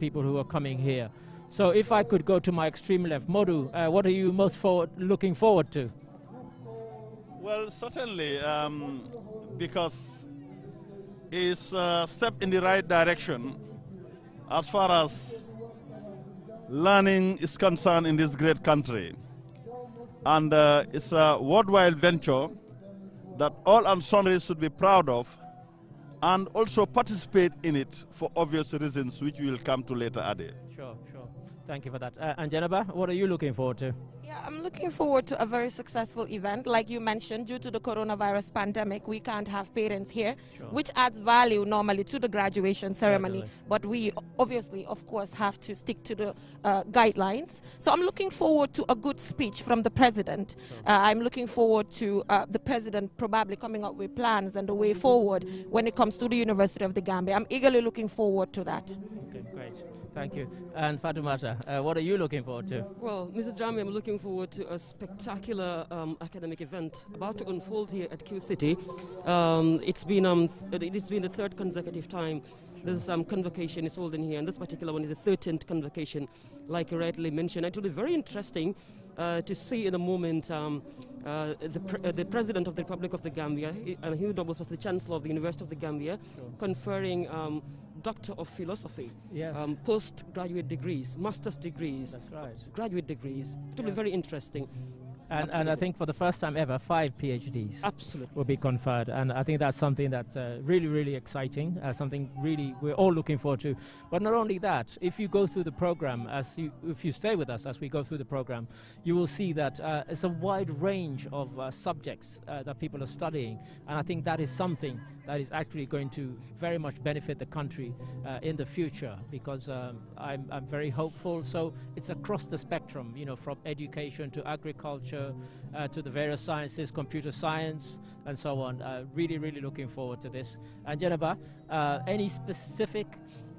people who are coming here. So if I could go to my extreme left, Modu, uh, what are you most forward looking forward to? Well, certainly, um, because it's a step in the right direction as far as learning is concerned in this great country. And uh, it's a worldwide venture that all Ansonris should be proud of and also participate in it for obvious reasons, which we will come to later, Ade. Sure. Thank you for that. Uh, and Jennifer, what are you looking forward to? Yeah, I'm looking forward to a very successful event. Like you mentioned, due to the coronavirus pandemic, we can't have parents here, sure. which adds value normally to the graduation ceremony. Certainly. But we obviously, of course, have to stick to the uh, guidelines. So I'm looking forward to a good speech from the president. Sure. Uh, I'm looking forward to uh, the president probably coming up with plans and the way forward when it comes to the University of the Gambia. I'm eagerly looking forward to that. Okay, great. Thank you. And Fatoumata. uh, what are you looking forward to? Well, Mr. Drami, I'm looking forward to a spectacular um, academic event about to unfold here at Q City. Um, it's been um, it's been the third consecutive time this um, convocation is holding here, and this particular one is the 13th convocation, like you rightly mentioned. It will be very interesting uh, to see in a moment um, uh, the, pre uh, the President of the Republic of the Gambia, and he doubles as the Chancellor of the University of the Gambia, sure. conferring um, Doctor of Philosophy, yes. um, postgraduate degrees, master's degrees, right. graduate degrees. It will yes. be very interesting. And, and I think for the first time ever, five PhDs Absolutely. will be conferred. And I think that's something that's uh, really, really exciting, uh, something really we're all looking forward to. But not only that, if you go through the program, as you, if you stay with us as we go through the program, you will see that uh, it's a wide range of uh, subjects uh, that people are studying. And I think that is something that is actually going to very much benefit the country uh, in the future because um, I'm, I'm very hopeful. So it's across the spectrum, you know, from education to agriculture to, uh, uh, to the various sciences, computer science, and so on. Uh, really, really looking forward to this. And Jennifer, uh, any specific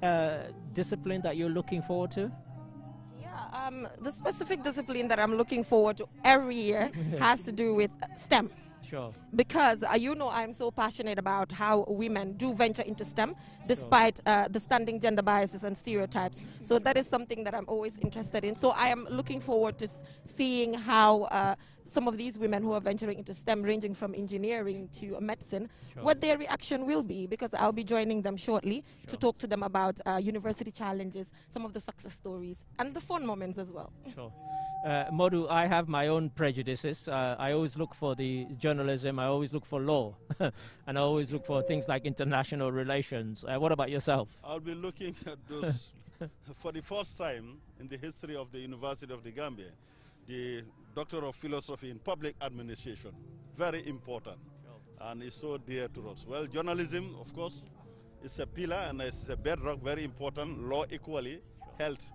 uh, discipline that you're looking forward to? Yeah, um, the specific discipline that I'm looking forward to every year has to do with STEM. Sure. Because uh, you know I'm so passionate about how women do venture into STEM despite uh, the standing gender biases and stereotypes. So that is something that I'm always interested in. So I am looking forward to seeing how uh, some of these women who are venturing into STEM, ranging from engineering to medicine, sure. what their reaction will be, because I'll be joining them shortly sure. to talk to them about uh, university challenges, some of the success stories, and the fun moments as well. Sure. Uh, Modu, I have my own prejudices. Uh, I always look for the journalism, I always look for law, and I always look for things like international relations. Uh, what about yourself? I'll be looking at those for the first time in the history of the University of the Gambia the Doctor of Philosophy in Public Administration. Very important and is so dear to us. Well, journalism, of course, is a pillar and it's a bedrock, very important, law equally, health.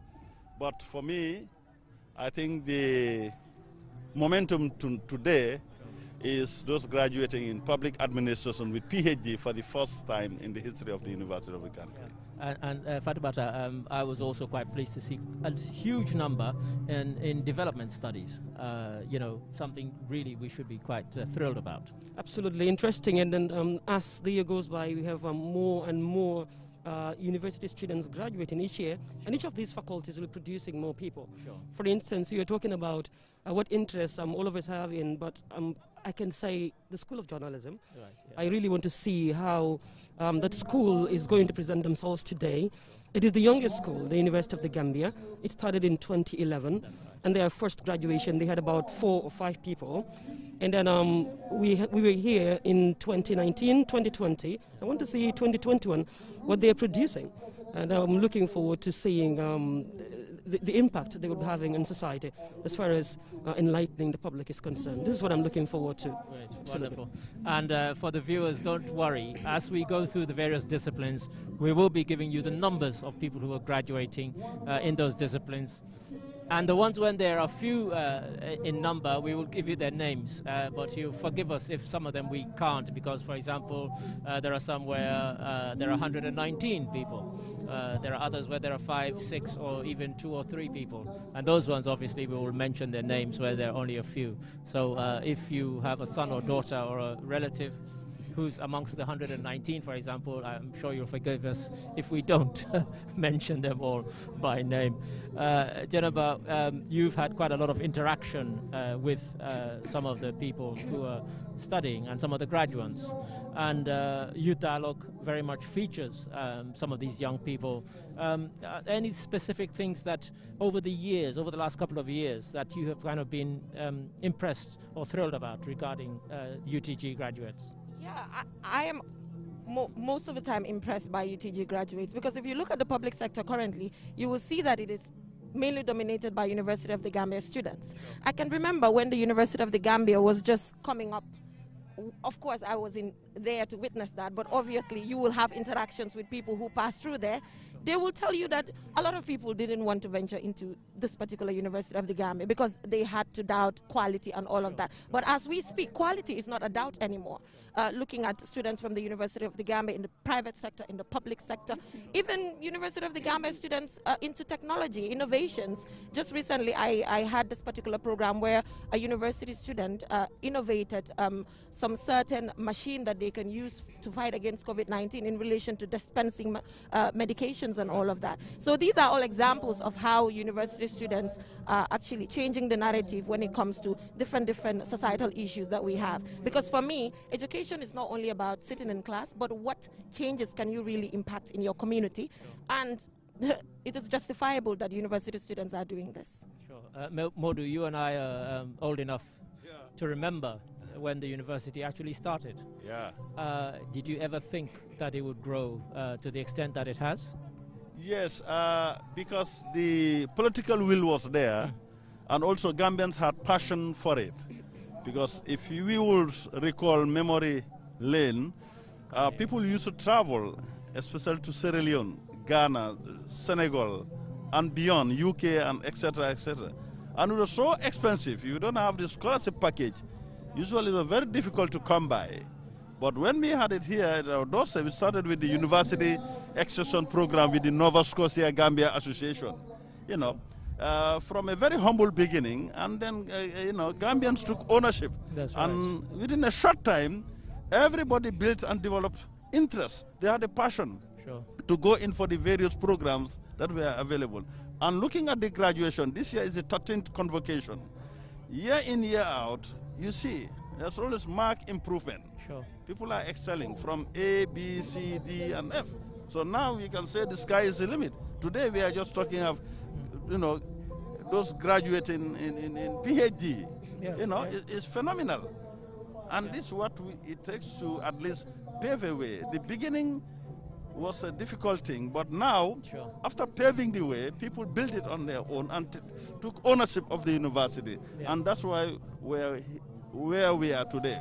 But for me, I think the momentum to today is those graduating in public administration with PhD for the first time in the history of the University of the country. And, and uh, Fatibata, um, I was also quite pleased to see a huge number in, in development studies. Uh, you know, something really we should be quite uh, thrilled about. Absolutely interesting. And then um, as the year goes by, we have um, more and more uh, university students graduating each year, and each of these faculties will be producing more people. Sure. For instance, you are talking about uh, what interests um, all of us have in, but um, I can say the School of Journalism. Right, yeah. I really want to see how um, that school is going to present themselves today. Sure it is the youngest school, the University of the Gambia. It started in 2011, and their first graduation, they had about four or five people. And then um, we, we were here in 2019, 2020. I want to see 2021, what they're producing. And I'm looking forward to seeing um, the, the, impact they will be having in society as far as uh, enlightening the public is concerned. This is what I'm looking forward to. Great, wonderful. And uh, for the viewers, don't worry. As we go through the various disciplines, we will be giving you the numbers of people who are graduating uh, in those disciplines. And the ones when there are few uh, in number, we will give you their names. Uh, but you forgive us if some of them we can't, because, for example, uh, there are some where uh, there are 119 people. Uh, there are others where there are five, six, or even two or three people. And those ones, obviously, we will mention their names where there are only a few. So uh, if you have a son or daughter or a relative, who's amongst the 119, for example, I'm sure you'll forgive us if we don't mention them all by name. Uh, Jennifer, um, you've had quite a lot of interaction uh, with uh, some of the people who are studying and some of the graduates. And uh, Youth Dialogue very much features um, some of these young people. Um, uh, any specific things that over the years, over the last couple of years, that you have kind of been um, impressed or thrilled about regarding uh, UTG graduates? Yeah, I, I am mo most of the time impressed by UTG graduates because if you look at the public sector currently, you will see that it is mainly dominated by University of the Gambia students. I can remember when the University of the Gambia was just coming up of course I was in there to witness that, but obviously you will have interactions with people who pass through there. They will tell you that a lot of people didn't want to venture into this particular University of the Gambia because they had to doubt quality and all of that. But as we speak, quality is not a doubt anymore uh, looking at students from the University of the Gambia in the private sector, in the public sector, even University of the Gambia students uh, into technology, innovations. Just recently, I, I had this particular program where a university student uh, innovated um, some certain machine that they can use to fight against COVID-19 in relation to dispensing uh, medications and all of that. So these are all examples of how university students are actually changing the narrative when it comes to different, different societal issues that we have. Because for me, education education is not only about sitting in class, but what changes can you really impact in your community? Sure. And it is justifiable that university students are doing this. Sure. Uh, Modu, you and I are um, old enough yeah. to remember when the university actually started. Yeah. Uh, did you ever think that it would grow uh, to the extent that it has? Yes, uh, because the political will was there, hmm. and also Gambians had passion for it. Because if we would recall memory lane, uh, people used to travel, especially to Sierra Leone, Ghana, Senegal, and beyond, UK, and etc., etc. And it was so expensive. You don't have the scholarship package. Usually, it was very difficult to come by. But when we had it here at our doorstep, we started with the university accession program with the Nova Scotia Gambia Association. You know, uh, from a very humble beginning, and then uh, uh you know Gambians took ownership, That's and within a short time, everybody built and developed interest. They had a passion sure. to go in for the various programs that were available. And looking at the graduation, this year is the 13th convocation. Year in, year out, you see, there's always marked improvement. Sure. People are excelling from A, B, C, D, and F. So now you can say the sky is the limit. Today we are just talking of you know, those graduating in, in, in PhD, yeah, you know, yeah. is, phenomenal. And yeah. this is what we, it takes to at least pave a way. The beginning was a difficult thing, but now, sure. after paving the way, people built it on their own and took ownership of the university. Yeah. And that's why we're where we are today.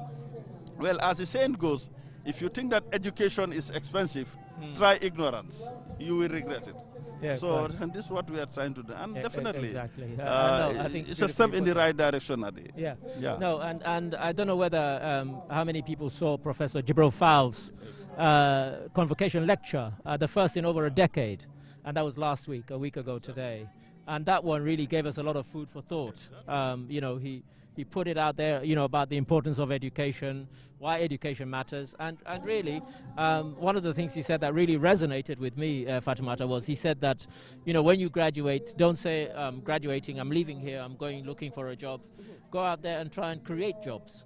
Well, as the saying goes, if you think that education is expensive, mm. try ignorance. You will regret it. Yeah, so and this is what we are trying to do, and yeah, definitely, exactly. Uh, no, I think it's a step in the right direction, Adi. Yeah. yeah. No, and and I don't know whether um, how many people saw Professor Jibril Fowles' uh, convocation lecture, uh, the first in over a decade, and that was last week, a week ago today, and that one really gave us a lot of food for thought. Um, you know, he he put it out there, you know, about the importance of education, why education matters, and and really, um, one of the things he said that really resonated with me, uh, Fatimata, was he said that, you know, when you graduate, don't say I'm graduating, I'm leaving here, I'm going looking for a job, go out there and try and create jobs.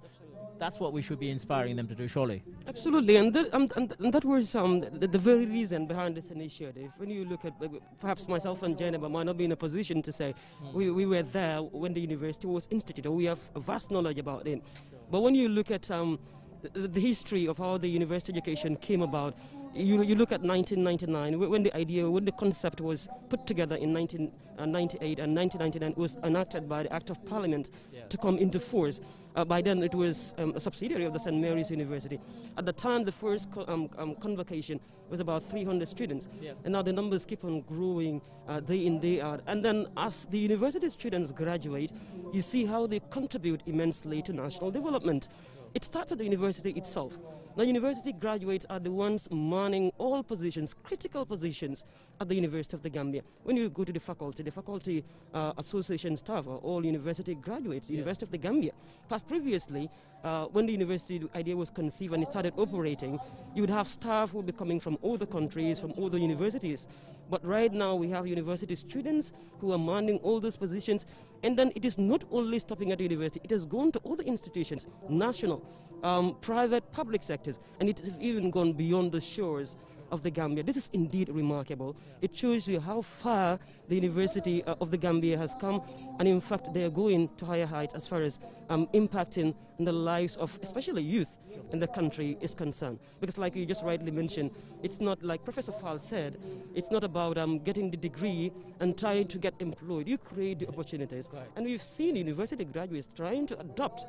That's what we should be inspiring them to do, surely. Absolutely, and that, um, and, and that was um, the, the, very reason behind this initiative. When you look at uh, perhaps myself and Jennifer might not be in a position to say mm. we, we were there when the university was instituted, we have a vast knowledge about it. But when you look at um, the, the history of how the university education came about, you, you look at 1999, when the idea, when the concept was put together in 1998 uh, and 1999 was enacted by the Act of Parliament to come into force. Uh, by then, it was um, a subsidiary of the St. Mary's University. At the time, the first co um, um, convocation was about 300 students, yeah. and now the numbers keep on growing uh, day in, day out. And then, as the university students graduate, you see how they contribute immensely to national development. It starts at the university itself. Now, university graduates are the ones manning all positions, critical positions, at the University of the Gambia. When you go to the faculty, the faculty uh, association staff are all university graduates, yeah. University of the Gambia. Because previously, uh, when the university idea was conceived and it started operating, you would have staff who would be coming from other countries, from other universities. But right now, we have university students who are manning all those positions. And then it is not only stopping at university, it has gone to other institutions, national, um, private, public sectors, and it has even gone beyond the shores of the Gambia. This is indeed remarkable. It shows you how far the University uh, of the Gambia has come, and in fact, they are going to higher heights as far as um, impacting in the lives of especially youth in the country is concerned. Because like you just rightly mentioned, it's not like Professor Fall said, it's not about um, getting the degree and trying to get employed. You create the opportunities. And we've seen university graduates trying to adopt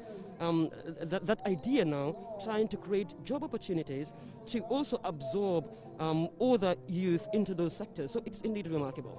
um, th that idea now, trying to create job opportunities to also absorb um, other youth into those sectors. So it's indeed remarkable.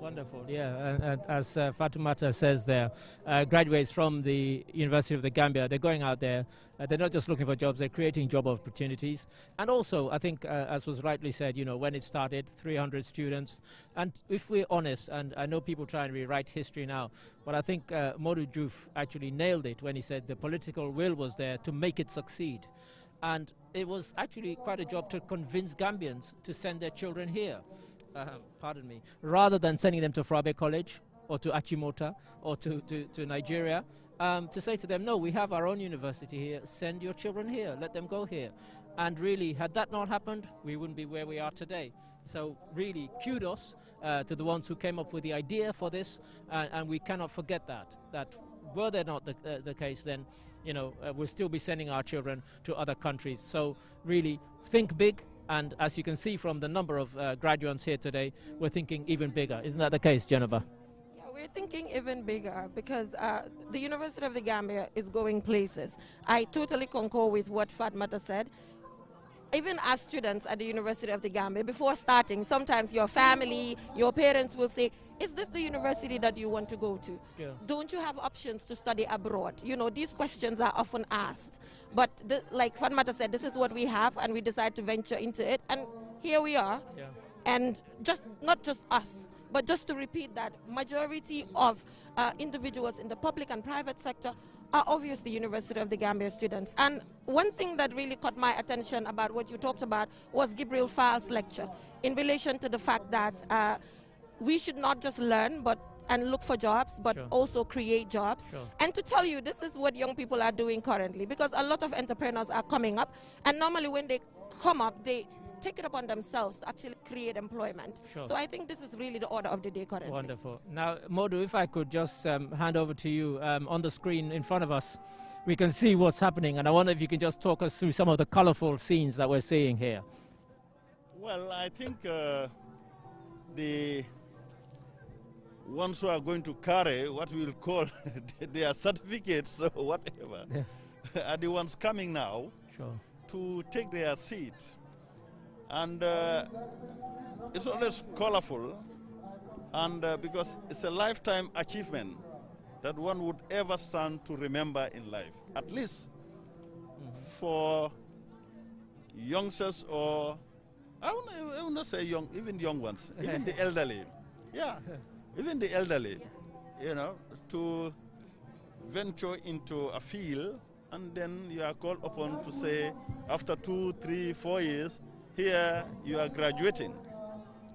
Wonderful, yeah. And, as uh, Fatumata says there, uh, graduates from the University of the Gambia, they're going out there. Uh, they're not just looking for jobs, they're creating job opportunities. And also, I think, uh, as was rightly said, you know, when it started, 300 students. And if we're honest, and I know people try and rewrite history now, but I think uh, Modu Juf actually nailed it when he said the political will was there to make it succeed. And it was actually quite a job to convince Gambians to send their children here. Uh, pardon me, rather than sending them to Frabe College or to Achimota or to, to, to Nigeria, um, to say to them, no, we have our own university here, send your children here, let them go here. And really, had that not happened, we wouldn't be where we are today. So, really, kudos uh, to the ones who came up with the idea for this, uh, and we cannot forget that. That were that not the, uh, the case, then you know uh, we'll still be sending our children to other countries. So, really, think big, and as you can see from the number of uh, graduates here today, we're thinking even bigger. Isn't that the case, Jennifer? Yeah, we're thinking even bigger because uh, the University of the Gambia is going places. I totally concur with what Fatmata said even as students at the University of the Gambia, before starting, sometimes your family, your parents will say, is this the university that you want to go to? Yeah. Don't you have options to study abroad? You know, these questions are often asked. But like Fanmata said, this is what we have, and we decide to venture into it, and here we are. Yeah. And just not just us, but just to repeat that majority of uh, individuals in the public and private sector are obviously University of the Gambia students. And one thing that really caught my attention about what you talked about was Gabriel Fowles' lecture in relation to the fact that uh, we should not just learn, but and look for jobs, but sure. also create jobs. Sure. And to tell you, this is what young people are doing currently because a lot of entrepreneurs are coming up, and normally when they come up, they take it upon themselves to actually create employment. Sure. So I think this is really the order of the day currently. Wonderful. Now, Modu, if I could just um, hand over to you um, on the screen in front of us, we can see what's happening, and I wonder if you can just talk us through some of the colorful scenes that we're seeing here. Well, I think uh, the ones who are going to carry what we'll call their certificates or whatever yeah. are the ones coming now sure. to take their seat. And uh, it's always colorful, and uh, because it's a lifetime achievement that one would ever stand to remember in life, at least mm -hmm. for youngsters or I will not say young, even young ones, even the elderly. Yeah even the elderly, you know, to venture into a field and then you are called upon to say after two, three, four years, here you are graduating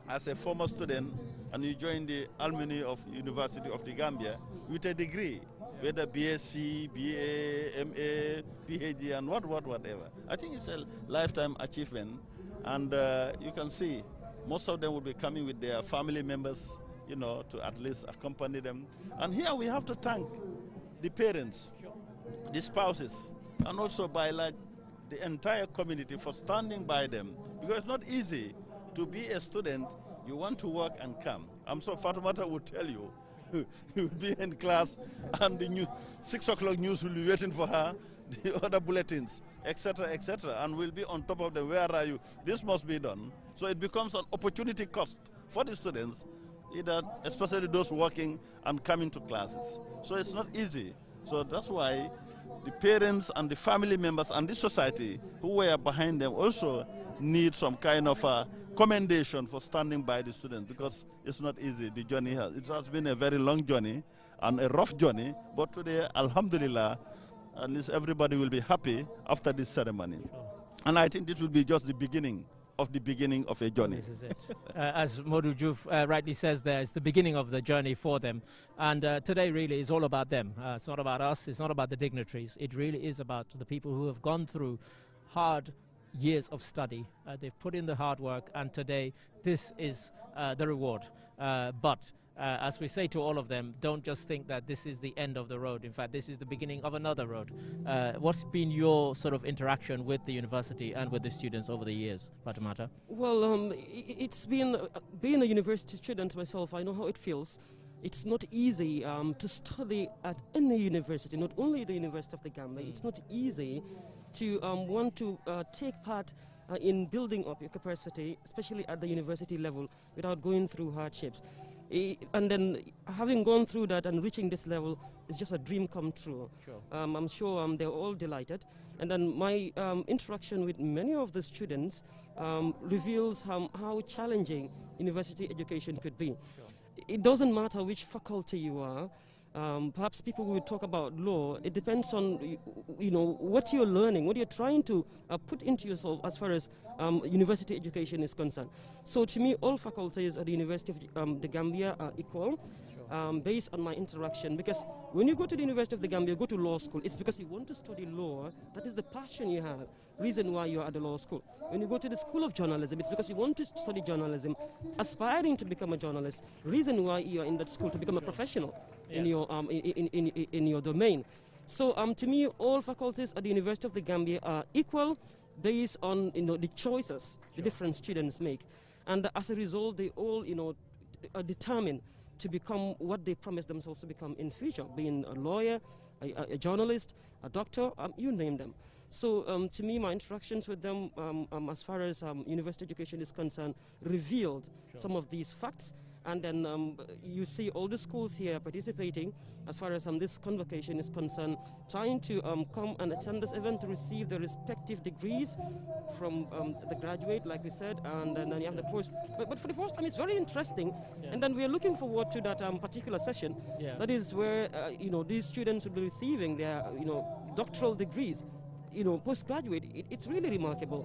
as a former student and you join the alumni of University of the Gambia with a degree, whether BSc, BA, MA, PhD, and what, what, whatever. I think it's a lifetime achievement, and uh, you can see most of them will be coming with their family members you know, to at least accompany them. And here we have to thank the parents, the spouses, and also by like the entire community for standing by them because it's not easy to be a student. You want to work and come. I'm sure Fatumata would tell you. You'll be in class, and the news, six o'clock news will be waiting for her. The other bulletins, etc., etc., and we'll be on top of them. Where are you? This must be done. So it becomes an opportunity cost for the students either especially those working and coming to classes. So it's not easy. So that's why the parents and the family members and the society who were behind them also need some kind of a commendation for standing by the students because it's not easy. The journey has it has been a very long journey and a rough journey, but today, Alhamdulillah, at least everybody will be happy after this ceremony. And I think this will be just the beginning of the beginning of a journey. This is it. uh, as Modu Juf uh, rightly says there, it's the beginning of the journey for them. And uh, today really is all about them. Uh, it's not about us. It's not about the dignitaries. It really is about the people who have gone through hard years of study. Uh, they've put in the hard work and today this is uh, the reward. but uh, as we say to all of them, don't just think that this is the end of the road. In fact, this is the beginning of another road. Uh, what's been your sort of interaction with the university and with the students over the years, Fatimata? Well, um, it's been being a university student myself. I know how it feels. It's not easy um, to study at any university, not only the University of the Gambia. Mm. It's not easy to um, want to uh, take part uh, in building up your capacity, especially at the university level, without going through hardships and then having gone through that and reaching this level is just a dream come true. Sure. Um, I'm sure um, they're all delighted. And then my um, interaction with many of the students um, reveals how challenging university education could be. Sure. It doesn't matter which faculty you are, um, perhaps people will talk about law. It depends on, you know, what you're learning, what you're trying to uh, put into yourself as far as um, university education is concerned. So to me, all faculties at the University of um, the Gambia are equal. Um, based on my interaction, because when you go to the University of the Gambia, go to law school, it's because you want to study law. That is the passion you have, reason why you are at the law school. When you go to the School of Journalism, it's because you want to study journalism, aspiring to become a journalist, reason why you are in that school to become a professional yes. in, your, um, in, in, in, in your domain. So um, to me, all faculties at the University of the Gambia are equal based on you know, the choices sure. the different students make. And as a result, they all you know, are determined to become what they promise themselves to become in future, being a lawyer, a, a, a journalist, a doctor, um, you name them. So um, to me, my interactions with them, um, um as far as um, university education is concerned, revealed sure. some of these facts and then um, you see all the schools here participating as far as um, this convocation is concerned, trying to um, come and attend this event to receive their respective degrees from um, the graduate, like we said, and, and then you have the post. But, but, for the first time, it's very interesting. Yeah. And then we are looking forward to that um, particular session. Yeah. That is where uh, you know these students will be receiving their uh, you know doctoral degrees you know, postgraduate, it, it's really remarkable.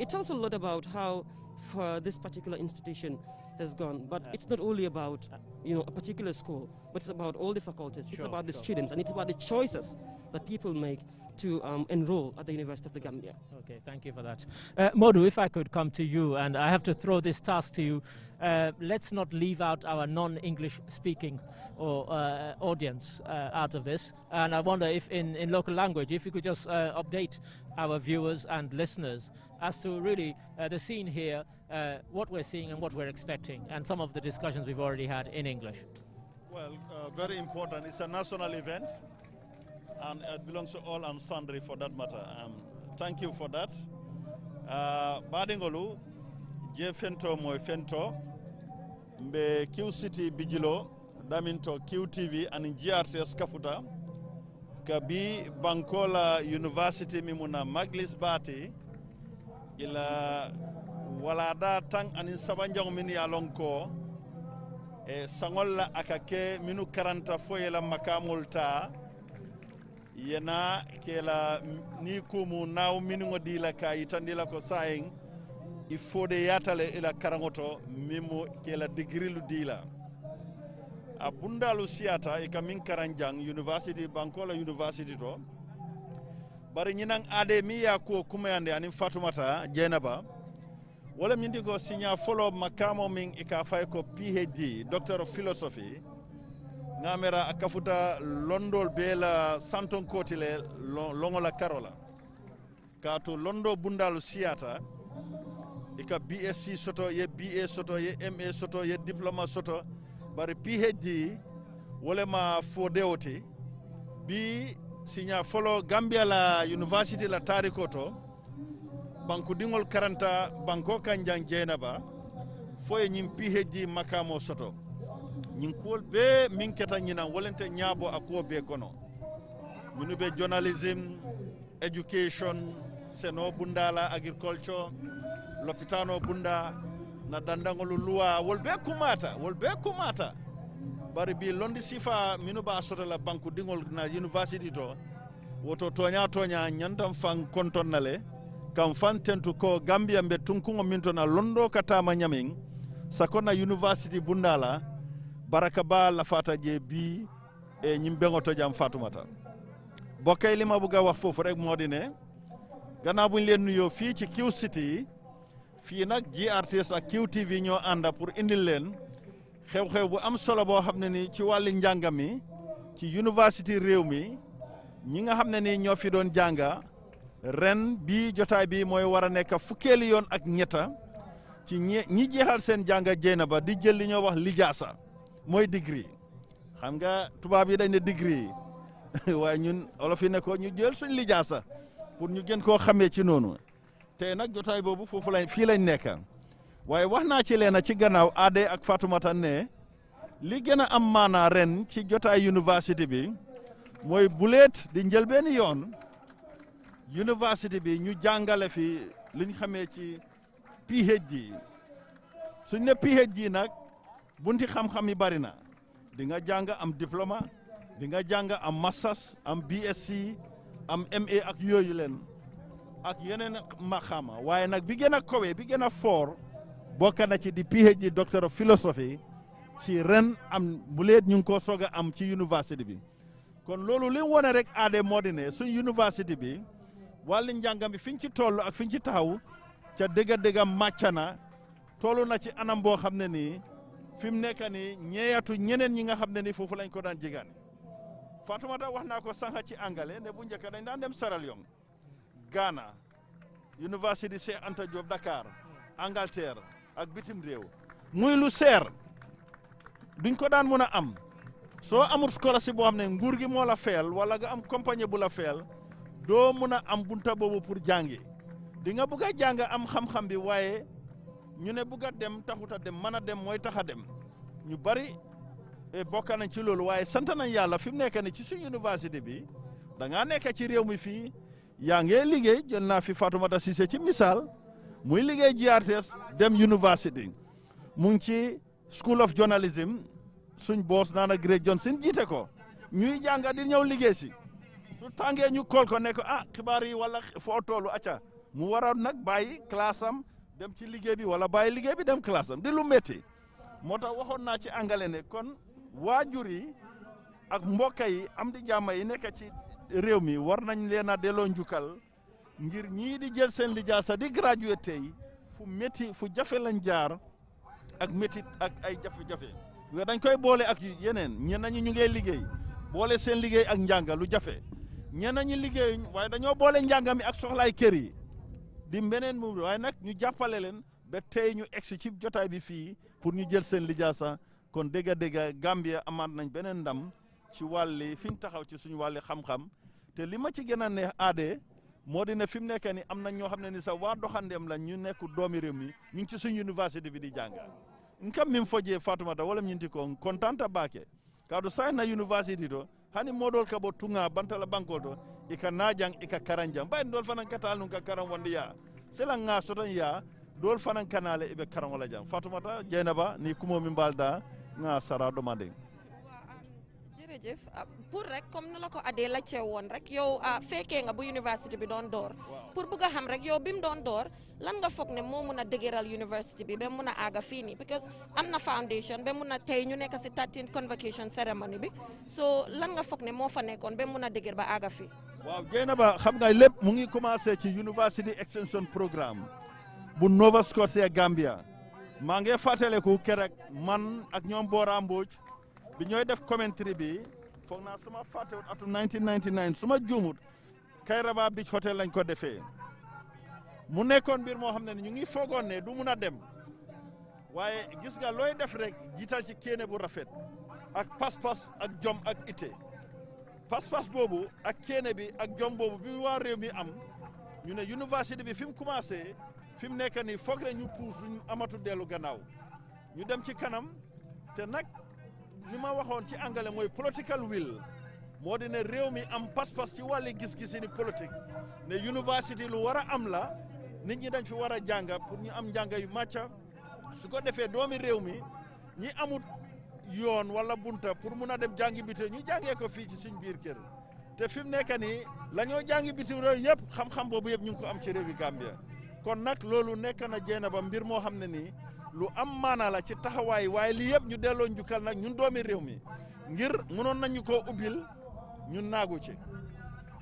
It tells a lot about how, for this particular institution, has gone. But it's not only about you know a particular school, but it's about all the faculties. Sure, it's about the students, and it's about the choices that people make to um, enroll at the University of the Gambia. Okay, thank you for that. Uh, Modu, if I could come to you, and I have to throw this task to you. Uh, let's not leave out our non-English speaking or, uh, audience uh, out of this. And I wonder if in, in local language, if you could just uh, update our viewers and listeners as to really uh, the scene here uh, what we're seeing and what we're expecting, and some of the discussions we've already had in English? Well, uh, very important. It's a national event, and it belongs to all and sundry for that matter. Um, thank you for that. Uh, Badingolu, je fento moy fento, mbe Q Bijilo, daminto QTV and GRTS Kafuta, kabi Bankola University mimuna Maglis Bati, ila wala da tan ani sabanjang minnu ye lonko ko e saŋol la a ka ke minnu karanta fo la makamol ta yena ke la ni kumu naw minnuŋo di la ka yitandi la ko sayiŋ i faut de le i la karaŋo to miŋ mu ke la digirilu di la a bundalu siyata i e ka min karanjang university bankola la university to bari ñinaŋ ade mi ye a kuwo kumayandi aniŋ fatumata jenaba wala min di ko siña folo makamo min e ka fay ko phd docteur of philosophy ngamera a kafuta londol be la santon le longola karola ka to londo bundalu siyata e ka bsc soto ye ba soto ye ma soto ye diploma soto bari phd wolema fodewote bi signa folo gambia la university la tariko to bankudiŋol karanta banko kan jan jeynaba fo pi hejji phd makamo soto ñin kuwol bee min keta ñinan wolente ñaabo a kuwo bee kono minu be journalism education seno bundala agriculture lopitano bunda na dandangolu luwa wol bee kumata wol bee kumata bari bi londi sifa minu ba soto la banku diŋol na university to woto toña toña ñantan fan konton na le kan tentu ko gambia mbe tunkuŋo min to na londo katama ñamin sakona university bundala baraka ba lafata je bi e ñim beŋo to jam fatumata bokkay ma buga wax foofu rek moo di ne gannaaw buñ leen nuyo fii ci Q City fii nag artiste ak QTV ñoo ànda pour indil leen xew-xew bu am solo boo xam ne ni ci wàlli njàng mi ci university réew mi ñi nga xam ne ni ñoo fi doon jànga ren bii jotaay bi mooy war a nekk fukkeeli yoon ak ñetta ci ñi jeexal seen jànga jéyna ba di jël li ñoo wax lijaasa mooy degré xam nga tubaab yi dañ ne degré yi waaye ñun olof yi nekko ñu jël seen lijaasa pour ñu gën koo xamee ci noonu te nag jotaay boobu foofu lañ fii lañ nekk waaye wax naa ci leena ci gannaaw aade ak Fatoumata ne li gën a am maanaa ren ci jotaay université bi mooy buleet di njëlbeeni yoon université bi ñu jàngale fi li ñu xamee ci PhD suñ ne PhD nag bunti xam-xam yi bari na di nga jàng am diplôme di nga jàng am masas am BSc am MA ak yooyu leen ak yeneen maxaama waaye nag bi gën a kowe bi gën a foor bokk na ci di PhD doctor of philosophy ci ren am bu leet ñu ngi ko soog am ci université bi kon loolu li mu rek aade moo di ne suñ université bi. wàllu njàngam bi fi ñu ci toll ak fi ñu ci taxaw ca dëgg dëgg màcca na toll na ci anam boo xam ne nii fi mu nekk ni ñeeyatu ñeneen ñi nga xam ne ni foofu lañ ko daan jigaani Fatoumata wax naa ko sànq ci angale ne bu njëkk dañ daan dem Sierra Leone Ghana Université Cheikh Anta Diop Dakar Angleterre ak bitim réew muy lu seer duñ ko daan mën a am soo amul scolarship boo xam ne nguur gi moo la feel wala ga am compagnie bu la feel doo mën a am bunta boobu pour jàngi di nga bëgg a jàng am xam-xam bi waaye ñu ne bëgg a dem taxut a dem mën a dem mooy tax a dem ñu bari eh, bokk nañ ci loolu waaye sant nañ yàlla fi mu nekk ne ci suñu université bi da ngaa nekk ci réew mi fii yaa ngee liggéey jël naa fi Fatoumata Cissé ci misaal muy liggéey GRTS dem university mu ngi ci school of journalism suñ boos naana Greg Johnson jiite ko ñuy jànga di ñëw su tàngee ñu kool ko ne ko ah xibaar yi wala foo toolu acca mu waroon nag bàyyi classe dem ci liggéey bi wala bàyyi liggéey bi dem classe am di lu métti moo tax waxoon naa ci angale ne kon waajur yi ak mbokk yi am di jàmm yi nekk ci réew mi war nañ leen a delloo njukkal ngir ñii di jël seen lijaasa di graduate tey fu métti fu jafe lañ jaar ak métti ak ay jafe-jafe dañ koy boole ak yeneen ñenn ñi ñu ngi liggéey boole seen liggéey ak njàng lu jafe. ñenn ñi liggéeyuñ waaye dañoo boole njàngam mi ak soxlaay kër yi di beneen mu waaye nag ñu jàppale leen ba tey ñu egsi ci jotaay bi fii pour ñu jël seen lijaasa kon dégg dégga Gambia amaat nañ beneen ndam ci wàlli fi ñu taxaw ci suñu wàlli xam-xam te li ma ci gën a neex aade moo di ne fi mu nekk ni am nañ ñoo xam ne ni sax waa doxandeem la ñu nekk doomi réew mi ñu ngi ci suñu université bi di jàngal nkam min fojee Fatoumata wala ñinti ko kontaan ta baake kaadu saay na university to hani modol ka bo banta bantala bankol to ika najang ika karanjang bayi dol fanan katal alun ka karan wonde ya sela nga sotan ya dol fanan kanale ibe karam wala jam fatumata jainaba ni kumo min balda nga sara domande jërëjëf ah, pour rek comme ni la ko adee laajte woon rek yow ah, fekkee nga bu université bi doon door. pour bëgg a xam rek yow bi mu doon door lan nga foog ne moo mun a dëgëral université bi ba mun a àgg fii nii because am na foundation ba mun a tey ñu nekk si thirteen convocation ceremony bi so lan nga foog ne moo fa nekkoon ba mun a dëgër ba àgg fii. waaw Jeynaba xam nga lépp mu ngi commencé ci university extension programme bu Nova Scotia Gambia maa ngi fàttaliku keroog man bi ñooy def commentary bi foog naa suma fàttewut atum 1999 suma juumut Kairaba Beach Hotel lañ ko defee mu nekkoon mbir moo xam ne ñu ngi foogoon ne du mun a dem waaye gis nga looy def rek jiital ci kéene bu rafet ak pas-pas ak jom ak ite pas-pas boobu ak keene bi ak jom boobu bi waa réew mi am ñu ne université bi fi mu commencé fi mu nekk nii foog rek ñu puus luñ amatu dellu gannaaw ñu dem ci kanam te nag ni ma waxoon ci anglais mooy political will moo di ne réew mi am pas-pas ci wàlli gis-gisi ni politique ne university lu war a am la nit ñi dañ fi war a jàng pour ñu am njàng yu màcca su ko defee doomi réew mi ñi amut yoon wala bunta pour mun a dem jàngi biti ñu jàngee ko fii ci suñ biir kër te fi mu nekk nii la ñoo jàngi biti réew yëpp xam-xam boobu yëpp ñu ngi ko am ci réewi Gambia kon nag loolu nekk na jéena ba mbir moo xam ne nii lu am maanaa la ci taxawaay waaye lii yëpp ñu delloo njukal nag ñun doomi réew mi ngir mënoon ñu koo ubbil ñun naagu ci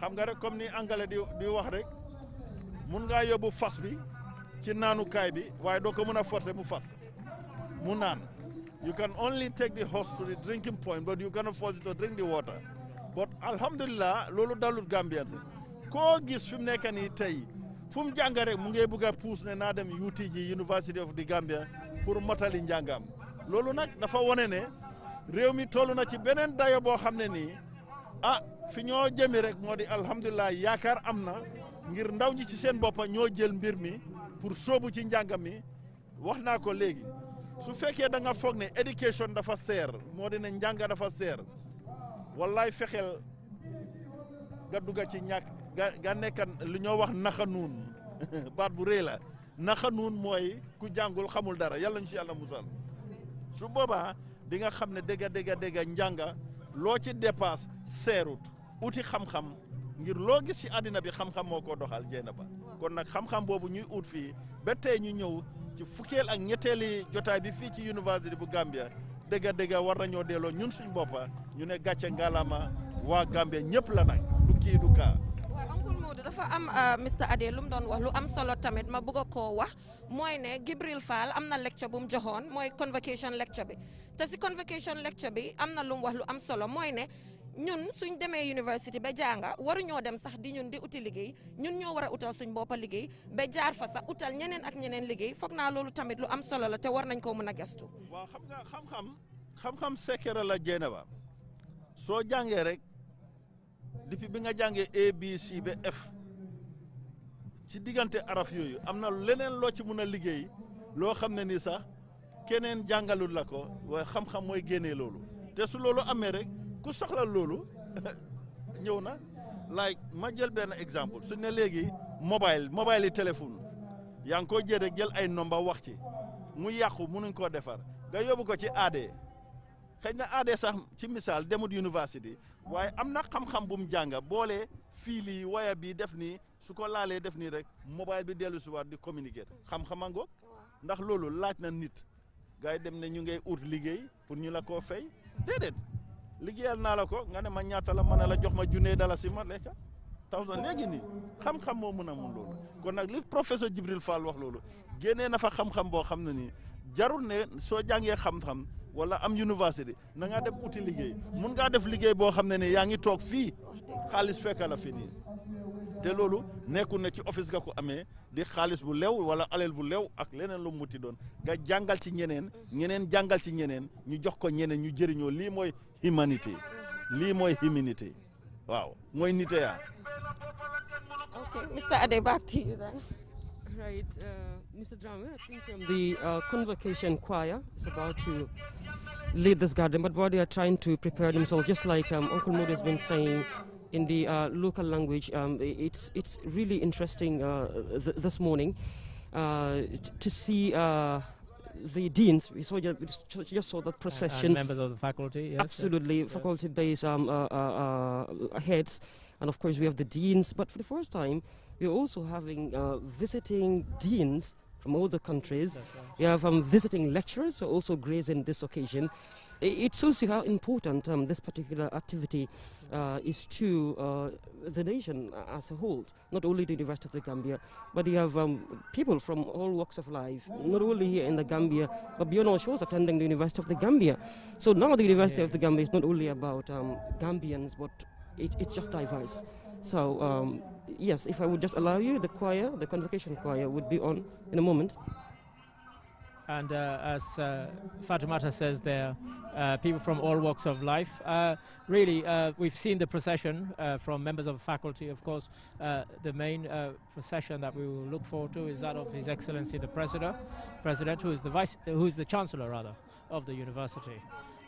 xam nga rek comme ni angale di di wax rek mun ngaa yóbbu fas bi ci naanukaay bi waaye doo ko mën a forcer mu fas mu naan you can only take the horse to the drinking point but you cannot force it to drink the water but alhamdulilah loolu dalut Gambien si koo gis fi mu nekk nii tey fu mu rek mu ngi bugg a puus ne naa dem UTG University of the Gambia pour motali njàngam loolu nak dafa wone ne réew mi toll na ci beneen dayo boo xam ne nii ah fi ñoo jëmi rek moo di alhamdulilah yaakaar am na ngir ndaw ñi ci seen boppa ñoo jël mbir mi pour sóobu ci njàngam mi wax ko léegi su fekkee da nga foog ne dafa ser, moo di ne dafa ser, wallaay fexeel gaduga dugga ci ñàkk ga ga nekkan li ñoo wax naxa baat bu rëy la naxa nuun mooy ku jàngul xamul dara yàlla ñu si yàlla musal su boobaa di nga xam ne dégg dégga dégga njànga loo ci dépasse seerut uti xam-xam ngir loo gis ci àddina bi xam-xam moo koo doxal jeena ba kon nag xam-xam boobu ñuy ut fii ba tey ñu ñëw ci fukkeel ak ñetteeli jotaay bi fii ci université bu Gambia dégg dégg war nañoo delloo ñun suñ boppa ñu ne gàcce ngalama waa Gambia ñëpp la nag du kii du kaa Maodo dafa am euh, Mr Ade lu mu doon wax lu am solo tamit ma bëgg a koo wax mooy ne Gibril Fall am na lecture bu mu joxoon mooy convocation lecture bi te si convocation lecture bi am na lu mu wax lu am solo mooy ne ñun suñ demee université ba jànga waruñoo dem sax di ñun di uti liggéey ñun ñoo war a utal suñ boppa liggéey ba jaar fa sax utal ñeneen ak ñeneen liggéey foog naa loolu tamit lu am solo la te war nañ koo mën a gestu. waaw xam nga xam-xam xam-xam sekkere la jéene ba soo difi bi nga jàngee A B C ci diggante araf yooyu am na leneen loo ci mun a liggéey loo xam ne ni sax keneen jàngalul la ko waaye xam-xam mooy génnee loolu te su loolu amee rek ku soxla loolu ñëw na like ma jël benn exemple su ne léegi mobile mobile yi téléphone yaa ngi ko jël jël ay nomba wax ci mu yàqu munuñ koo defar nga ko ci aade xëy na aadee sax ci misaal demut université waaye am na xam-xam bu mu jànga boolee fii lii waya bii def nii su ko laalee def nii rek mobile bi dellu si di communiquer xam-xama ngoog ndax loolu laaj na nit gars dem ne ñu ngay ut liggéey pour ñu la koo fay déedéet liggéeyal naa la ko nga ne ma ñaata la mën a la jox ma junne dalla si ma lekka tawsan léegi nii xam-xam moo mën a mun loolu kon nag li professeur Jibril Fall wax loolu génnee na fa xam-xam boo xam ne nii jarul ne soo jàngee xam wala am université na ngaa dem uti liggéey mun ngaa def liggéey boo xam ne ne yaa ngi toog fii xaalis fekka la fi nii te loolu nekkul ne ci office nga ko amee di xaalis bu lew wala aleel bu lew ak leneen lu muti doon ga jàngal ci ñeneen ñeneen jàngal ci ñeneen ñu jox ko ñeneen ñu jëriñoo lii mooy humanité lii mooy humanité waaw mooy nité ya Okay, Mr. Ade, back to you then. Right, uh, Mr. drama I think from the uh, convocation choir is about to lead this garden, but what they are trying to prepare themselves, just like um, Uncle Moody has been saying in the uh, local language. Um, it's, it's really interesting uh, th this morning uh, to see uh, the deans. We saw just, just saw that procession. And, members of the faculty, yes, absolutely, yes. faculty-based um, uh, uh, uh, heads, and of course we have the deans. But for the first time, we're also having uh, visiting deans from all the countries. You have visiting lecturers who also gracing this occasion. It, shows you how important um, this particular activity uh, is to uh, the nation as a whole, not only the University of the Gambia, but you have um, people from all walks of life, not only here in the Gambia, but beyond our shores attending the University of the Gambia. So now the University yeah. of the Gambia is not only about um, Gambians, but it, it's just diverse. So um, yes, if I would just allow you, the choir, the convocation choir, would be on in a moment. And uh, as uh, Fatimata says, there are uh, people from all walks of life. Uh, really, uh, we've seen the procession uh, from members of the faculty. Of course, the main procession that we will look forward to is that of His Excellency the President, President, who is the Vice, who is the Chancellor rather, of the university.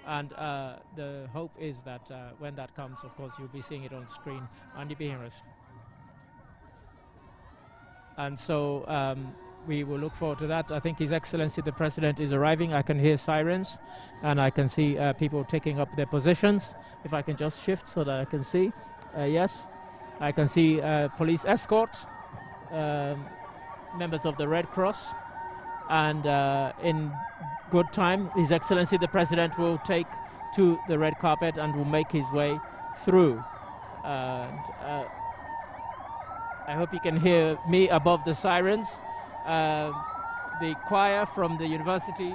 And the hope is that when that comes, of course, you'll be seeing it on screen and you'll be hearing us. And so um, we will look forward to that. I think His Excellency the President is arriving. I can hear sirens and I can see uh, people taking up their positions. If I can just shift so that I can see. Uh, yes, I can see uh, police escort, um, members of the Red Cross, and uh, in good time, His Excellency the President will take to the red carpet and will make his way through. And, uh, I hope you can hear me above the sirens. Uh, the choir from the university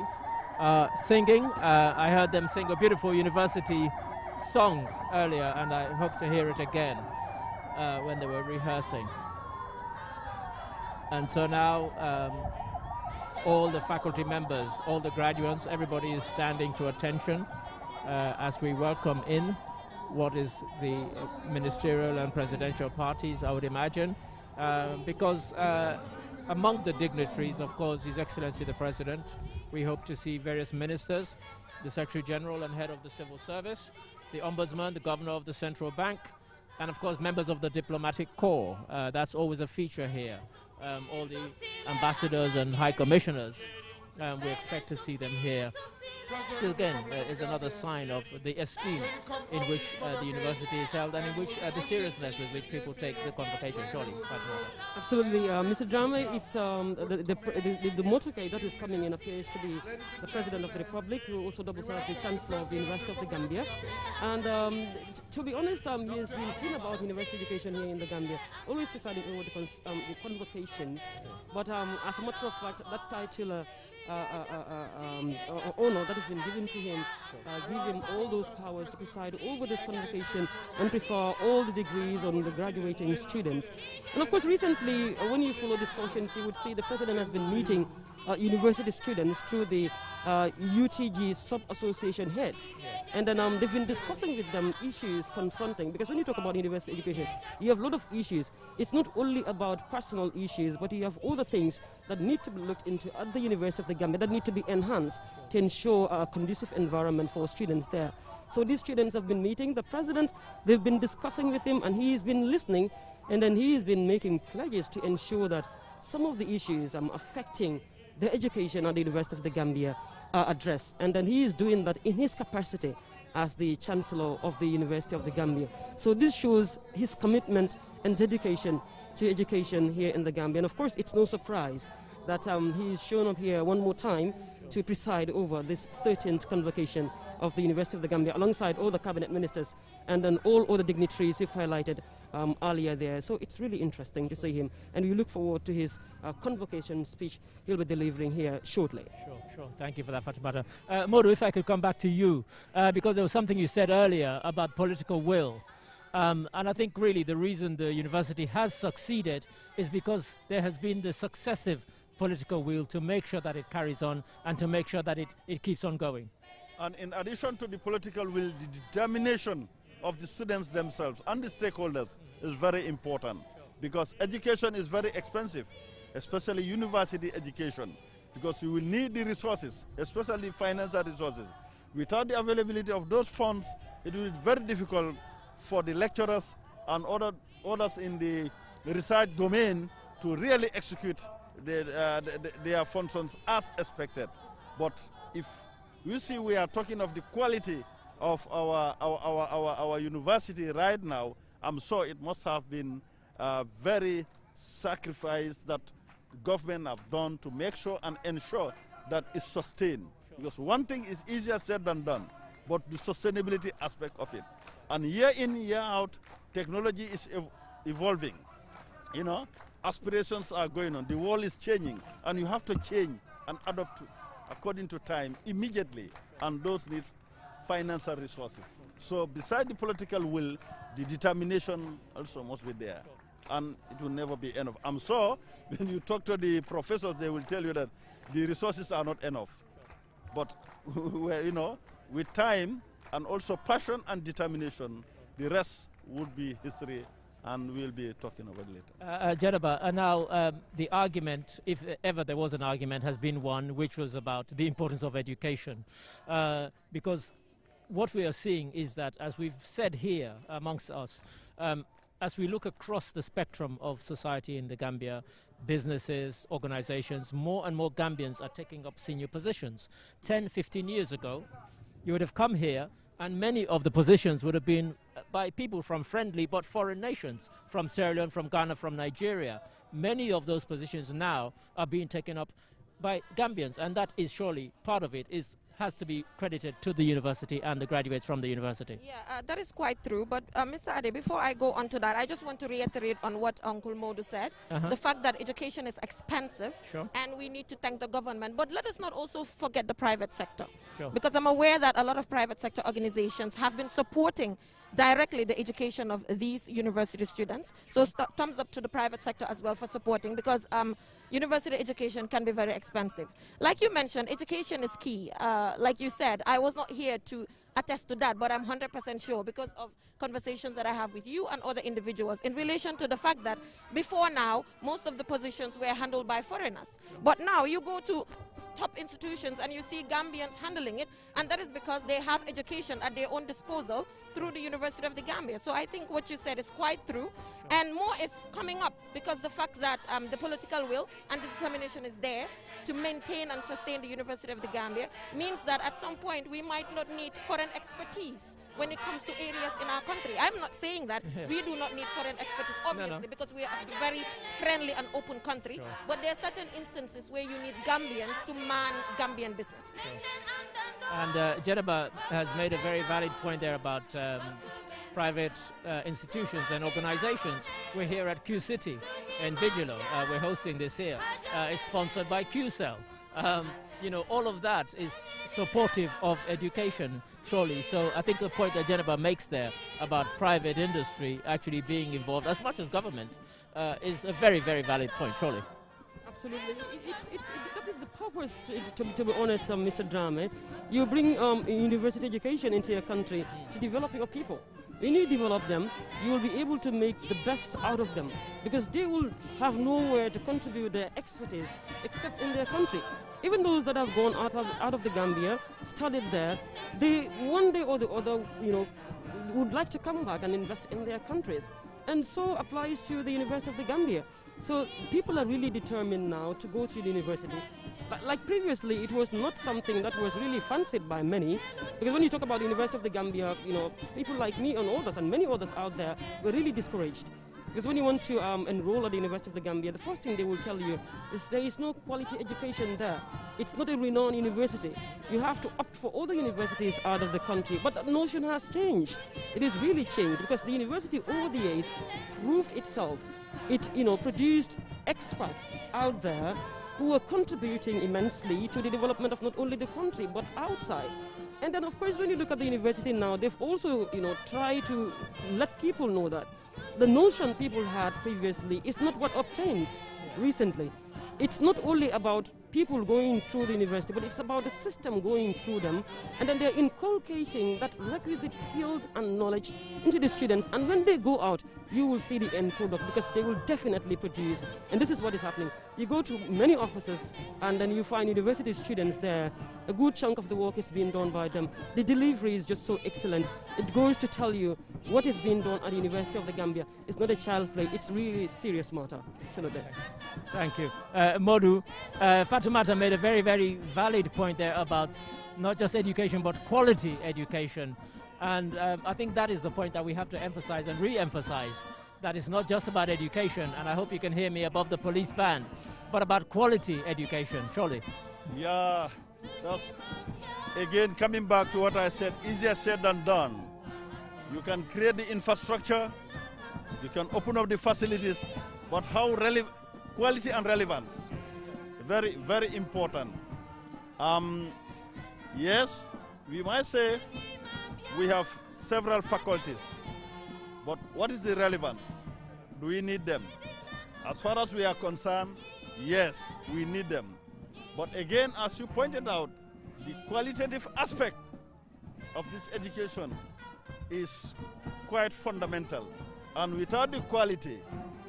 uh, singing. Uh, I heard them sing a beautiful university song earlier, and I hope to hear it again uh, when they were rehearsing. And so now, um, all the faculty members, all the graduates, everybody is standing to attention uh, as we welcome in what is the ministerial and presidential parties, I would imagine, uh, because uh, among the dignitaries, of course, His Excellency the President. We hope to see various ministers, the Secretary General and head of the civil service, the Ombudsman, the Governor of the Central Bank, and of course members of the diplomatic corps. Uh, that's always a feature here. Um, all the ambassadors and high commissioners and um, we expect to see them here. Still, again, uh, is another sign of the esteem in which uh, the university is held and in which uh, the seriousness with which people take the convocation, surely. Absolutely. Uh, Mr. Drama, it's um, the, the, the, the, motorcade that is coming in appears to be the President of the Republic, who also doubles as the Chancellor of the University of the Gambia. And um, to be honest, um, he has been keen about university education here in the Gambia, always presiding over the, um, convocations. But um, as a matter of fact, that title uh, uh uh, uh, uh, um, uh, honor that has been given to him, give him all those powers to preside over this convocation and prefer all the degrees on the graduating students. And of course, recently, when you follow discussions, you would see the president has been meeting uh, university students through the uh, UTG sub-association heads. Yeah. And then um, they've been discussing with them issues confronting, because when you talk about university education, you have a lot of issues. It's not only about personal issues, but you have all the things that need to be looked into at the University of the Gambia that need to be enhanced to ensure a conducive environment for students there. So these students have been meeting the president, they've been discussing with him, and he's been listening, and then he's been making pledges to ensure that some of the issues um, affecting the education at the University of the Gambia uh, address. And then he is doing that in his capacity as the Chancellor of the University of the Gambia. So this shows his commitment and dedication to education here in the Gambia. And of course, it's no surprise that um, he is shown up here one more time to preside over this 13th convocation of the University of the Gambia alongside all the cabinet ministers and then all other dignitaries you've highlighted um, earlier there. So it's really interesting to see him and we look forward to his uh, convocation speech he'll be delivering here shortly. Sure, sure. Thank you for that, Fatimata. Uh, Modu, if I could come back to you uh, because there was something you said earlier about political will. Um, and I think really the reason the university has succeeded is because there has been the successive political will to make sure that it carries on and to make sure that it, it keeps on going. And in addition to the political will, the determination of the students themselves and the stakeholders is very important because education is very expensive, especially university education, because you will need the resources, especially financial resources. Without the availability of those funds, it will be very difficult for the lecturers and other, others in the research domain to really execute uh, their functions as expected. But if you see we are talking of the quality of our, our, our, our, our university right now, I'm sure it must have been a very sacrifice that government have done to make sure and ensure that it's sustained. Because one thing is easier said than done, but the sustainability aspect of it. And year in, year out, technology is ev evolving. You know, aspirations are going on. The world is changing, and you have to change and adapt according to time immediately, and those need financial resources. So beside the political will, the determination also must be there, and it will never be enough. I'm sure when you talk to the professors, they will tell you that the resources are not enough. But, you know, with time and also passion and determination, the rest would be history and we'll be talking about later. Uh, uh, uh, now um, the argument, if ever there was an argument, has been one which was about the importance of education. Uh, because what we are seeing is that, as we've said here amongst us, um, as we look across the spectrum of society in the Gambia, businesses, organizations, more and more Gambians are taking up senior positions. 10, 15 years ago, you would have come here and many of the positions would have been by people from friendly but foreign nations, from Sierra Leone, from Ghana, from Nigeria. Many of those positions now are being taken up by Gambians, and that is surely part of it, is has to be credited to the university and the graduates from the university. Yeah, uh, that is quite true. But uh, Mr. Ade, before I go on to that, I just want to reiterate on what Uncle Modu said, uh -huh. the fact that education is expensive sure. and we need to thank the government. But let us not also forget the private sector, sure. because I'm aware that a lot of private sector organizations have been supporting directly the education of these university students. So thumbs up to the private sector as well for supporting because um, university education can be very expensive. Like you mentioned, education is key. Uh, like you said, I was not here to attest to that, but I'm 100% sure because of conversations that I have with you and other individuals in relation to the fact that before now, most of the positions were handled by foreigners. But now you go to top institutions and you see Gambians handling it. And that is because they have education at their own disposal through the University of the Gambia. So I think what you said is quite true. And more is coming up because the fact that um, the political will and the determination is there to maintain and sustain the University of the Gambia means that at some point we might not need foreign expertise when it comes to areas in our country. I'm not saying that yeah. we do not need foreign expertise, obviously, no, no. because we are a very friendly and open country. Sure. But there are certain instances where you need Gambians to man Gambian business. Sure. And uh, has made a very valid point there about um, private uh, institutions and organizations. We're here at Q City in Bigelow. Uh, we're hosting this here. Uh, it's sponsored by Q Um, you know, all of that is supportive of education, surely. So I think the point that Jennifer makes there about private industry actually being involved as much as government uh, is a very, very valid point, surely. Absolutely. It, it's, it's, it, that is the purpose, to, to, to be honest, um, Mr. Drame. You bring um, university education into your country to develop your people. When you develop them, you will be able to make the best out of them because they will have nowhere to contribute their expertise except in their country even those that have gone out of, out of the Gambia, studied there, they one day or the other, you know, would like to come back and invest in their countries. And so applies to the University of the Gambia. So people are really determined now to go to the university. But like previously, it was not something that was really fancied by many. Because when you talk about the University of the Gambia, you know, people like me and others and many others out there were really discouraged. Because when you want to um, enroll at the University of the Gambia, the first thing they will tell you is there is no quality education there. It's not a renowned university. You have to opt for other universities out of the country. But that notion has changed. It has really changed because the university over the years proved itself. It you know, produced experts out there who are contributing immensely to the development of not only the country but outside. And then, of course, when you look at the university now, they've also, you know, tried to let people know that the notion people had previously is not what obtains recently. It's not only about people going through the university, but it's about the system going through them. And then they're inculcating that requisite skills and knowledge into the students. And when they go out, you will see the end product because they will definitely produce. And this is what is happening. You go to many offices and then you find university students there. A good chunk of the work is being done by them. The delivery is just so excellent. It goes to tell you what is being done at the University of the Gambia. It's not a child play. It's really a serious matter. Absolutely. Thank you. Uh, Modu, uh, Fatumata made a very, very valid point there about not just education, but quality education. And um, I think that is the point that we have to emphasize and re-emphasize, that it's not just about education, and I hope you can hear me above the police band, but about quality education, surely. Yeah, that's, again, coming back to what I said, easier said than done. You can create the infrastructure, you can open up the facilities, but how quality and relevance very, very important. Um, yes, we might say we have several faculties, but what is the relevance? Do we need them? As far as we are concerned, yes, we need them. But again, as you pointed out, the qualitative aspect of this education is quite fundamental. And without the quality,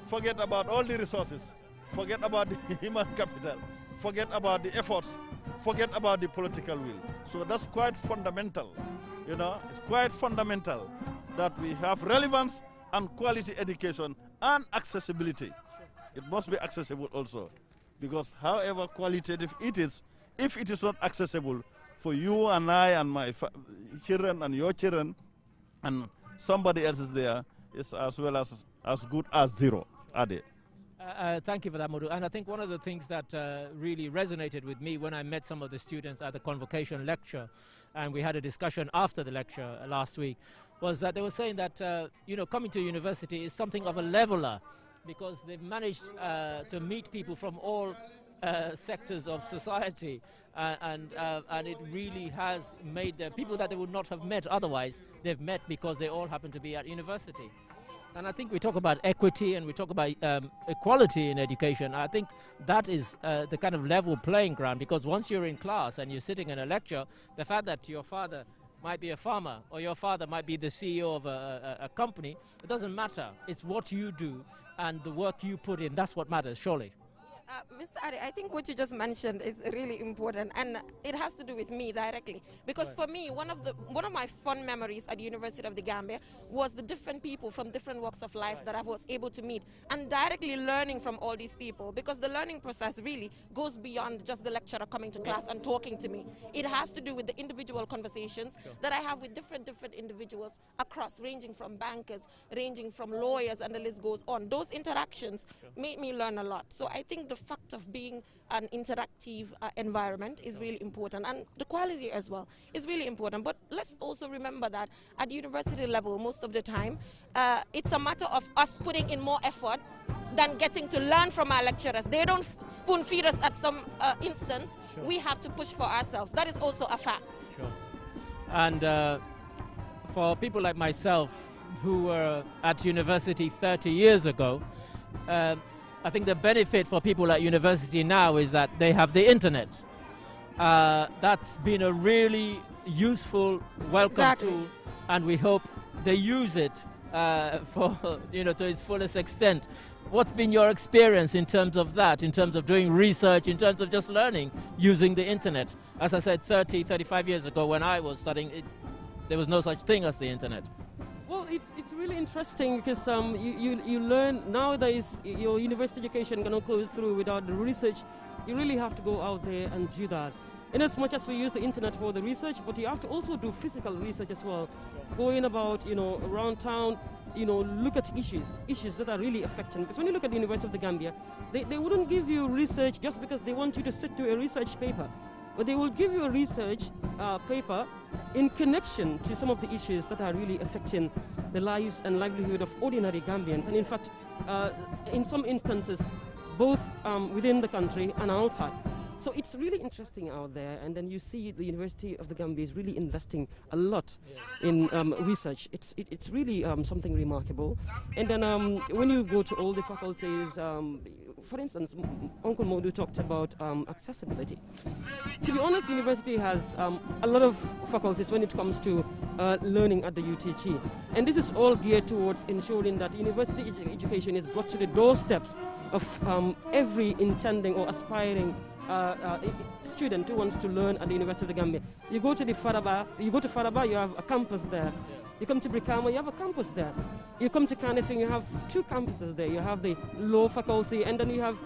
forget about all the resources forget about the human capital, forget about the efforts, forget about the political will. So that's quite fundamental, you know, it's quite fundamental that we have relevance and quality education and accessibility. It must be accessible also, because however qualitative it is, if it is not accessible for you and I and my children and your children and somebody else is there, it's as well as as good as zero, are they? Uh, uh, thank you for that, Modu. And I think one of the things that uh, really resonated with me when I met some of the students at the convocation lecture, and we had a discussion after the lecture uh, last week, was that they were saying that uh, you know coming to university is something of a leveler, because they've managed uh, to meet people from all uh, sectors of society, uh, and uh, and it really has made them people that they would not have met otherwise. They've met because they all happen to be at university. And I think we talk about equity and we talk about um, equality in education. I think that is uh, the kind of level playing ground because once you're in class and you're sitting in a lecture, the fact that your father might be a farmer or your father might be the CEO of a, a, a company, it doesn't matter. It's what you do and the work you put in. That's what matters, surely. Uh, Mr. Ari, I think what you just mentioned is really important, and it has to do with me directly. Because right. for me, one of the one of my fun memories at the University of the Gambia was the different people from different walks of life right. that I was able to meet, and directly learning from all these people. Because the learning process really goes beyond just the lecturer coming to class and talking to me. It has to do with the individual conversations sure. that I have with different different individuals across, ranging from bankers, ranging from lawyers, and the list goes on. Those interactions sure. made me learn a lot. So I think the fact of being an interactive uh, environment is really important, and the quality as well is really important. But let's also remember that at university level, most of the time, uh, it's a matter of us putting in more effort than getting to learn from our lecturers. They don't spoon feed us at some uh, instance. Sure. We have to push for ourselves. That is also a fact. Sure. And uh, for people like myself who were at university 30 years ago, uh, I think the benefit for people at university now is that they have the internet. Uh, that's been a really useful, welcome exactly. tool, and we hope they use it uh, for you know to its fullest extent. What's been your experience in terms of that, in terms of doing research, in terms of just learning using the internet? As I said, 30, 35 years ago when I was studying, it, there was no such thing as the internet. Well, it's, it's really interesting because um, you, you, you learn nowadays your university education cannot go through without the research. You really have to go out there and do that. In as much as we use the internet for the research, but you have to also do physical research as well. Going about, you know, around town, you know, look at issues, issues that are really affecting. Because when you look at the University of the Gambia, they, they wouldn't give you research just because they want you to sit to a research paper but they will give you a research uh, paper in connection to some of the issues that are really affecting the lives and livelihood of ordinary Gambians, and in fact, uh, in some instances, both um, within the country and outside. So it's really interesting out there, and then you see the University of the Gambia is really investing a lot yeah. in um, research. It's it, it's really um, something remarkable. And then um, when you go to all the faculties, um, for instance, Uncle Modu talked about um, accessibility. To be honest, university has um, a lot of faculties when it comes to uh, learning at the UTG. And this is all geared towards ensuring that university education is brought to the doorsteps of um, every intending or aspiring uh, uh, student who wants to learn at the University of the Gambia. You go to the Faraba, you go to Faraba, you have a campus there. Yeah. You come to Brikama, you have a campus there. You come to Carnifing, you have two campuses there. You have the law faculty, and then you have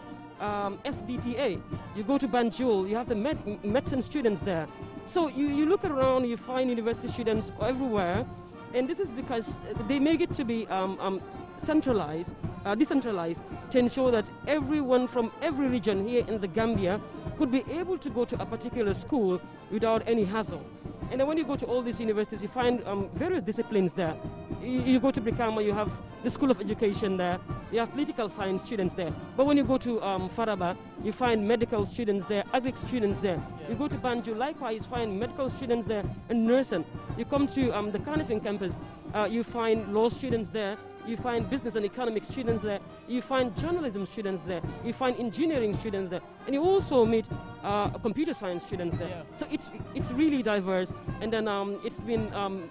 um, SBPA. You go to Banjul, you have the med medicine students there. So you, you look around, you find university students everywhere, and this is because they make it to be um, um, centralize, uh, decentralize to ensure that everyone from every region here in the Gambia could be able to go to a particular school without any hassle. And then when you go to all these universities, you find um, various disciplines there. You, you go to Brikama, you have the School of Education there, you have political science students there. But when you go to um, Faraba, you find medical students there, agri students there. Yeah. You go to Banjul, likewise, find medical students there and nursing. You come to um, the Carnifing campus, uh, you find law students there, you find business and economics students there, you find journalism students there, you find engineering students there, and you also meet uh, computer science students there. Yeah. So it's, it's really diverse, and then um, it's been um,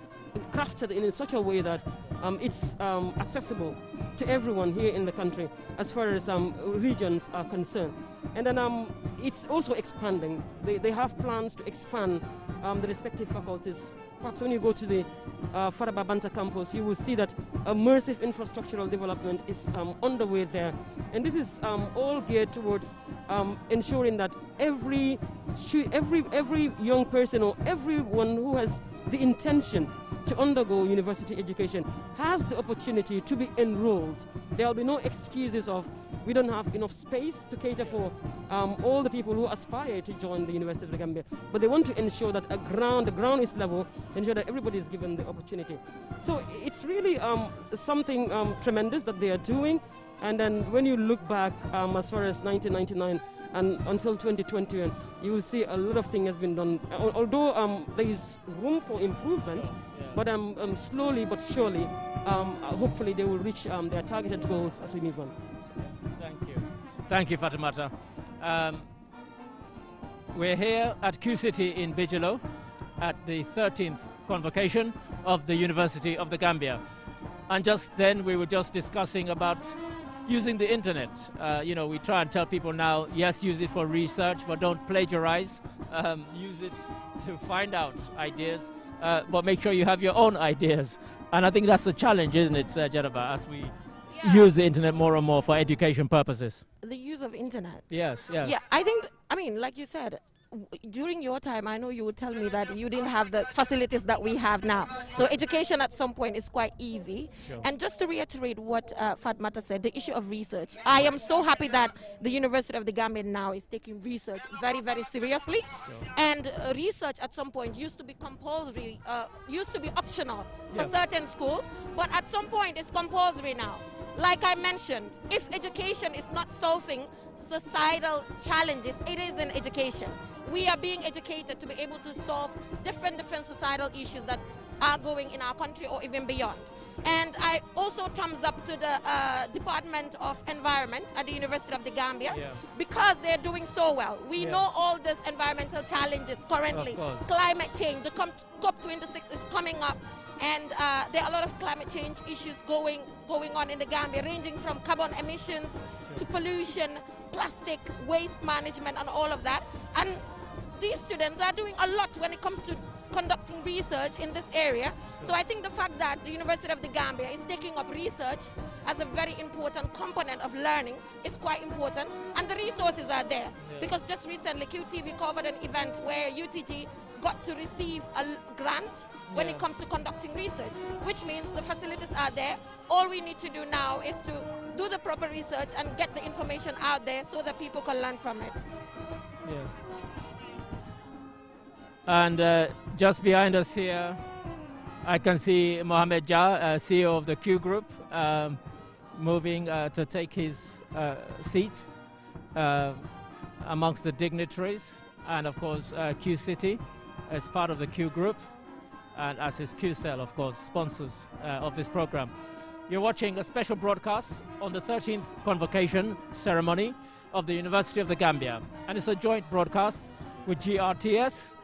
crafted in such a way that um, it's um, accessible to everyone here in the country as far as um, regions are concerned. And then um, it's also expanding. They, they have plans to expand um, the respective faculties. Perhaps when you go to the uh, Farababanta campus, you will see that immersive infrastructural development is underway um, there. And this is all geared towards ensuring that every, every, every young person or everyone who has the intention to undergo university education has the opportunity to be enrolled. There will be no excuses of we don't have enough space to cater for um, all the people who aspire to join the University of the Gambia. But they want to ensure that a ground, the ground is level, ensure that everybody is given the opportunity. So it's really um, something um, tremendous that they are doing. And then when you look back um, as far as 1999 and until 2021, you will see a lot of things has been done. Although um, there is room for improvement, yeah, but um, um slowly but surely, um, hopefully they will reach um, their targeted goals as we move on. Thank you. Thank you, Fatimata. we're here at Q City in Bijolo at the 13th convocation of the University of the Gambia. And just then we were just discussing about using the internet. Uh, you know, we try and tell people now, yes, use it for research, but don't plagiarize. Um, use it to find out ideas, uh, but make sure you have your own ideas. And I think that's the challenge, isn't it, uh, Jennifer, as we yeah. use the internet more and more for education purposes? The use of internet. Yes, yes. Yeah, I think, I mean, like you said, during your time, I know you would tell me that you didn't have the facilities that we have now. So education at some point is quite easy. Sure. And just to reiterate what uh, Fatmata said, the issue of research. I am so happy that the University of the Gambia now is taking research very, very seriously. Sure. And uh, research at some point used to be compulsory, uh, used to be optional for yeah. certain schools, but at some point it's compulsory now. Like I mentioned, if education is not solving societal challenges, it is in education we are being educated to be able to solve different different societal issues that are going in our country or even beyond. And I also thumbs up to the uh, Department of Environment at the University of the Gambia yeah. because they're doing so well. We yeah. know all these environmental challenges currently. Climate change, the COP26 is coming up and uh, there are a lot of climate change issues going, going on in the Gambia ranging from carbon emissions sure. to pollution plastic waste management and all of that. And these students are doing a lot when it comes to conducting research in this area. So I think the fact that the University of the Gambia is taking up research as a very important component of learning is quite important. And the resources are there. Yeah. Because just recently QTV covered an event where UTG got to receive a grant when yeah. it comes to conducting research, which means the facilities are there. All we need to do now is to do the proper research and get the information out there so that people can learn from it. Yeah. And uh, just behind us here, I can see Mohamed Ja, uh, CEO of the Q Group, um, moving uh, to take his uh, seat uh, amongst the dignitaries. And of course, uh, Q City as part of the Q Group, and as is Q Cell, of course, sponsors of this program. You're watching a special broadcast on the 13th convocation ceremony of the University of the Gambia, and it's a joint broadcast with GRTS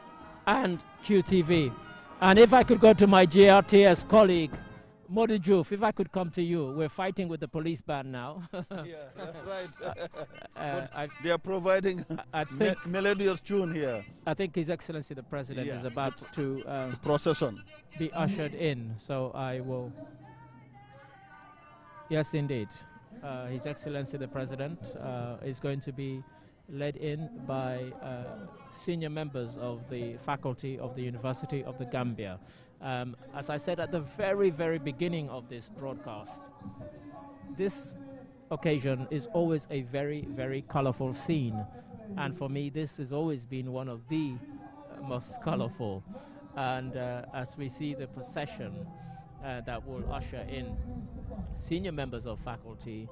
and QTV. And if I could go to my GRTS colleague, Modi Juf, if I could come to you, we're fighting with the police band now. yeah, that's right. uh, they are providing I, think me melodious tune here. I think His Excellency the President yeah. is about to uh, procession be ushered in, so I will Yes, indeed. Uh, His Excellency the President uh, is going to be led in by uh, senior members of the faculty of the University of the Gambia. Um, as I said at the very, very beginning of this broadcast, this occasion is always a very, very colorful scene. And for me, this has always been one of the uh, most colorful. And uh, as we see the procession, uh, that will usher in senior members of faculty,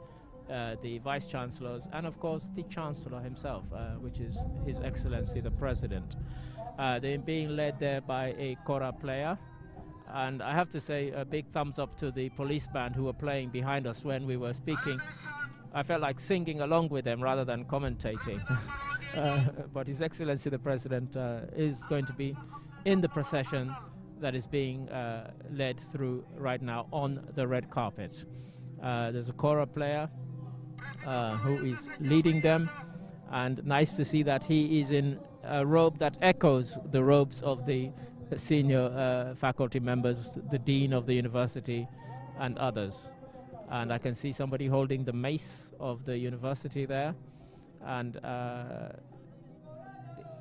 uh, the vice chancellors, and of course the chancellor himself, uh, which is His Excellency the President. Uh, they're being led there by a kora player. And I have to say a big thumbs up to the police band who were playing behind us when we were speaking. I felt like singing along with them rather than commentating. Uh, but His Excellency the President uh, is going to be in the procession that is being uh, led through right now on the red carpet. Uh, there's a Cora player uh, who is leading them, and nice to see that he is in a robe that echoes the robes of the senior uh, faculty members, the dean of the university, and others. And I can see somebody holding the mace of the university there, and uh,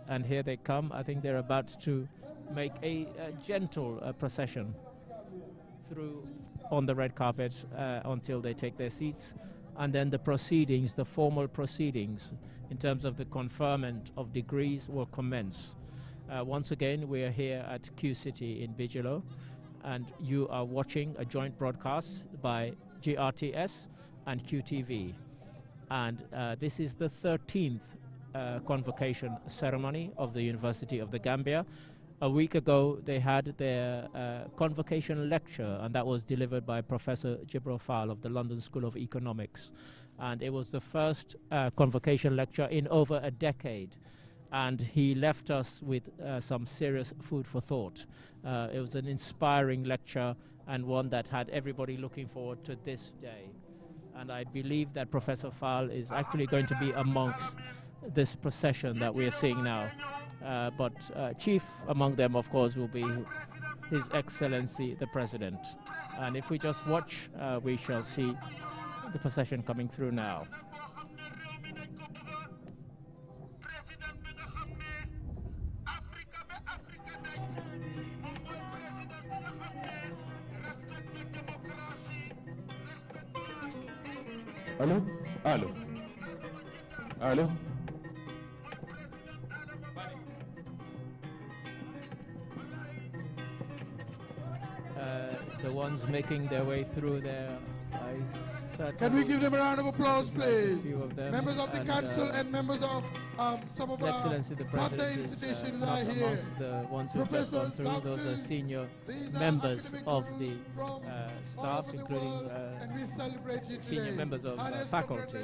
and here they come. I think they're about to make a, a gentle uh, procession through on the red carpet uh, until they take their seats. And then the proceedings, the formal proceedings in terms of the conferment of degrees will commence. Uh, once again, we are here at Q City in Bigelow, and you are watching a joint broadcast by GRTS and QTV. And uh, this is the 13th uh, convocation ceremony of the University of the Gambia a week ago, they had their uh, convocation lecture, and that was delivered by Professor Gibrofal of the London School of Economics. And it was the first uh, convocation lecture in over a decade. And he left us with uh, some serious food for thought. Uh, it was an inspiring lecture and one that had everybody looking forward to this day. And I believe that Professor Fal is actually going to be amongst this procession that we are seeing now. Uh, but uh, chief among them, of course, will be His Excellency the President. And if we just watch, uh, we shall see the procession coming through now. Hello? Hello? Hello? the ones making their way through there. Can we give them a round of applause, please? Of members of the and council uh, and members of um, some of Excellency, our partner uh, institutions uh, are here. The ones who Professors, have through, doctors, those are senior members are of the uh, staff, including uh, senior today. members of uh, faculty.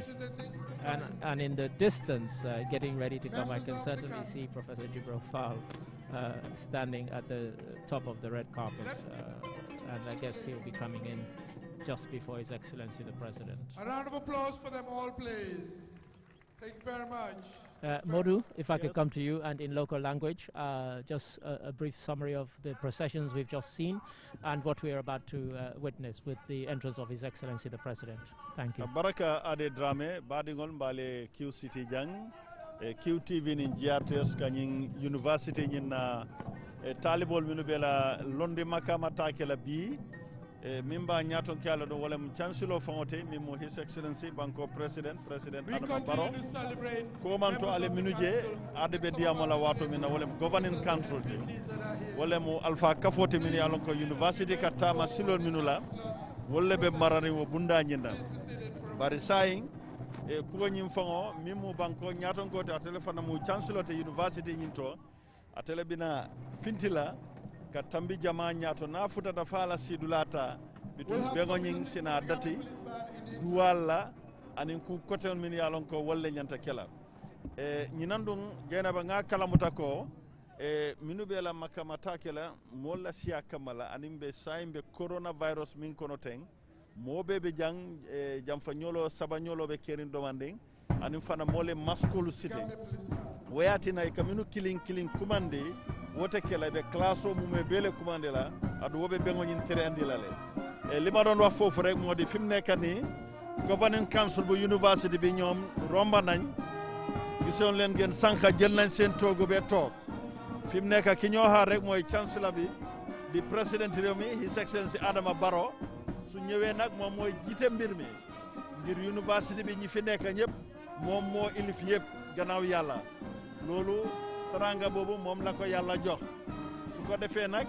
And, and, in the distance, getting ready to come, I can certainly see Professor Jibril Fal standing at the top of the red carpet and I guess he'll be coming in just before His Excellency the President. A round of applause for them all, please. Thank you very much. Uh, Modu, if I yes. could come to you and in local language, uh, just a, a, brief summary of the processions we've just seen and what we are about to uh, witness with the entrance of His Excellency the President. Thank you. Baraka Ade Drame, Badingol Mbale QCT Jang, QTV in GRTS University in uh, e eh, taalibol minu bela londi makama takela bi e min mba ñaton ke ala ɗo wala mo chancelo fawote min mo his excellency banko président président adama baro komanto ale minuje ade ɓe ndiyamola wato min wala mo governing council di wala mo alpha kafote min yalon ko university ka tama silol minula walla ɓe marani wo bundañinda bari sayin e eh, kuwoñin faŋo min mo banko ñatonkote a téléphone mo chancelo te university ñin to atele bina fintila ka tambi jama ñaato na futata faala siidulata bitum beŋo ñiŋ sina dati duwal la aniŋ ku kote min ye a ko wolle ñanta ke e ñinan duŋ jeynaba ŋa kalamuta ko e minu be la makamata kela la moolu la siya kamala la be e, saayiŋ be coronavirus min kono ten moo be be jaŋ e, janfa ñolo saba be kerin domandiŋ aniŋ fana mole ye maskolu siti woyatina e kaminu kilin kilin kumandi wote kela ɓe classe o mum e beele kumande la aɗa woɓe ɓegoñin terendila le e lima ɗon wa foof rek modi fimne kani governing council bo university bi ñoom romba nañ gisoon leen ngeen sànq jël nañ seen toogu be toog fi mu nekk ki ñoo xaar rek mooy cansila bi di président réew mi his excellency Adama Barrow su ñëwee nag moom mooy jiite mbir mi ngir université bi ñi fi nekk ñëpp moom moo fi yëpp gannaaw yàlla lolu teranga bobu momlako la ko yalla jox su ko defé nak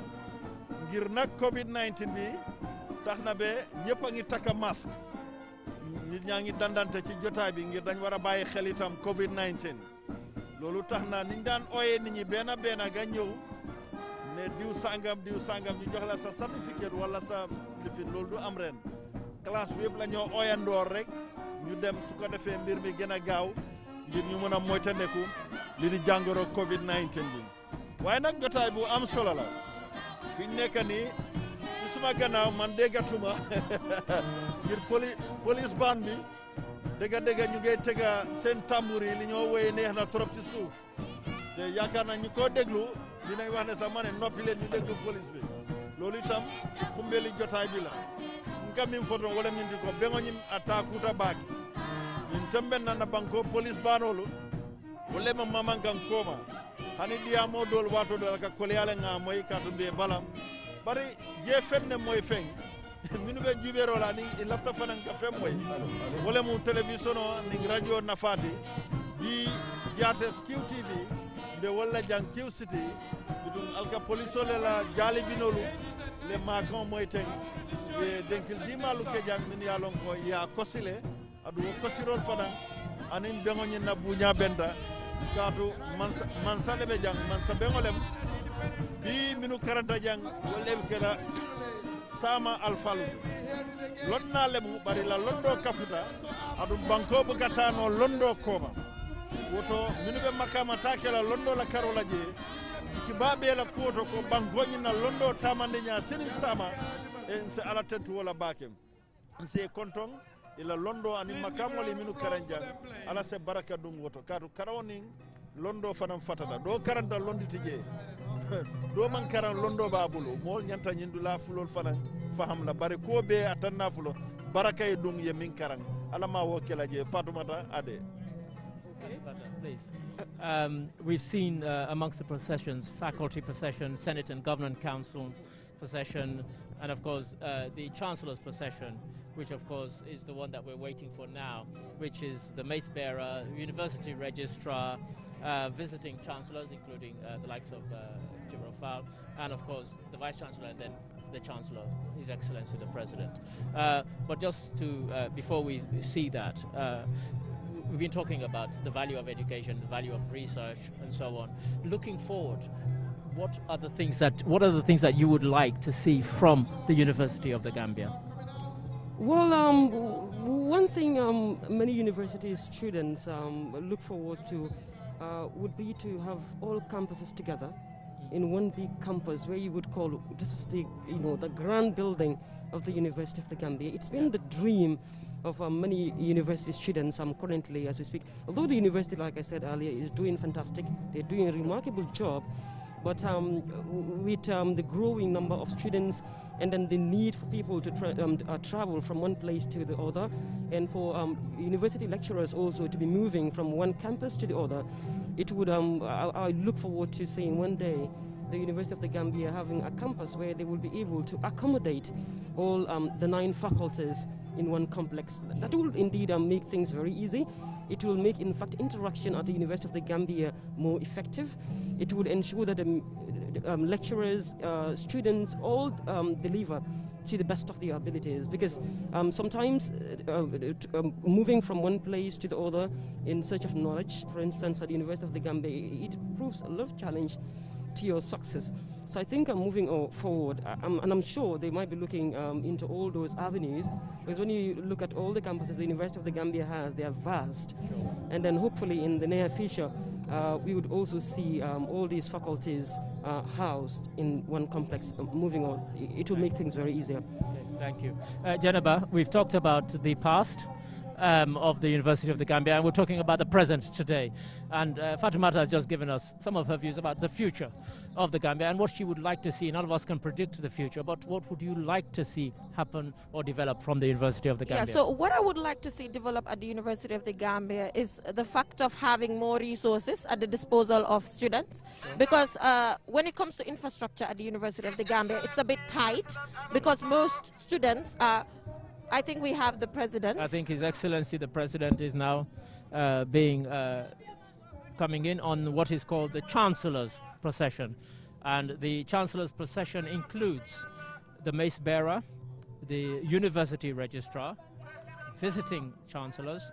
ngir nak covid 19 bi taxna be ñepp ñëpp a ngi takk masque nit ñaa dandante ci bi ngir dañ wara bayyi xel itam covid 19 lolu taxna niñ daan oyé nit ñi bena bena ga ñew né diw sangam diw sangam ñu jox la sa certificat wala sa lifin lolu du am ren classe yépp la rek ñu dem su ko defé mbir mi gëna gaaw ngir ñu mën a moytandeku li di jàngoro Covid 19 bi waaye nag jotaay bu am solo la fi ñu nekk nii ci suma gannaaw man déggatuma ngir poli police band bi dégga dégga ñu ngay tega seen tàmbur yi li ñoo woy neex na trop ci suuf te yaakaar na ñi koo déglu dinañ wax ne sax ma ne noppi leen ñu déglu police bi loolu itam ci xumbeeli jotaay bi la nga min foton wala min di ko beŋo ñim a taa kuuta baake min temben na banko police banolu o lema maman kan koma hani mo dol wato dol ka koleyale ga moyi ka to mbiye balam bari je fenne moye feng minu ɓe rola ni i lafta fanan ka fem moye wolemu télévision o nin radio fati bi yates tv mbe wala jang q city ɗum alka police le la jaalibinolu le makan moye teng ye denkil dimalu ke jang min yalon ko ya kosile kaatu wo kosirol fana anin beŋoñin na buuña benta kaatu mansa lebe jang mansa beŋo lem bi minu karanta jang wo lebi keta sama alfalutu lonna lemu bari la londo kafuta aɗum banko bugatano londo kooma woto minu ɓe makkama takela londo la karola ƴee kibaɓe la kuwoto ko bankoñina londo tamande ña senin sama e se ala tentu wala bakem se konton ila londo ani makamol minu karanja ala se baraka dum woto kaatu karawo nin londo fanan fatata do karanta londiti je do man karan londo babulo bulu nyanta nyindu la fulol fanan faham la bare ko be atanna fulo baraka e dum ye min karan ala ma wo kela je fatumata ade Okay. Um, we've seen uh, amongst the processions, faculty procession, Senate and Government Council procession, and of course uh, the Chancellor's procession. which of course is the one that we're waiting for now, which is the mace bearer, university registrar, uh, visiting chancellors, including uh, the likes of uh, Jibril and of course the vice chancellor, and then the chancellor, His Excellency the President. Uh, but just to uh, before we see that. Uh, we've been talking about the value of education, the value of research, and so on. Looking forward, what are the things that what are the things that you would like to see from the University of the Gambia? Well, um, one thing um, many university students um, look forward to uh, would be to have all campuses together in one big campus where you would call this is the you know the grand building of the University of the Gambia. It's been the dream of uh, many university students um, currently as we speak. Although the university, like I said earlier, is doing fantastic, they're doing a remarkable job, but um, with um, the growing number of students and then the need for people to tra um, uh, travel from one place to the other, and for um, university lecturers also to be moving from one campus to the other. It would, um, I, I, look forward to seeing one day the University of the Gambia having a campus where they will be able to accommodate all um, the nine faculties in one complex. That would indeed um, make things very easy. It will make, in fact, interaction at the University of the Gambia more effective. It will ensure that um, um, lecturers, uh, students, all um, deliver to the best of their abilities because um, sometimes uh, uh, um, moving from one place to the other in search of knowledge, for instance, at the University of the Gambia, it proves a lot of challenge to your success. So I think I'm moving oh, forward, I'm, and I'm sure they might be looking um, into all those avenues, because when you look at all the campuses the University of the Gambia has, they are vast. Sure. And then hopefully in the near future, uh, we would also see um, all these faculties uh, housed in one complex. Uh, moving on, it, will make things very easier. Okay, thank you. Uh, we've talked about the past um, of the University of the Gambia, and we're talking about the present today. And uh, Fatimata has just given us some of her views about the future of the Gambia and what she would like to see. None of us can predict the future, but what would you like to see happen or develop from the University of the Gambia? Yeah, so what I would like to see develop at the University of the Gambia is the fact of having more resources at the disposal of students. Because uh, when it comes to infrastructure at the University of the Gambia, it's a bit tight because most students are I think we have the president. I think His Excellency the President is now uh, being uh, coming in on what is called the Chancellor's procession, and the Chancellor's procession includes the mace bearer, the university registrar, visiting chancellors,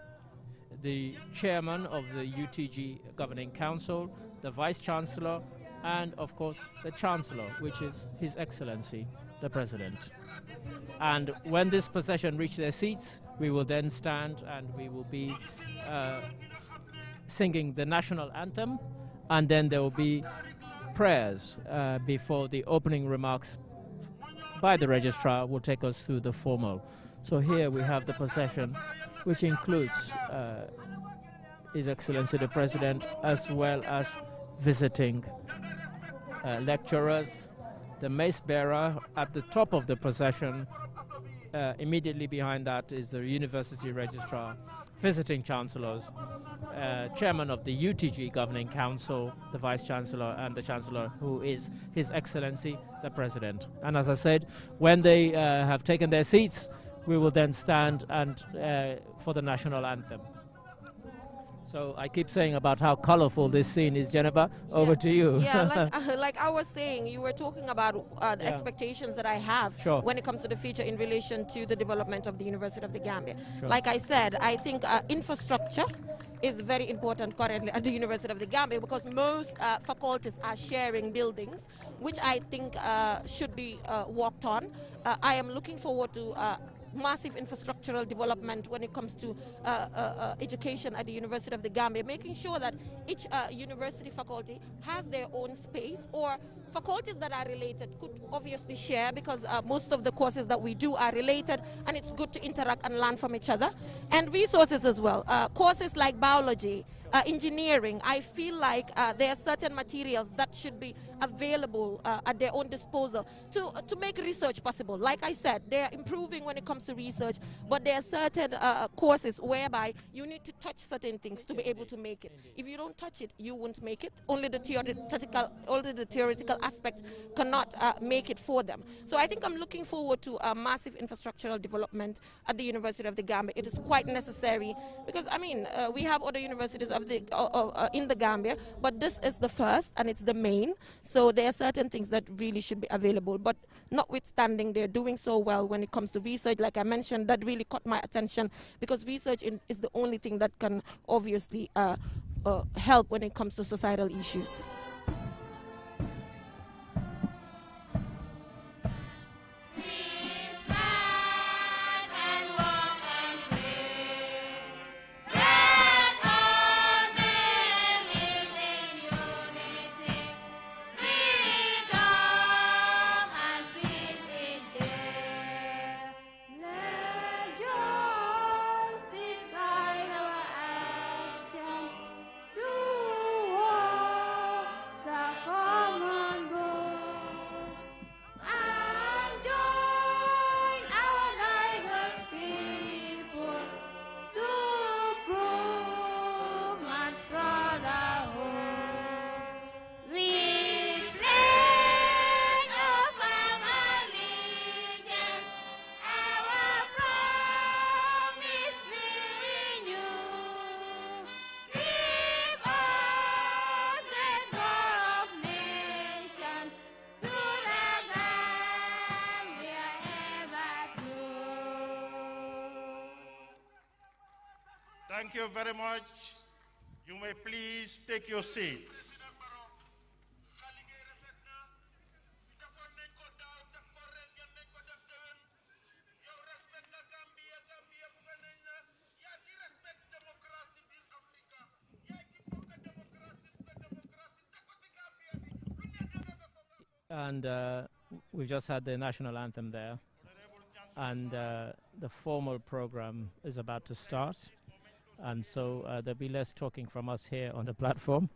the chairman of the UTG Governing Council, the vice chancellor, and of course the chancellor, which is His Excellency the President. And when this procession reach their seats, we will then stand and we will be uh, singing the national anthem, and then there will be prayers uh, before the opening remarks by the registrar will take us through the formal. So here we have the procession, which includes uh, His Excellency the President, as well as visiting uh, lecturers, the mace bearer at the top of the procession. Uh, immediately behind that is the university registrar, visiting chancellors, uh, chairman of the UTG governing council, the vice chancellor, and the chancellor, who is His Excellency the President. And as I said, when they uh, have taken their seats, we will then stand and uh, for the national anthem. So I keep saying about how colorful this scene is, Jennifer. Over yeah. to you. Yeah, like, uh, like, I was saying, you were talking about uh, the yeah. expectations that I have sure. when it comes to the future in relation to the development of the University of the Gambia. Sure. Like I said, I think uh, infrastructure is very important currently at the University of the Gambia because most uh, faculties are sharing buildings, which I think uh, should be uh, worked on. I am looking forward to massive infrastructural development when it comes to uh, uh, uh, education at the University of the Gambia, making sure that each uh, university faculty has their own space or faculties that are related could obviously share because uh, most of the courses that we do are related and it's good to interact and learn from each other and resources as well uh, courses like biology uh, engineering, I feel like uh, there are certain materials that should be available uh, at their own disposal to, to make research possible. Like I said, they're improving when it comes to research, but there are certain uh, courses whereby you need to touch certain things to be able to make it. If you don't touch it, you won't make it. Only the theoretical, only the theoretical aspect cannot uh, make it for them. So I think I'm looking forward to a massive infrastructural development at the University of the Gambia. It is quite necessary because, I mean, uh, we have other universities of of the uh, in the Gambia, but this is the first and it's the main. So there are certain things that really should be available. But notwithstanding, they're doing so well when it comes to research. Like I mentioned, that really caught my attention because research in, is the only thing that can obviously uh, uh help when it comes to societal issues. very much. You may please take your seats. And uh, we've just had the national anthem there. And uh, the formal program is about to start. And so uh, there'll be less talking from us here on the platform,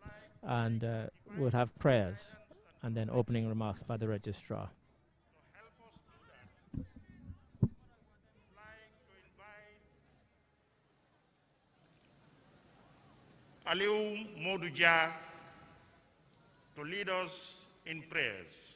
and uh, we'll have prayers and then opening remarks by the registrar. Aliu Moduja to lead us in prayers.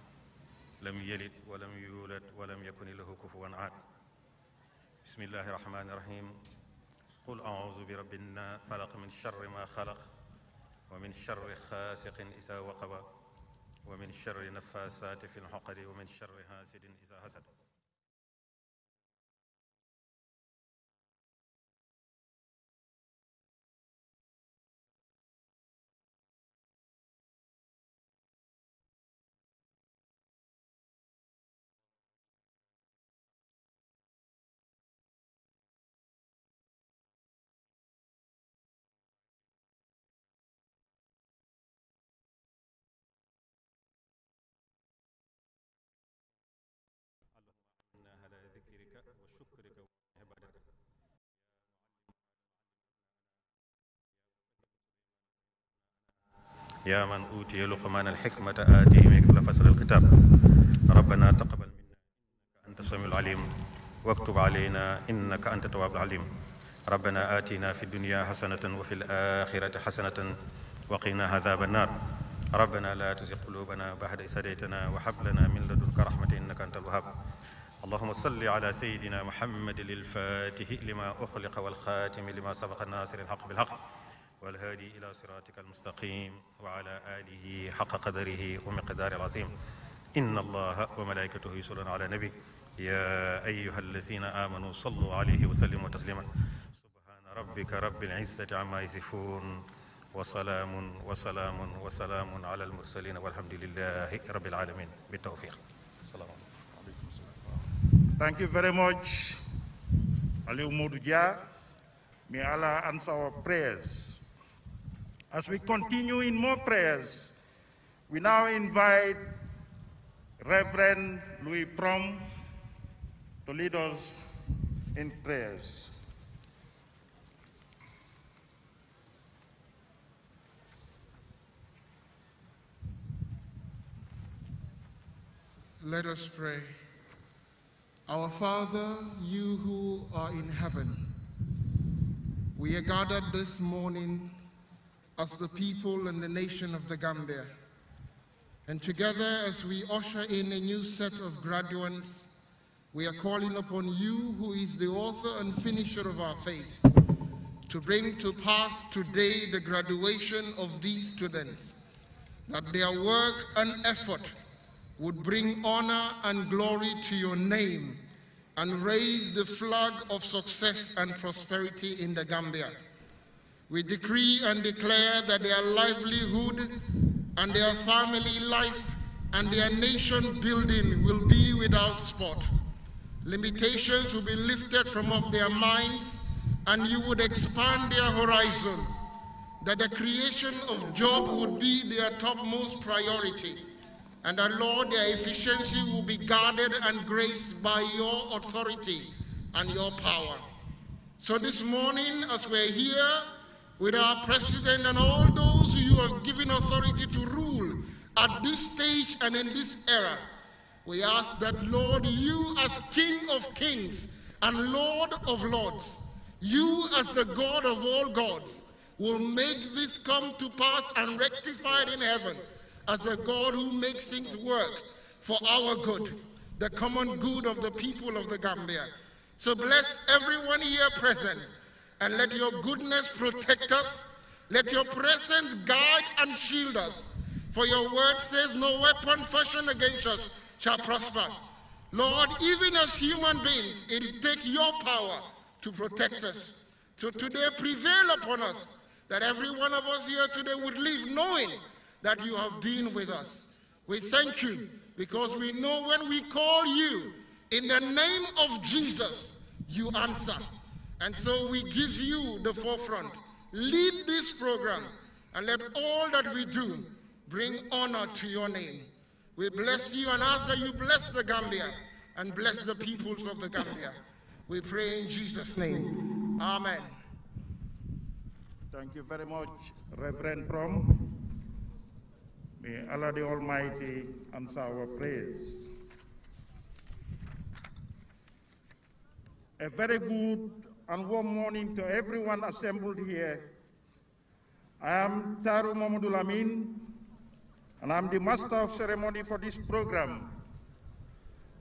لم يلد ولم يولد ولم يكن له كفوا احد بسم الله الرحمن الرحيم قل أعوذ برب فلق من شر ما خلق ومن شر خاسق إذا وقب ومن شر نفاسات في الحقد ومن شر حاسد إذا حسد يا من أوتي لقمان الحكمة آتيه من قبل فصل الكتاب ربنا تقبل منا إنك أنت السميع العليم واكتب علينا إنك أنت التواب العليم ربنا آتنا في الدنيا حسنة وفي الآخرة حسنة وقنا عذاب النار ربنا لا تزغ قلوبنا بعد إذ هديتنا وهب لنا من لدنك رحمة إنك أنت الوهاب اللهم صل على سيدنا محمد للفاتح لما أخلق والخاتم لما سبق الناصر الحق بالحق والهادي إلى صراطك المستقيم وعلى آله حق قدره ومقدار العظيم إن الله وملائكته يصلون على النبي يا أيها الذين آمنوا صلوا عليه وسلموا تسليما سبحان ربك رب العزة عما يصفون وسلام وسلام وسلام على المرسلين والحمد لله رب العالمين بالتوفيق السلام عليكم Thank you very much, Ali Umudja. May Allah answer our prayers. As we continue in more prayers, we now invite Reverend Louis Prom to lead us in prayers. Let us pray. Our Father, you who are in heaven, we are gathered this morning as the people and the nation of the Gambia. And together, as we usher in a new set of graduates, we are calling upon you, who is the author and finisher of our faith, to bring to pass today the graduation of these students, that their work and effort would bring honor and glory to your name and raise the flag of success and prosperity in the Gambia we decree and declare that their livelihood and their family life and their nation building will be without spot. Limitations will be lifted from off their minds, and you would expand their horizon, that the creation of job would be their topmost priority, and that, Lord, their efficiency will be guarded and graced by your authority and your power. So this morning, as we're here, with our president and all those who you have given authority to rule at this stage and in this era. We ask that, Lord, you as King of kings and Lord of lords, you as the God of all gods, will make this come to pass and rectify it in heaven as the God who makes things work for our good, the common good of the people of the Gambia. So bless everyone here present and let your goodness protect us. Let your presence guide and shield us. For your word says, No weapon fashioned against us shall prosper. Lord, even as human beings, it will take your power to protect us. So today, prevail upon us that every one of us here today would live knowing that you have been with us. We thank you because we know when we call you in the name of Jesus, you answer. And so we give you the forefront. Lead this program and let all that we do bring honor to your name. We bless you and ask that you bless the Gambia and bless the peoples of the Gambia. We pray in Jesus' name. Amen. Thank you very much, Reverend Brom. May Allah the Almighty answer our prayers. A very good and warm morning to everyone assembled here. I am Taru Mamadul Amin, and I'm the master of ceremony for this program.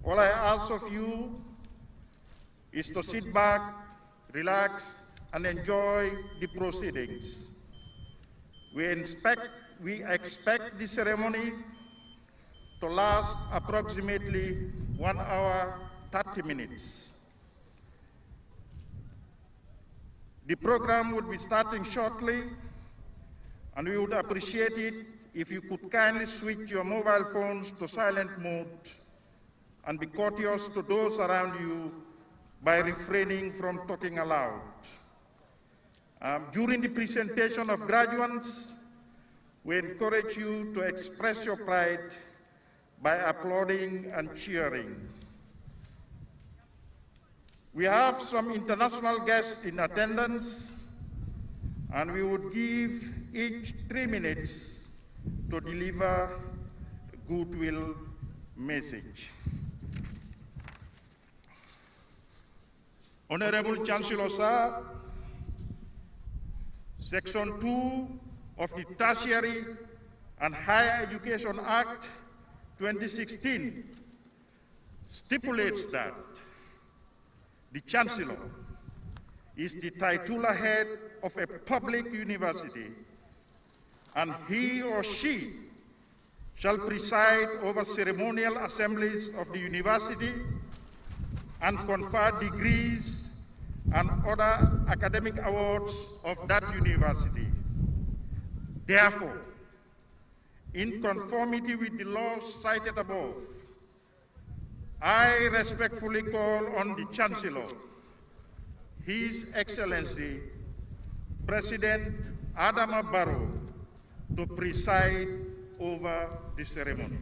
All I ask of you is to sit back, relax, and enjoy the proceedings. We expect, we expect the ceremony to last approximately one hour, 30 minutes. The program will be starting shortly, and we would appreciate it if you could kindly switch your mobile phones to silent mode and be courteous to those around you by refraining from talking aloud. Um, during the presentation of graduates, we encourage you to express your pride by applauding and cheering. We have some international guests in attendance, and we would give each three minutes to deliver a goodwill message. Honorable Chancellor Sir, Section 2 of the Tertiary and Higher Education Act 2016 stipulates that the chancellor is the titular head of a public university, and he or she shall preside over ceremonial assemblies of the university and confer degrees and other academic awards of that university. Therefore, in conformity with the laws cited above, I respectfully call on the Chancellor, His Excellency, President Adama Barrow, to preside over the ceremony.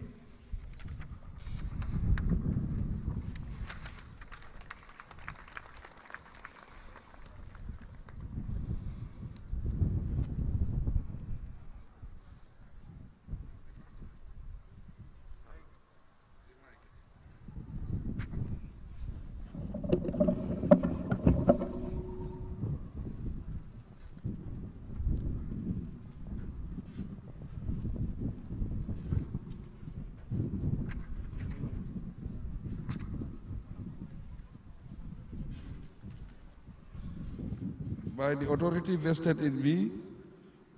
by the authority vested in me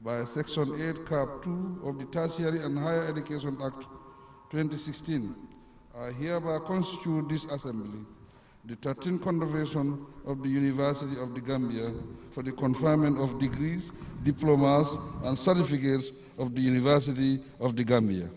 by Section 8, Cap 2 of the Tertiary and Higher Education Act 2016, I hereby constitute this Assembly the 13th Convention of the University of the Gambia for the conferment of degrees, diplomas, and certificates of the University of the Gambia.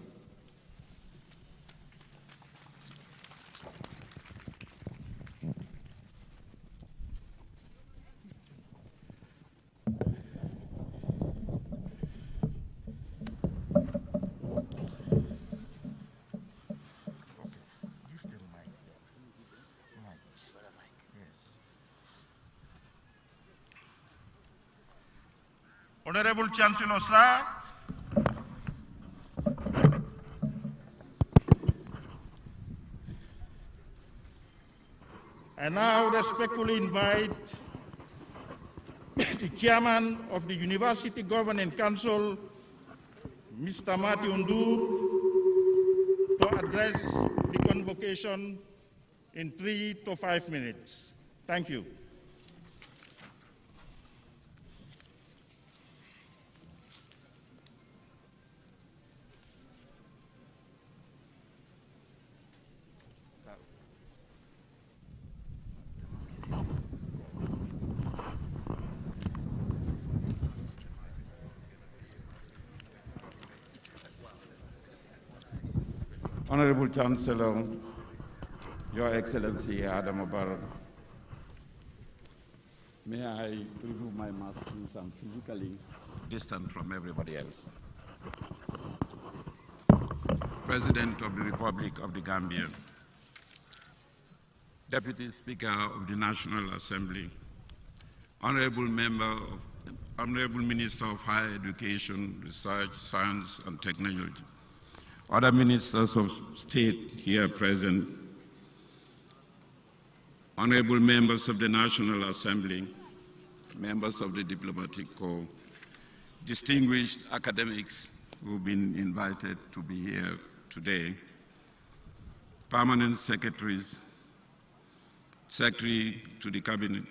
Samson Osa. I now respectfully invite the chairman of the University Governing Council, Mr. Mati Undur, to address the convocation in three to five minutes. Thank you. Chancellor, Your Excellency Adam Mubarak, may I remove my mask since I'm physically distant from everybody else. President of the Republic of the Gambia, Deputy Speaker of the National Assembly, Honorable Member of Honorable Minister of Higher Education, Research, Science and Technology, other ministers of state here present, honorable members of the National Assembly, members of the Diplomatic Corps, distinguished academics who've been invited to be here today, permanent secretaries, secretary to the cabinet,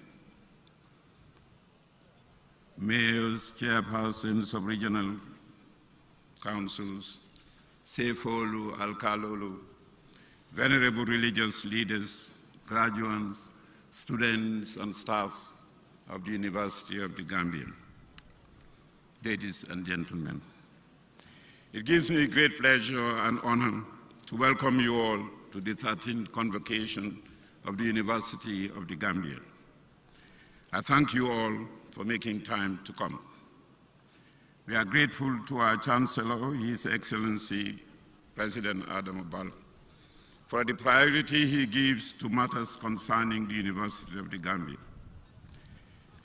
mayors, chairpersons of regional councils, Sefolu Alkalolu, venerable religious leaders, graduates, students and staff of the University of the Gambia. Ladies and gentlemen, it gives me great pleasure and honor to welcome you all to the 13th convocation of the University of the Gambia. I thank you all for making time to come. We are grateful to our Chancellor, His Excellency President Adam for the priority he gives to matters concerning the University of the Gambia.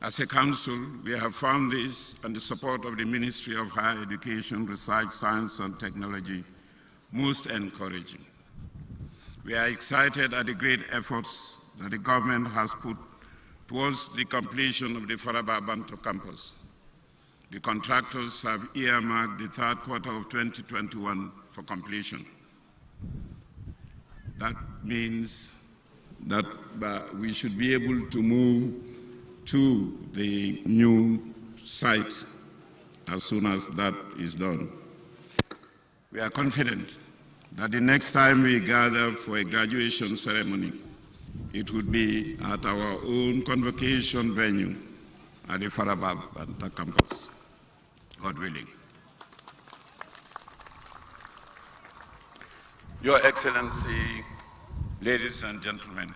As a council, we have found this and the support of the Ministry of Higher Education, Research, Science and Technology most encouraging. We are excited at the great efforts that the government has put towards the completion of the Faraba Banto campus. The contractors have earmarked the third quarter of 2021 for completion. That means that uh, we should be able to move to the new site as soon as that is done. We are confident that the next time we gather for a graduation ceremony, it would be at our own convocation venue at the Farabab campus. God willing. Your Excellency, ladies and gentlemen,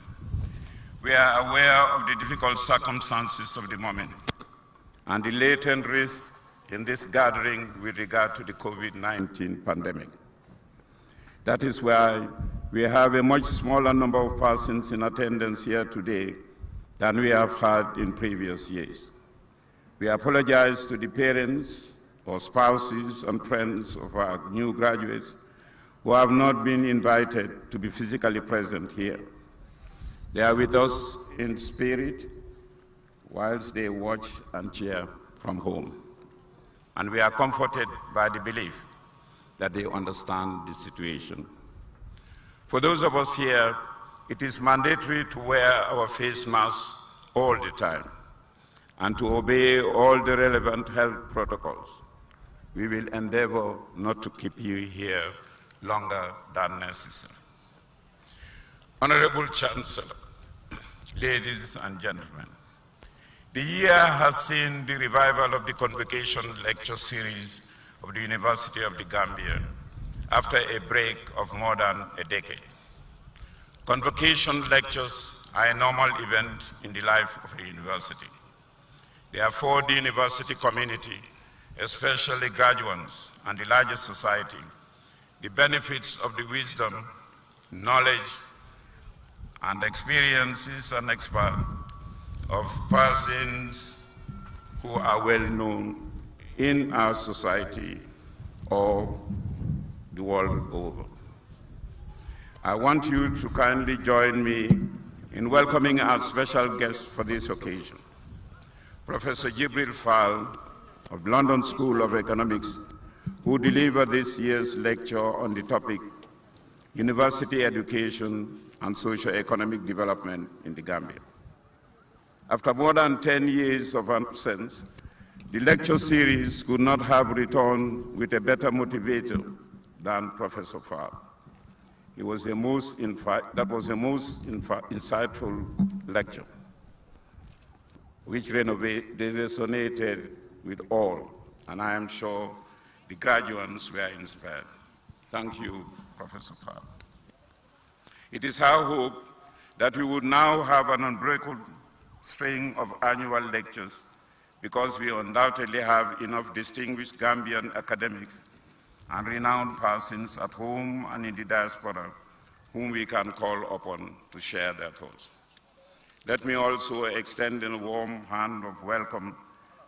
we are aware of the difficult circumstances of the moment and the latent risks in this gathering with regard to the COVID-19 pandemic. That is why we have a much smaller number of persons in attendance here today than we have had in previous years. We apologize to the parents or spouses and friends of our new graduates who have not been invited to be physically present here. They are with us in spirit whilst they watch and cheer from home. And we are comforted by the belief that they understand the situation. For those of us here, it is mandatory to wear our face masks all the time and to obey all the relevant health protocols. We will endeavor not to keep you here longer than necessary. Honorable Chancellor, ladies and gentlemen, the year has seen the revival of the Convocation Lecture Series of the University of the Gambia after a break of more than a decade. Convocation lectures are a normal event in the life of the university. The afford university community, especially graduates and the larger society, the benefits of the wisdom, knowledge, and experiences and expert of persons who are well known in our society or the world over. I want you to kindly join me in welcoming our special guest for this occasion. Professor Jibril Fall of London School of Economics, who delivered this year's lecture on the topic University Education and Socio-Economic Development in the Gambia. After more than 10 years of absence, the lecture series could not have returned with a better motivator than Professor Fall. It was the most, that was the most insightful lecture which resonated with all, and I am sure the graduates were inspired. Thank you, Professor Farr. It is our hope that we would now have an unbreakable string of annual lectures because we undoubtedly have enough distinguished Gambian academics and renowned persons at home and in the diaspora whom we can call upon to share their thoughts. Let me also extend a warm hand of welcome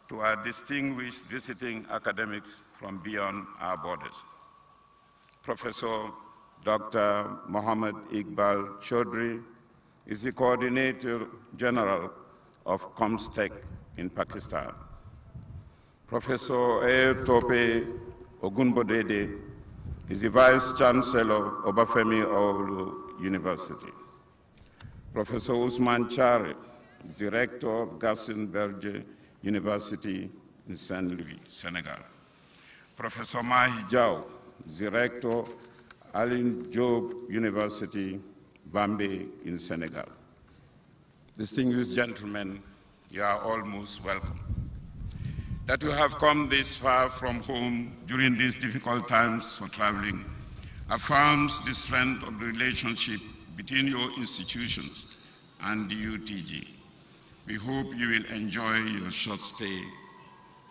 to our distinguished visiting academics from beyond our borders. Professor Dr. Mohammed Iqbal Chaudhry is the Coordinator General of Comstech in Pakistan. Professor Air Tope Ogunbodede is the Vice Chancellor of Obafemi Awolu University. Professor Usman Chari Director of Gassin Berger University in Saint Louis, Senegal. Professor Mahi Jao Director, the Alin Job University, Bamby in Senegal. Distinguished gentlemen, you are all most welcome. That you have come this far from home during these difficult times for traveling affirms the strength of the relationship between your institutions and the UTG. We hope you will enjoy your short stay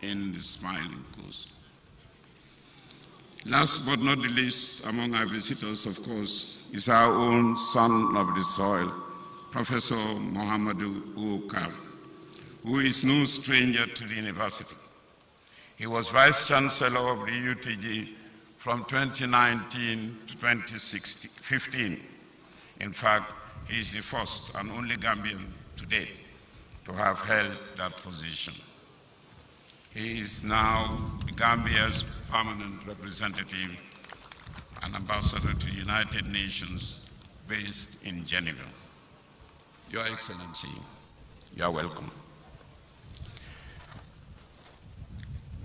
in the Smiling Coast. Last but not the least among our visitors, of course, is our own son of the soil, Professor Mohamedou Oukar, who is no stranger to the university. He was Vice Chancellor of the UTG from 2019 to 2015 in fact, he is the first and only Gambian today to have held that position. He is now Gambia's permanent representative and ambassador to the United Nations based in Geneva. Your Excellency, you are welcome.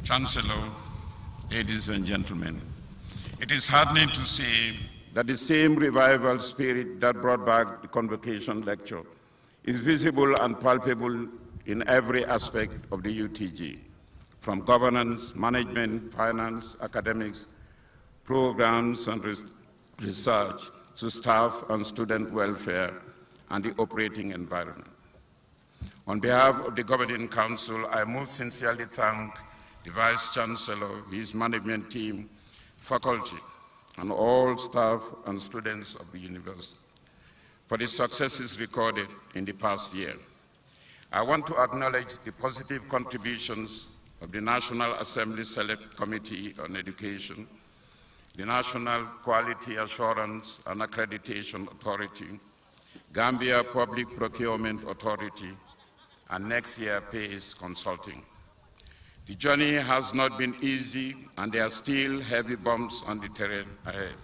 Chancellor, ladies and gentlemen, it is heartening to see that the same revival spirit that brought back the convocation lecture is visible and palpable in every aspect of the UTG, from governance, management, finance, academics, programs and research, to staff and student welfare, and the operating environment. On behalf of the Governing Council, I most sincerely thank the Vice Chancellor, his management team, faculty, and all staff and students of the university for the successes recorded in the past year. I want to acknowledge the positive contributions of the National Assembly Select Committee on Education, the National Quality Assurance and Accreditation Authority, Gambia Public Procurement Authority, and Nexia Pays Consulting. The journey has not been easy, and there are still heavy bumps on the terrain ahead.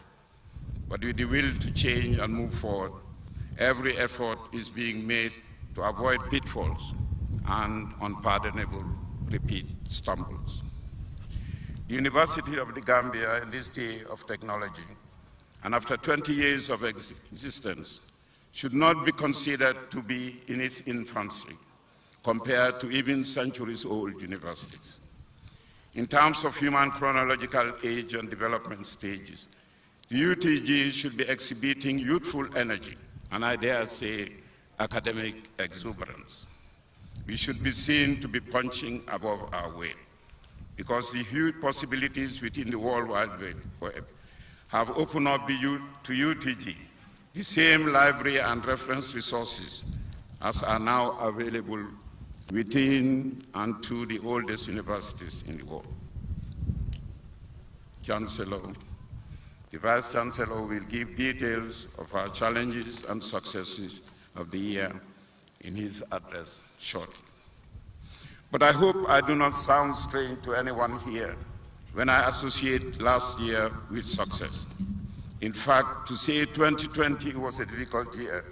But with the will to change and move forward, every effort is being made to avoid pitfalls and unpardonable repeat stumbles. The University of the Gambia, in this day of technology, and after 20 years of existence, should not be considered to be in its infancy compared to even centuries-old universities. In terms of human chronological age and development stages, the UTG should be exhibiting youthful energy, and I dare say academic exuberance. We should be seen to be punching above our weight, because the huge possibilities within the World Wide Web have opened up to UTG the same library and reference resources as are now available within and to the oldest universities in the world. Chancellor, the Vice Chancellor will give details of our challenges and successes of the year in his address shortly. But I hope I do not sound strange to anyone here when I associate last year with success. In fact, to say 2020 was a difficult year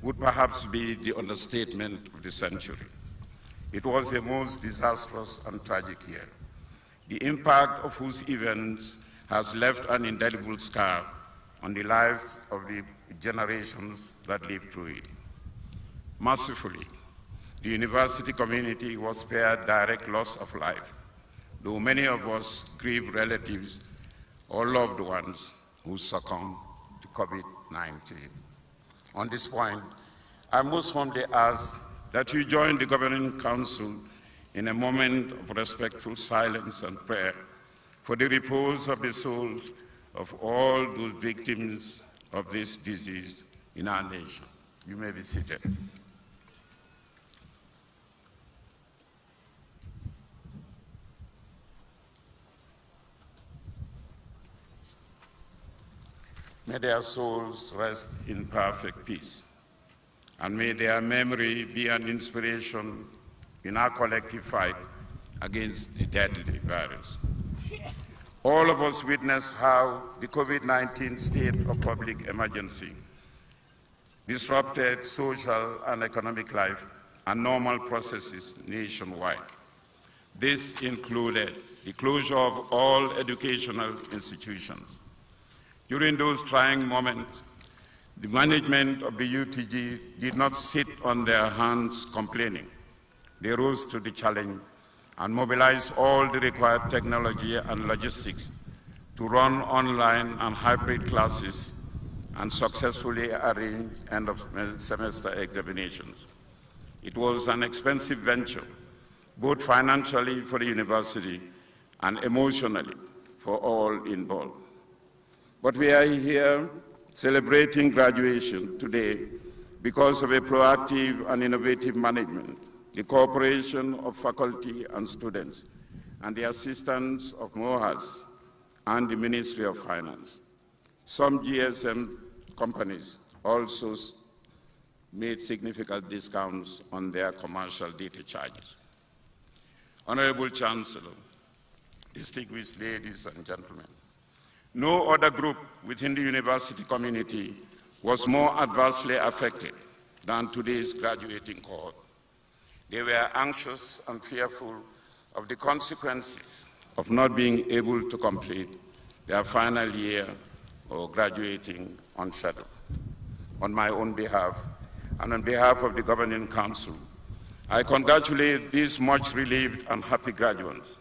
would perhaps be the understatement of the century. It was a most disastrous and tragic year, the impact of whose events has left an indelible scar on the lives of the generations that lived through it. Mercifully, the university community was spared direct loss of life, though many of us grieve relatives or loved ones who succumbed to COVID-19. On this point, I most humbly ask that you join the Governing Council in a moment of respectful silence and prayer for the repose of the souls of all those victims of this disease in our nation. You may be seated. May their souls rest in perfect peace and may their memory be an inspiration in our collective fight against the deadly virus. All of us witnessed how the COVID 19 state of public emergency disrupted social and economic life and normal processes nationwide. This included the closure of all educational institutions. During those trying moments, the management of the UTG did not sit on their hands complaining. They rose to the challenge and mobilized all the required technology and logistics to run online and hybrid classes and successfully arrange end of semester examinations. It was an expensive venture, both financially for the university and emotionally for all involved. But we are here celebrating graduation today because of a proactive and innovative management, the cooperation of faculty and students, and the assistance of MOHAS and the Ministry of Finance. Some GSM companies also made significant discounts on their commercial data charges. Honorable Chancellor, distinguished ladies and gentlemen, no other group within the university community was more adversely affected than today's graduating cohort. They were anxious and fearful of the consequences of not being able to complete their final year or graduating on shuttle. On my own behalf and on behalf of the Governing Council, I congratulate these much relieved and happy graduates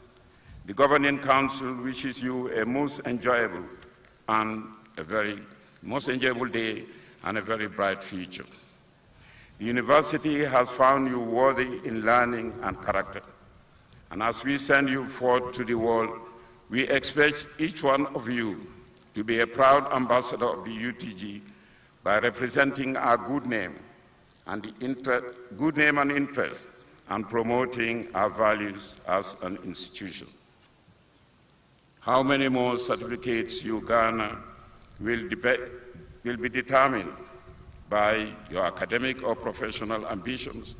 the Governing Council wishes you a most enjoyable and a very most enjoyable day and a very bright future. The university has found you worthy in learning and character. And as we send you forth to the world, we expect each one of you to be a proud ambassador of the UTG by representing our good name and the good name and interest and promoting our values as an institution. How many more certificates you garner will, will be determined by your academic or professional ambitions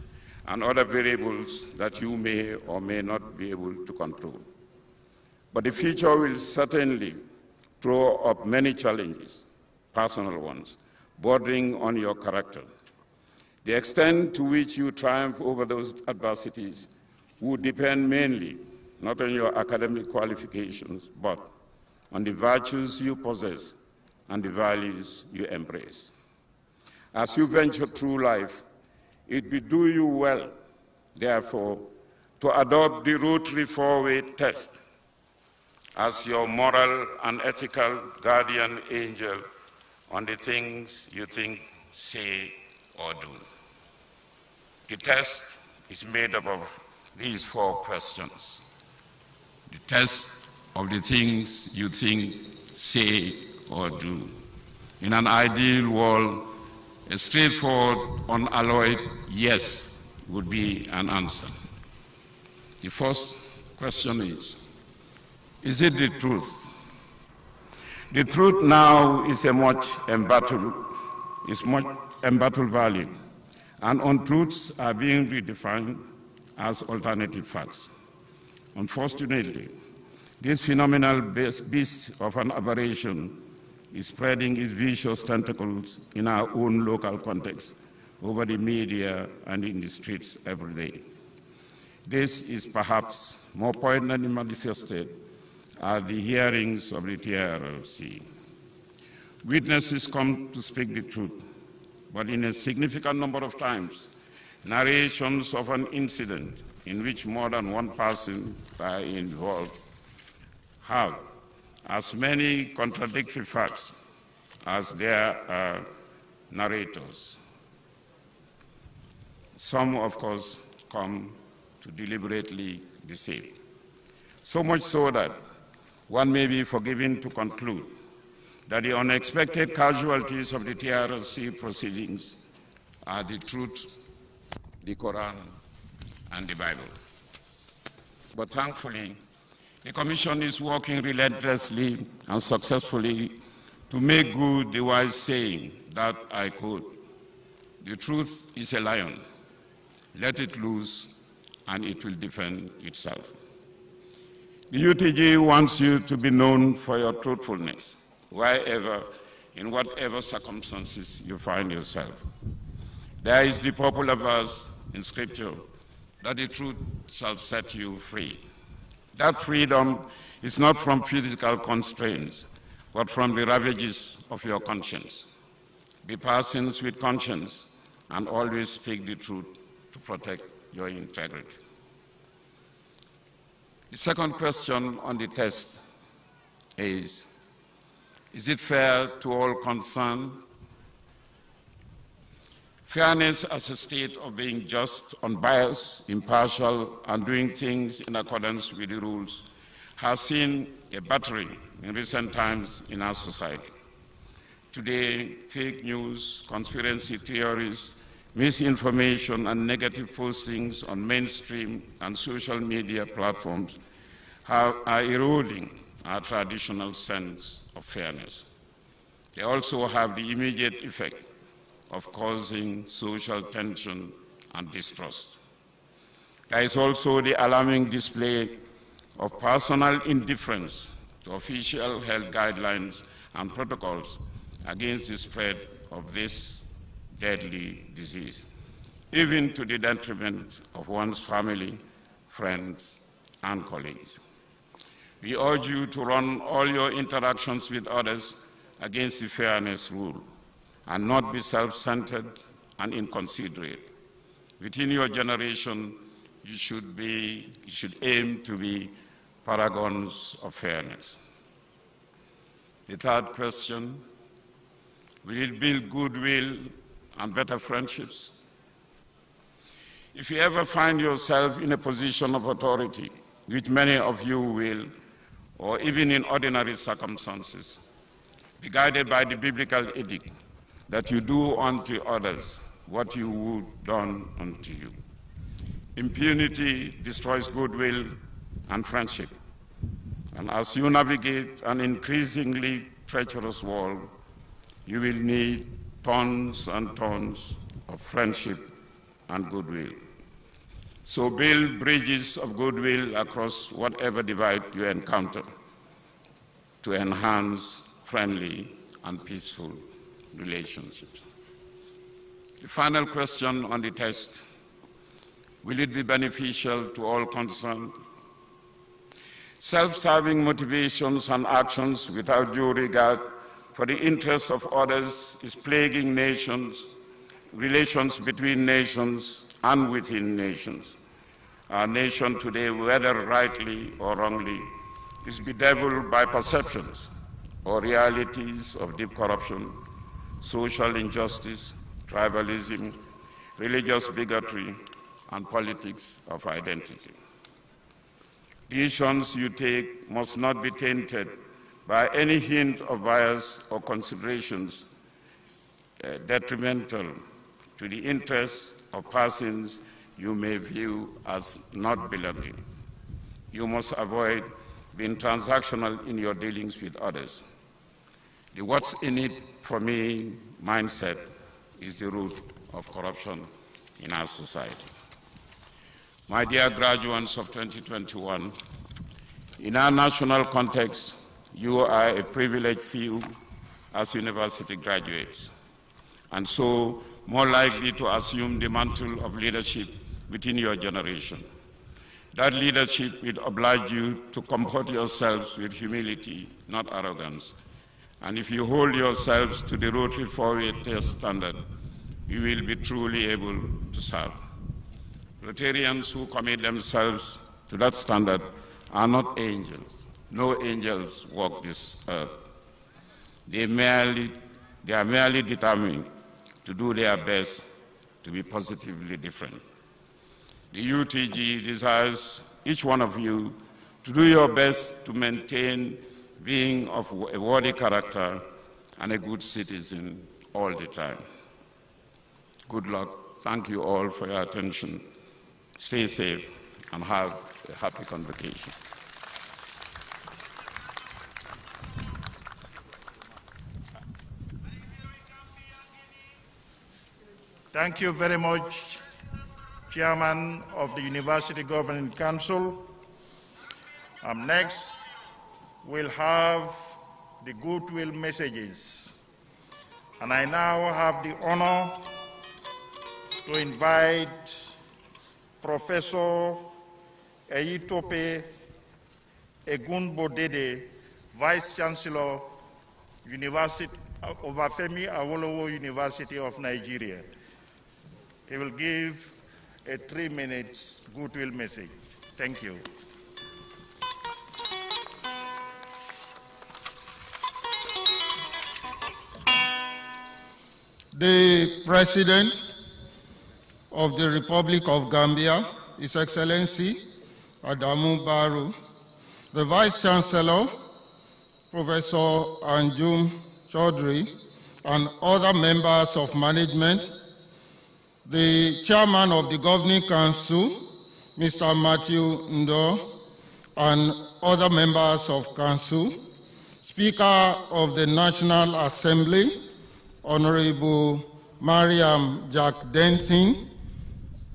and other variables that you may or may not be able to control. But the future will certainly throw up many challenges, personal ones, bordering on your character. The extent to which you triumph over those adversities will depend mainly not on your academic qualifications, but on the virtues you possess and the values you embrace. As you venture through life, it will do you well, therefore, to adopt the Rotary four-way test as your moral and ethical guardian angel on the things you think, say, or do. The test is made up of these four questions the test of the things you think, say, or do. In an ideal world, a straightforward, unalloyed yes would be an answer. The first question is Is it the truth? The truth now is a much embattled, is much embattled value, and untruths are being redefined as alternative facts. Unfortunately, this phenomenal beast of an aberration is spreading its vicious tentacles in our own local context, over the media and in the streets every day. This is perhaps more poignantly manifested at the hearings of the TRLC. Witnesses come to speak the truth, but in a significant number of times, narrations of an incident in which more than one person are involved have as many contradictory facts as their are uh, narrators. Some, of course, come to deliberately deceive. So much so that one may be forgiven to conclude that the unexpected casualties of the TRC proceedings are the truth, the Quran, and the Bible. But thankfully, the Commission is working relentlessly and successfully to make good the wise saying that I quote, the truth is a lion, let it loose and it will defend itself. The UTG wants you to be known for your truthfulness, wherever, in whatever circumstances you find yourself. There is the popular verse in Scripture that the truth shall set you free. That freedom is not from physical constraints, but from the ravages of your conscience. Be persons with conscience and always speak the truth to protect your integrity. The second question on the test is, is it fair to all concerned Fairness as a state of being just, unbiased, impartial, and doing things in accordance with the rules has seen a battering in recent times in our society. Today, fake news, conspiracy theories, misinformation, and negative postings on mainstream and social media platforms have, are eroding our traditional sense of fairness. They also have the immediate effect of causing social tension and distrust. There is also the alarming display of personal indifference to official health guidelines and protocols against the spread of this deadly disease, even to the detriment of one's family, friends, and colleagues. We urge you to run all your interactions with others against the fairness rule and not be self-centered and inconsiderate. Within your generation, you should, be, you should aim to be paragons of fairness. The third question, will it build goodwill and better friendships? If you ever find yourself in a position of authority, which many of you will, or even in ordinary circumstances, be guided by the biblical edict that you do unto others what you would done unto you. Impunity destroys goodwill and friendship. And as you navigate an increasingly treacherous world, you will need tons and tons of friendship and goodwill. So build bridges of goodwill across whatever divide you encounter to enhance friendly and peaceful relationships. The final question on the test, will it be beneficial to all concerned? Self-serving motivations and actions without due regard for the interests of others is plaguing nations, relations between nations and within nations. Our nation today, whether rightly or wrongly, is bedeviled by perceptions or realities of deep corruption social injustice, tribalism, religious bigotry, and politics of identity. Decisions you take must not be tainted by any hint of bias or considerations uh, detrimental to the interests of persons you may view as not belonging. You must avoid being transactional in your dealings with others. The what's in it for me mindset is the root of corruption in our society. My dear graduates of 2021, in our national context, you are a privileged few as university graduates, and so more likely to assume the mantle of leadership within your generation. That leadership will oblige you to comport yourselves with humility, not arrogance, and if you hold yourselves to the Rotary 4 year Test standard, you will be truly able to serve. Rotarians who commit themselves to that standard are not angels. No angels walk this earth. They, merely, they are merely determined to do their best to be positively different. The UTG desires each one of you to do your best to maintain being of a worthy character and a good citizen all the time. Good luck. Thank you all for your attention. Stay safe and have a happy convocation. Thank you very much, Chairman of the University Governing Council. Um, next, will have the goodwill messages. And I now have the honor to invite Professor Eyitope Egunbodede, Vice Chancellor, University of Obafemi Awolowo University of Nigeria. He will give a three-minute goodwill message. Thank you. The President of the Republic of Gambia, His Excellency Adamu Baru, the Vice Chancellor, Professor Anjum Chaudhry, and other members of management, the Chairman of the Governing Council, Mr. Matthew Ndo, and other members of Council, Speaker of the National Assembly, Honorable Mariam Jack Denton,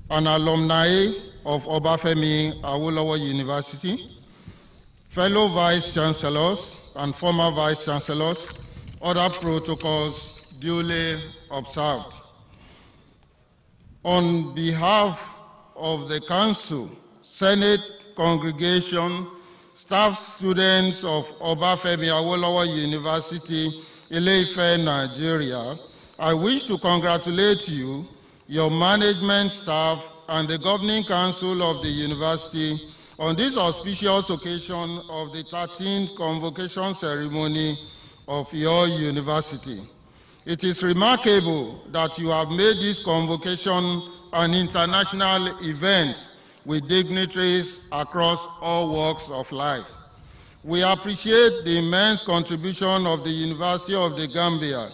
an alumni of Obafemi Awolowo University, fellow vice chancellors and former vice chancellors, other protocols duly observed. On behalf of the Council, Senate, Congregation, staff students of Obafemi Awolowo University, Ileife, Nigeria. I wish to congratulate you, your management staff, and the Governing Council of the University on this auspicious occasion of the 13th convocation ceremony of your university. It is remarkable that you have made this convocation an international event with dignitaries across all walks of life. We appreciate the immense contribution of the University of the Gambia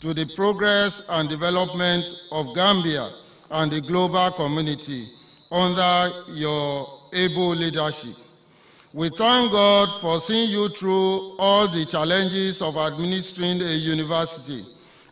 to the progress and development of Gambia and the global community under your able leadership. We thank God for seeing you through all the challenges of administering a university,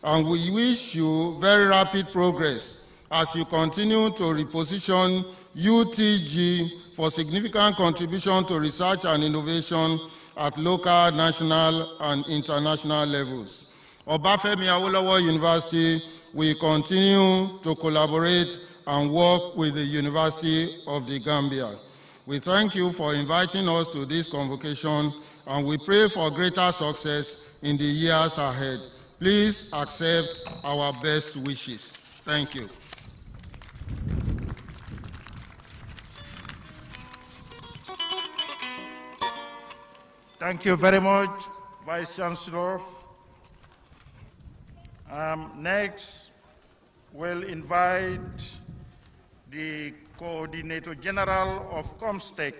and we wish you very rapid progress as you continue to reposition UTG for significant contribution to research and innovation at local, national, and international levels. Obafemi Awolowo University will continue to collaborate and work with the University of the Gambia. We thank you for inviting us to this convocation and we pray for greater success in the years ahead. Please accept our best wishes. Thank you. Thank you very much, Vice Chancellor. Um, next, we'll invite the Coordinator General of Comstec,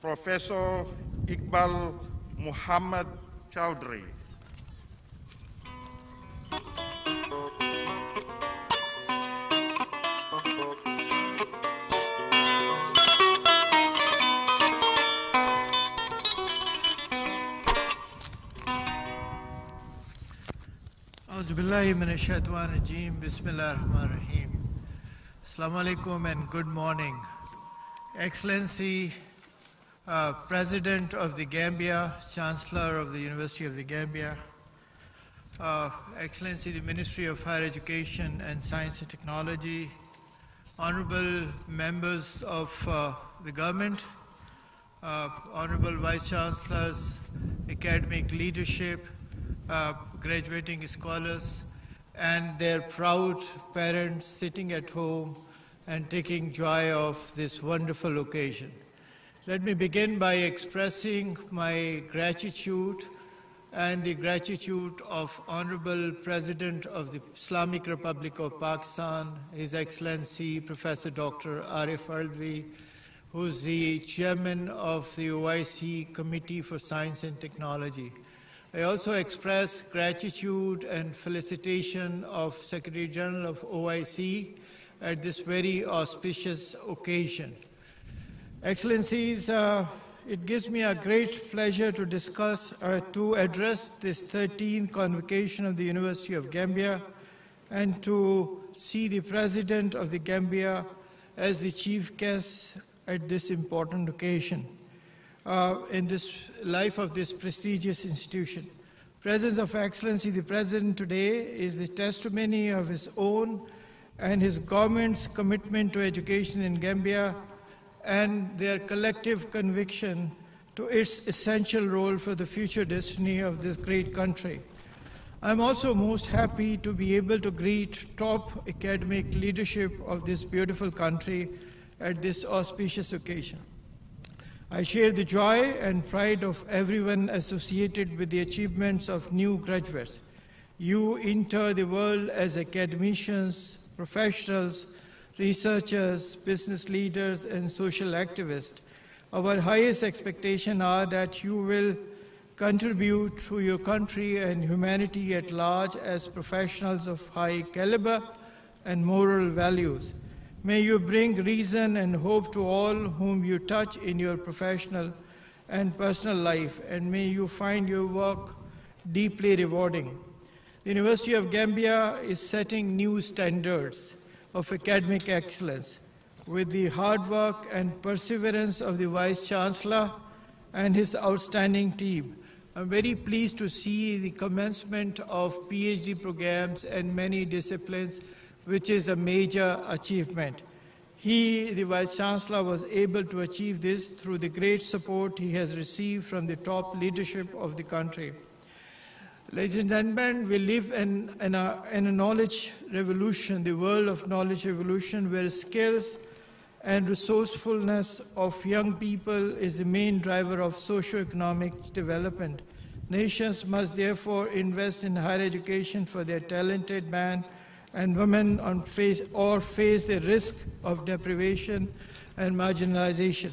Professor Iqbal Muhammad Chowdhury. Auzubillahiminashaitanirajim. Bismillahirrahmanirrahim. Assalamu alaikum and good morning. Excellency, uh, President of the Gambia, Chancellor of the University of the Gambia, uh, Excellency, the Ministry of Higher Education and Science and Technology, Honorable members of uh, the government, uh, Honorable Vice Chancellors, academic leadership, uh, graduating scholars and their proud parents sitting at home and taking joy of this wonderful occasion. Let me begin by expressing my gratitude and the gratitude of Honorable President of the Islamic Republic of Pakistan, His Excellency Professor Dr. Arif Alvi, who's the chairman of the OIC Committee for Science and Technology. I also express gratitude and felicitation of Secretary General of OIC at this very auspicious occasion. Excellencies, uh, it gives me a great pleasure to discuss, uh, to address this 13th convocation of the University of Gambia and to see the President of the Gambia as the chief guest at this important occasion uh, in this life of this prestigious institution. Presence of Excellency, the President today is the testimony of his own and his government's commitment to education in Gambia and their collective conviction to its essential role for the future destiny of this great country. I'm also most happy to be able to greet top academic leadership of this beautiful country at this auspicious occasion. I share the joy and pride of everyone associated with the achievements of new graduates. You enter the world as academicians, professionals, researchers, business leaders, and social activists. Our highest expectations are that you will contribute to your country and humanity at large as professionals of high caliber and moral values. May you bring reason and hope to all whom you touch in your professional and personal life, and may you find your work deeply rewarding. The University of Gambia is setting new standards of academic excellence with the hard work and perseverance of the Vice Chancellor and his outstanding team. I'm very pleased to see the commencement of PhD programs and many disciplines which is a major achievement. He, the Vice Chancellor, was able to achieve this through the great support he has received from the top leadership of the country. Ladies and gentlemen, we live in, in, a, in a knowledge revolution, the world of knowledge revolution, where skills and resourcefulness of young people is the main driver of socio-economic development. Nations must therefore invest in higher education for their talented man and women on face, or face the risk of deprivation and marginalization.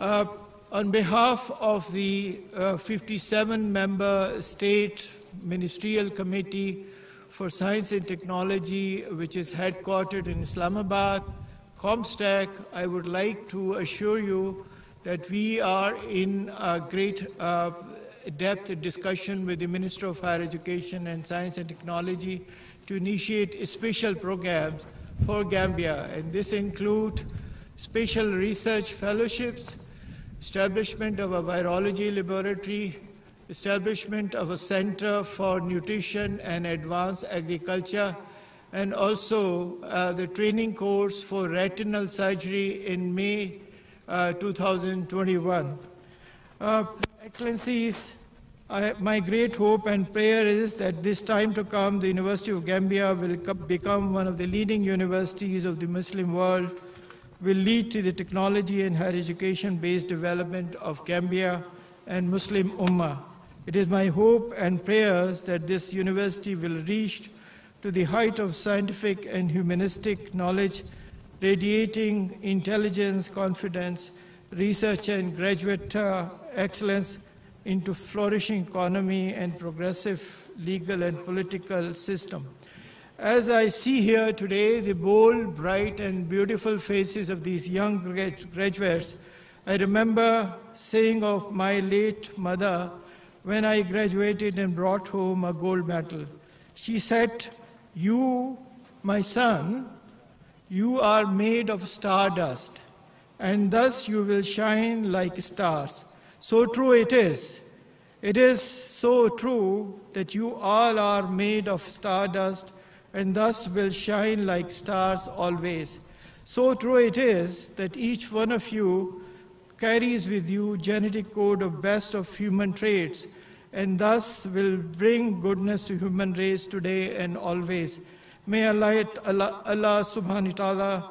Uh, on behalf of the 57-member uh, state ministerial committee for science and technology, which is headquartered in Islamabad, Comstack, I would like to assure you that we are in a great uh, depth discussion with the Minister of Higher Education and Science and Technology to initiate special programs for Gambia, and this includes special research fellowships, establishment of a virology laboratory, establishment of a center for nutrition and advanced agriculture, and also uh, the training course for retinal surgery in May uh, 2021. Uh, Excellencies, I, my great hope and prayer is that this time to come, the University of Gambia will become one of the leading universities of the Muslim world, will lead to the technology and higher education-based development of Gambia and Muslim Ummah. It is my hope and prayers that this university will reach to the height of scientific and humanistic knowledge, radiating intelligence, confidence, research and graduate uh, excellence, into flourishing economy and progressive legal and political system. As I see here today, the bold, bright, and beautiful faces of these young graduates, I remember saying of my late mother when I graduated and brought home a gold medal. She said, You, my son, you are made of stardust, and thus you will shine like stars. So true it is it is so true that you all are made of stardust and thus will shine like stars always. So true it is that each one of you carries with you genetic code of best of human traits and thus will bring goodness to human race today and always. May Allah, Allah, Allah subhanahu wa ta'ala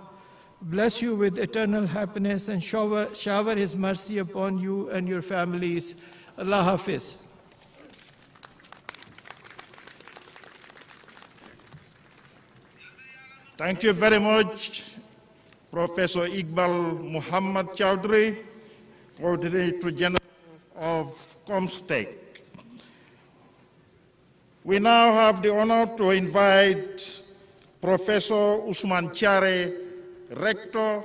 bless you with eternal happiness and shower, shower his mercy upon you and your families. Allah Hafiz. Thank you very much, Professor Iqbal Muhammad Chowdhury, Coordinator General of Comstec. We now have the honor to invite Professor Usman Chare, Rector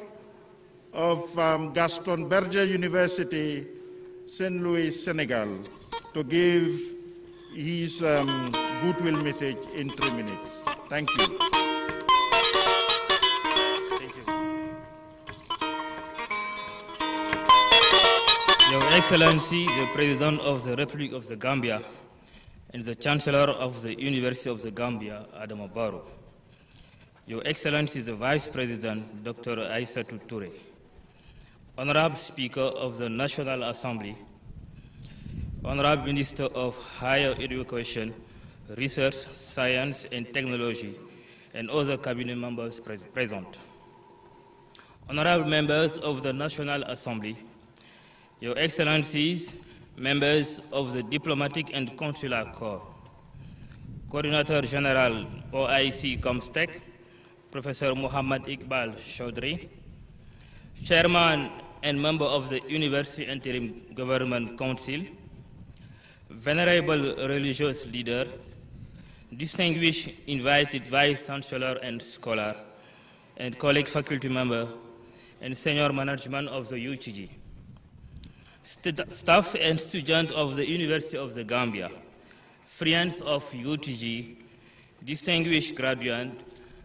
of um, Gaston Berger University, St. Louis, Senegal, to give his um, goodwill message in three minutes. Thank you. Thank you. Your Excellency, the President of the Republic of the Gambia, and the Chancellor of the University of the Gambia, Adam Barrow. Your Excellency, the Vice President, Dr. Aissa Toure. Honorable Speaker of the National Assembly, Honorable Minister of Higher Education, Research, Science and Technology, and other cabinet members present. Honorable members of the National Assembly, Your Excellencies, members of the Diplomatic and Consular Corps, Coordinator General OIC Comstec, Professor Muhammad Iqbal Chaudhry, Chairman and member of the University Interim Government Council, venerable religious leader, distinguished invited vice chancellor and scholar, and colleague faculty member, and senior management of the UTG, St staff and student of the University of the Gambia, friends of UTG, distinguished graduate,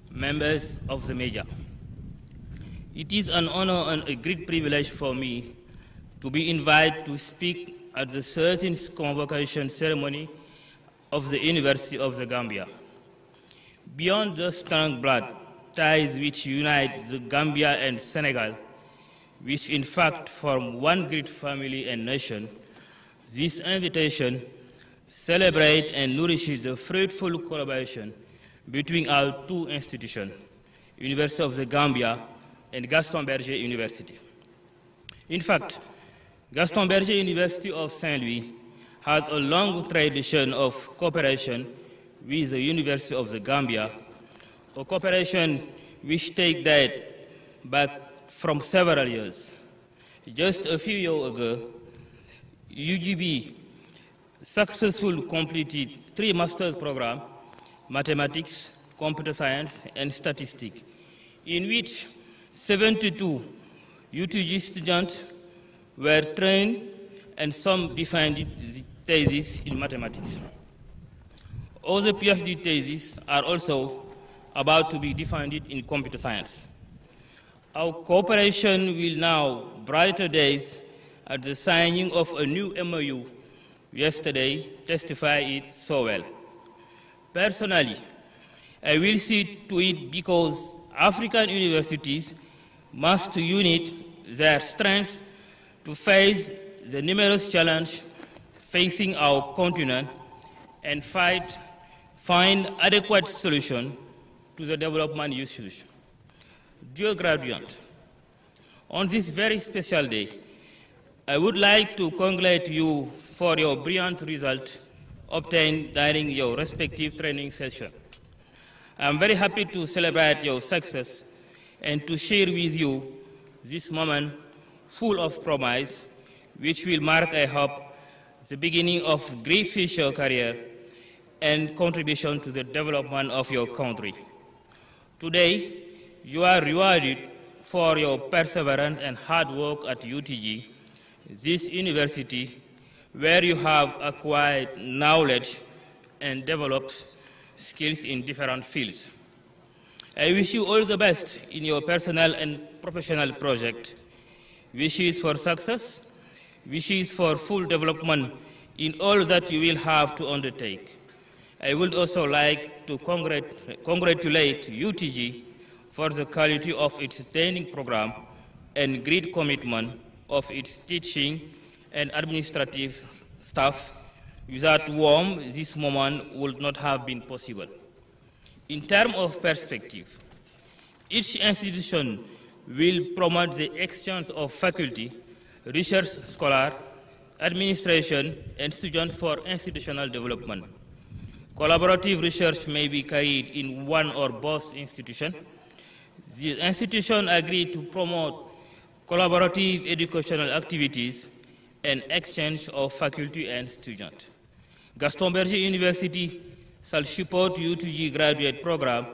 members of the major. It is an honor and a great privilege for me to be invited to speak at the 13th convocation ceremony of the University of the Gambia. Beyond the strong blood ties which unite the Gambia and Senegal, which in fact form one great family and nation, this invitation celebrates and nourishes the fruitful collaboration between our two institutions, University of the Gambia and Gaston Berger University. In fact, Gaston Berger University of Saint Louis has a long tradition of cooperation with the University of the Gambia, a cooperation which takes that back from several years. Just a few years ago, UGB successfully completed three master's programs, mathematics, computer science, and statistics, in which 72 UTG students were trained and some defined the thesis in mathematics. All the PhD theses are also about to be defined in computer science. Our cooperation will now brighter days at the signing of a new MOU yesterday testify it so well. Personally, I will see to it because African universities must unite their strength to face the numerous challenges facing our continent and fight, find adequate solution to the development issues. Dear graduates, on this very special day, I would like to congratulate you for your brilliant result obtained during your respective training session. I'm very happy to celebrate your success and to share with you this moment full of promise, which will mark, I hope, the beginning of great future career and contribution to the development of your country. Today, you are rewarded for your perseverance and hard work at UTG, this university where you have acquired knowledge and developed skills in different fields. I wish you all the best in your personal and professional project. Wishes for success, wishes for full development in all that you will have to undertake. I would also like to congratulate UTG for the quality of its training program and great commitment of its teaching and administrative staff. Without WORM, this moment would not have been possible. In terms of perspective, each institution will promote the exchange of faculty, research scholar, administration, and students for institutional development. Collaborative research may be carried in one or both institutions. The institution agreed to promote collaborative educational activities and exchange of faculty and students. Gaston Berger University shall support UTG graduate program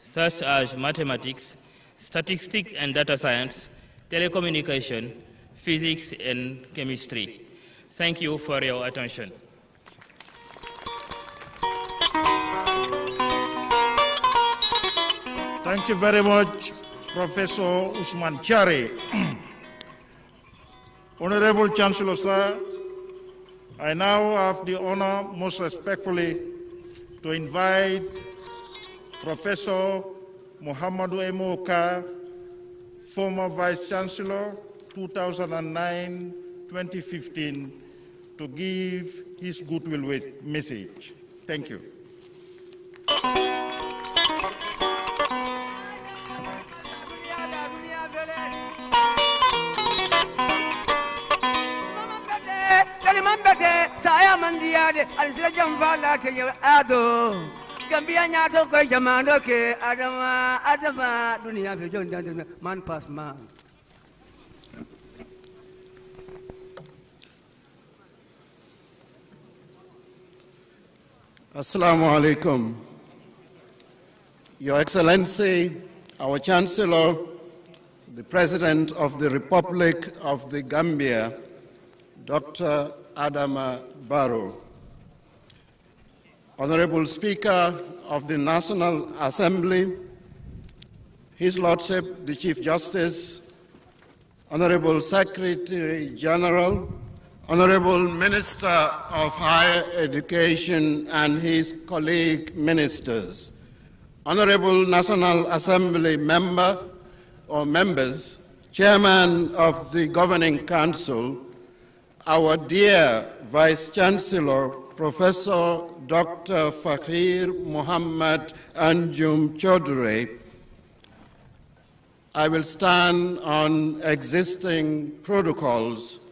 such as mathematics, statistics and data science, telecommunication, physics and chemistry. Thank you for your attention. Thank you very much, Professor Usman Chari. Honorable Chancellor, sir, I now have the honor, most respectfully, to invite Professor Muhammadu Emoka, former Vice Chancellor 2009-2015, to give his goodwill message. Thank you. saya mandiya de ke ado gambia nyato ko jamando ke adama adama dunia fe man pass man Assalamu alaikum. Your Excellency, our Chancellor, the President of the Republic of the Gambia, Dr. Adama Barrow. Honorable Speaker of the National Assembly, His Lordship the Chief Justice, Honorable Secretary General, Honorable Minister of Higher Education and his colleague ministers, Honorable National Assembly member or members, Chairman of the Governing Council, our dear Vice Chancellor, Professor Dr. Fakir Muhammad Anjum Chaudhry, I will stand on existing protocols.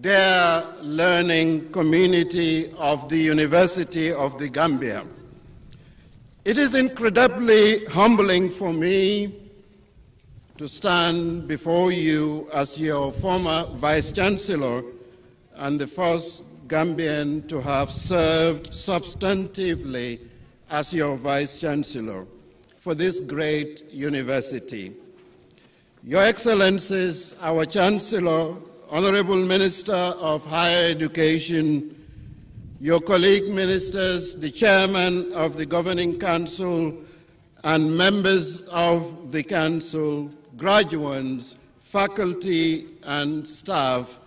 Their learning community of the University of the Gambia. It is incredibly humbling for me to stand before you as your former Vice Chancellor and the first Gambian to have served substantively as your Vice Chancellor for this great university. Your Excellencies, our Chancellor, Honorable Minister of Higher Education, your colleague ministers, the Chairman of the Governing Council, and members of the Council, graduates, faculty, and staff,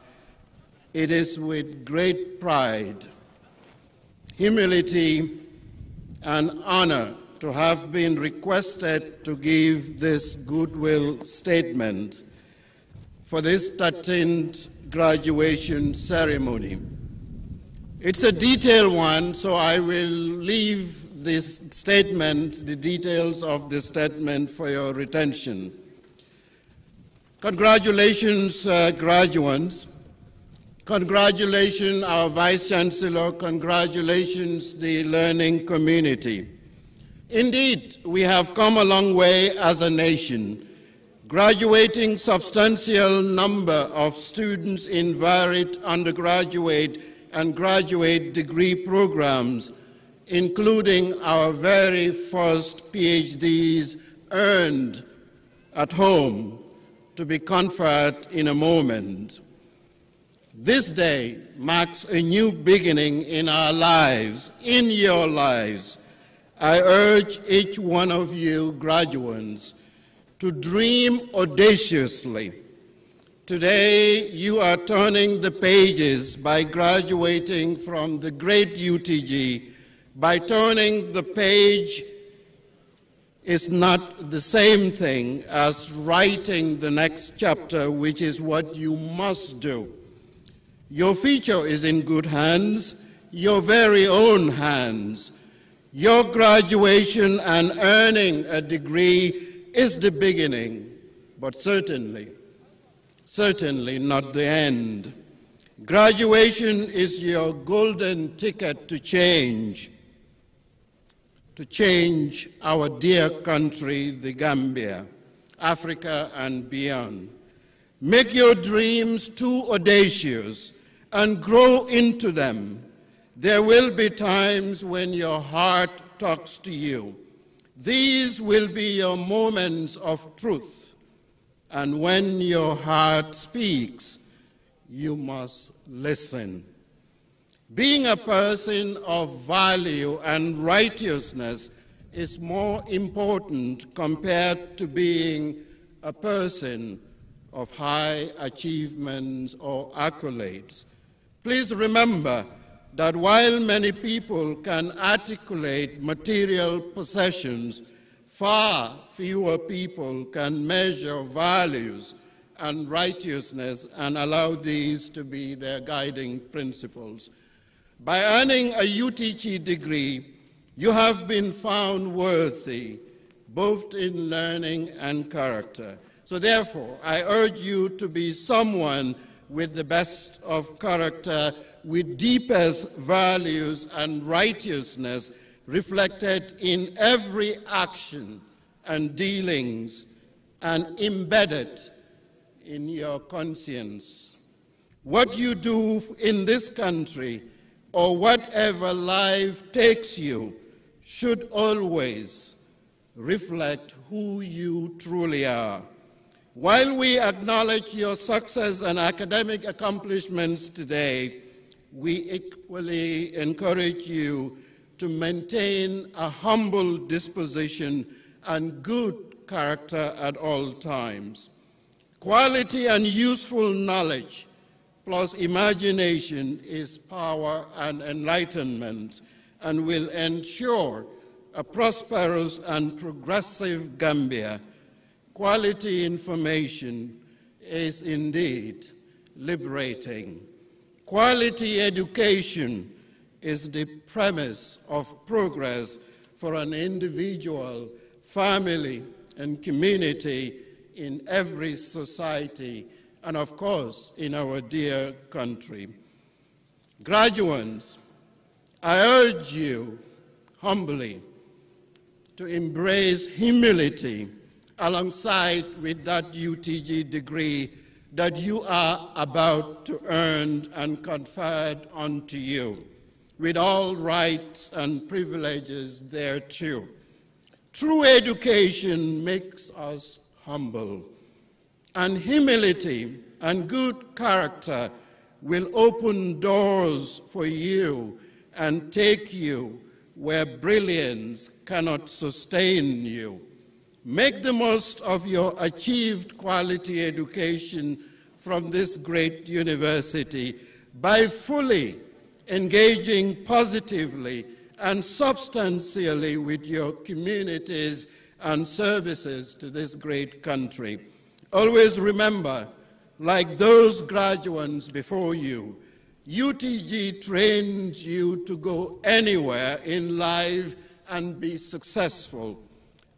it is with great pride, humility, and honor to have been requested to give this goodwill statement for this 13th graduation ceremony. It's a detailed one, so I will leave this statement, the details of the statement for your retention. Congratulations, uh, graduates. Congratulations, our Vice Chancellor. Congratulations, the learning community. Indeed, we have come a long way as a nation, graduating substantial number of students in varied undergraduate and graduate degree programs, including our very first PhDs earned at home to be conferred in a moment. This day marks a new beginning in our lives, in your lives. I urge each one of you graduates to dream audaciously. Today, you are turning the pages by graduating from the great UTG. By turning the page is not the same thing as writing the next chapter, which is what you must do. Your future is in good hands, your very own hands. Your graduation and earning a degree is the beginning, but certainly, certainly not the end. Graduation is your golden ticket to change, to change our dear country, the Gambia, Africa, and beyond. Make your dreams too audacious and grow into them. There will be times when your heart talks to you. These will be your moments of truth. And when your heart speaks, you must listen. Being a person of value and righteousness is more important compared to being a person of high achievements or accolades. Please remember that while many people can articulate material possessions, far fewer people can measure values and righteousness and allow these to be their guiding principles. By earning a UTG degree, you have been found worthy, both in learning and character. So, therefore, I urge you to be someone with the best of character, with deepest values and righteousness reflected in every action and dealings and embedded in your conscience. What you do in this country or whatever life takes you should always reflect who you truly are. While we acknowledge your success and academic accomplishments today, we equally encourage you to maintain a humble disposition and good character at all times. Quality and useful knowledge plus imagination is power and enlightenment and will ensure a prosperous and progressive Gambia Quality information is indeed liberating. Quality education is the premise of progress for an individual, family, and community in every society, and of course, in our dear country. Graduates, I urge you humbly to embrace humility alongside with that UTG degree that you are about to earn and conferred unto you, with all rights and privileges thereto. True education makes us humble, and humility and good character will open doors for you and take you where brilliance cannot sustain you. Make the most of your achieved quality education from this great university by fully engaging positively and substantially with your communities and services to this great country. Always remember, like those graduates before you, UTG trains you to go anywhere in life and be successful.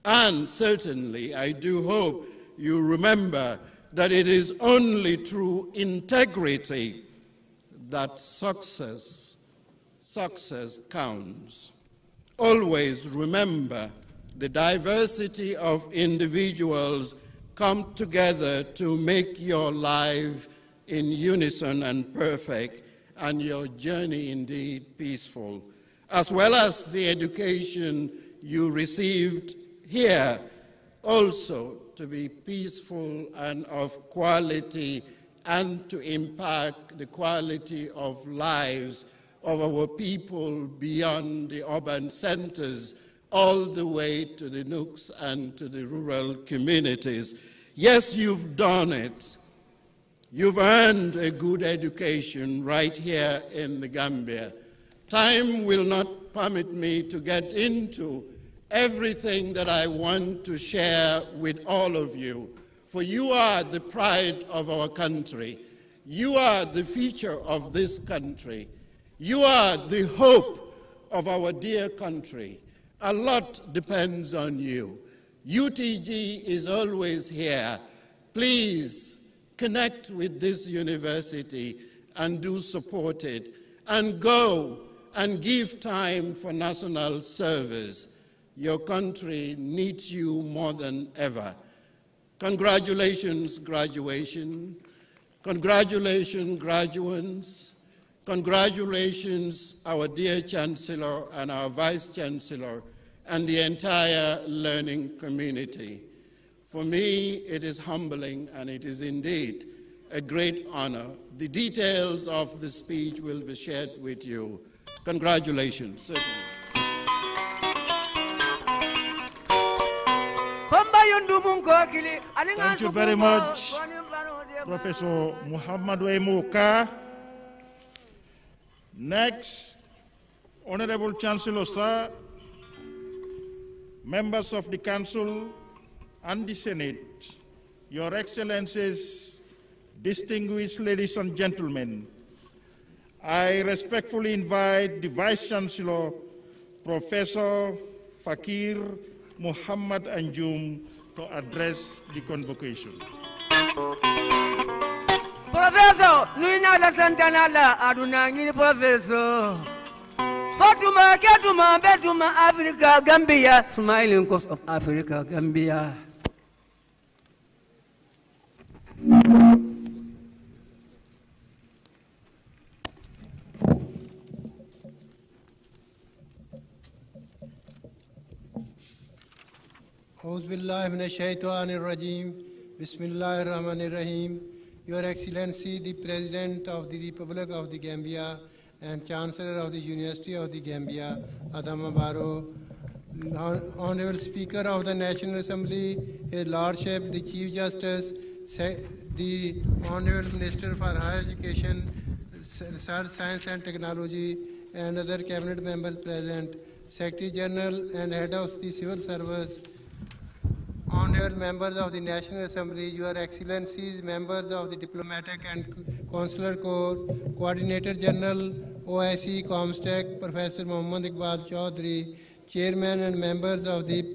And certainly, I do hope you remember that it is only through integrity that success, success counts. Always remember the diversity of individuals come together to make your life in unison and perfect, and your journey indeed peaceful, as well as the education you received here also to be peaceful and of quality and to impact the quality of lives of our people beyond the urban centers all the way to the nooks and to the rural communities. Yes, you've done it. You've earned a good education right here in the Gambia. Time will not permit me to get into everything that I want to share with all of you, for you are the pride of our country. You are the future of this country. You are the hope of our dear country. A lot depends on you. UTG is always here. Please connect with this university and do support it. And go and give time for national service. Your country needs you more than ever. Congratulations, graduation. Congratulations, graduates. Congratulations, our dear Chancellor and our Vice Chancellor and the entire learning community. For me, it is humbling and it is indeed a great honor. The details of the speech will be shared with you. Congratulations. Certainly. Thank you very much, Professor Muhammadu Emuka. Next, Honorable Chancellor Sir, members of the Council and the Senate, Your Excellencies, distinguished ladies and gentlemen, I respectfully invite the Vice Chancellor, Professor Fakir Muhammad Anjum to address the convocation. Professor, nuina la santana la aduna ngini professor. Fatuma ketuma betuma Africa Gambia, smiling coast of Africa Gambia. Rajim. al-Rahman Rahmanir Rahim. Your Excellency, the President of the Republic of the Gambia and Chancellor of the University of the Gambia, Adama Barrow, Honorable Speaker of the National Assembly, His Lordship, the Chief Justice, the Honorable Minister for Higher Education, Research, Science and Technology, and other Cabinet members present, Secretary General and Head of the Civil Service, Honorable members of the National Assembly, Your Excellencies, members of the Diplomatic and Consular Corps, Coordinator General, OIC, Comstec, Professor Mohammad Iqbal Chaudhry, Chairman and members of the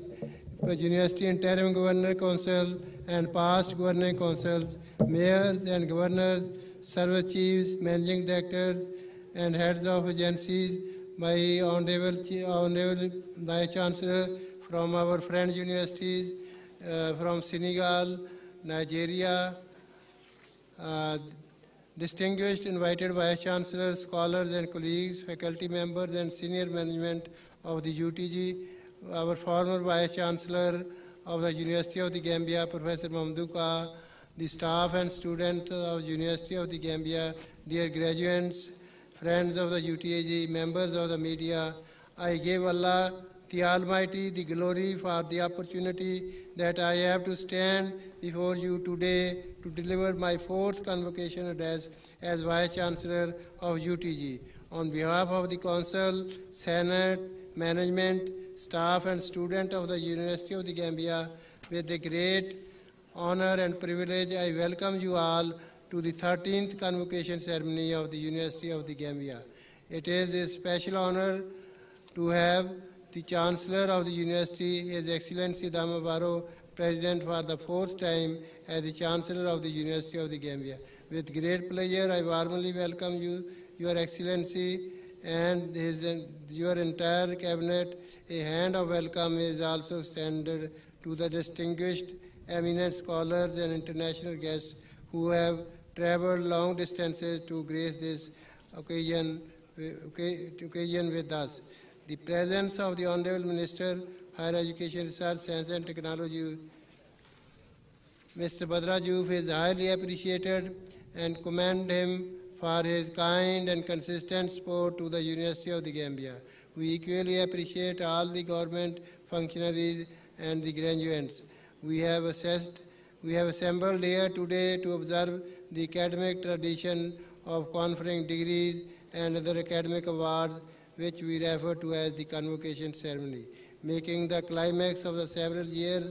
University Interim Governor Council and past Governing Councils, Mayors and Governors, Service Chiefs, Managing Directors, and Heads of Agencies, my Honorable, Honorable Vice Chancellor from our friend universities, uh, from Senegal, Nigeria, uh, distinguished invited Vice chancellors, scholars and colleagues, faculty members and senior management of the UTG, our former Vice Chancellor of the University of the Gambia, Professor Mamduka, the staff and students of University of the Gambia, dear graduates, friends of the UTG, members of the media, I give Allah the Almighty the glory for the opportunity that I have to stand before you today to deliver my fourth convocation address as Vice Chancellor of UTG. On behalf of the Council, Senate, management, staff and student of the University of the Gambia, with a great honor and privilege, I welcome you all to the 13th convocation ceremony of the University of the Gambia. It is a special honor to have the Chancellor of the University, His Excellency Dama President for the fourth time as the Chancellor of the University of the Gambia. With great pleasure, I warmly welcome you, Your Excellency, and his, your entire cabinet. A hand of welcome is also extended to the distinguished, eminent scholars and international guests who have traveled long distances to grace this occasion, eh, occasion with us the presence of the Honorable Minister, Higher Education, Research, Science and Technology, Mr. Badrajuf is highly appreciated and commend him for his kind and consistent support to the University of the Gambia. We equally appreciate all the government functionaries and the graduates. We have assessed, we have assembled here today to observe the academic tradition of conferring degrees and other academic awards which we refer to as the convocation ceremony, making the climax of the several years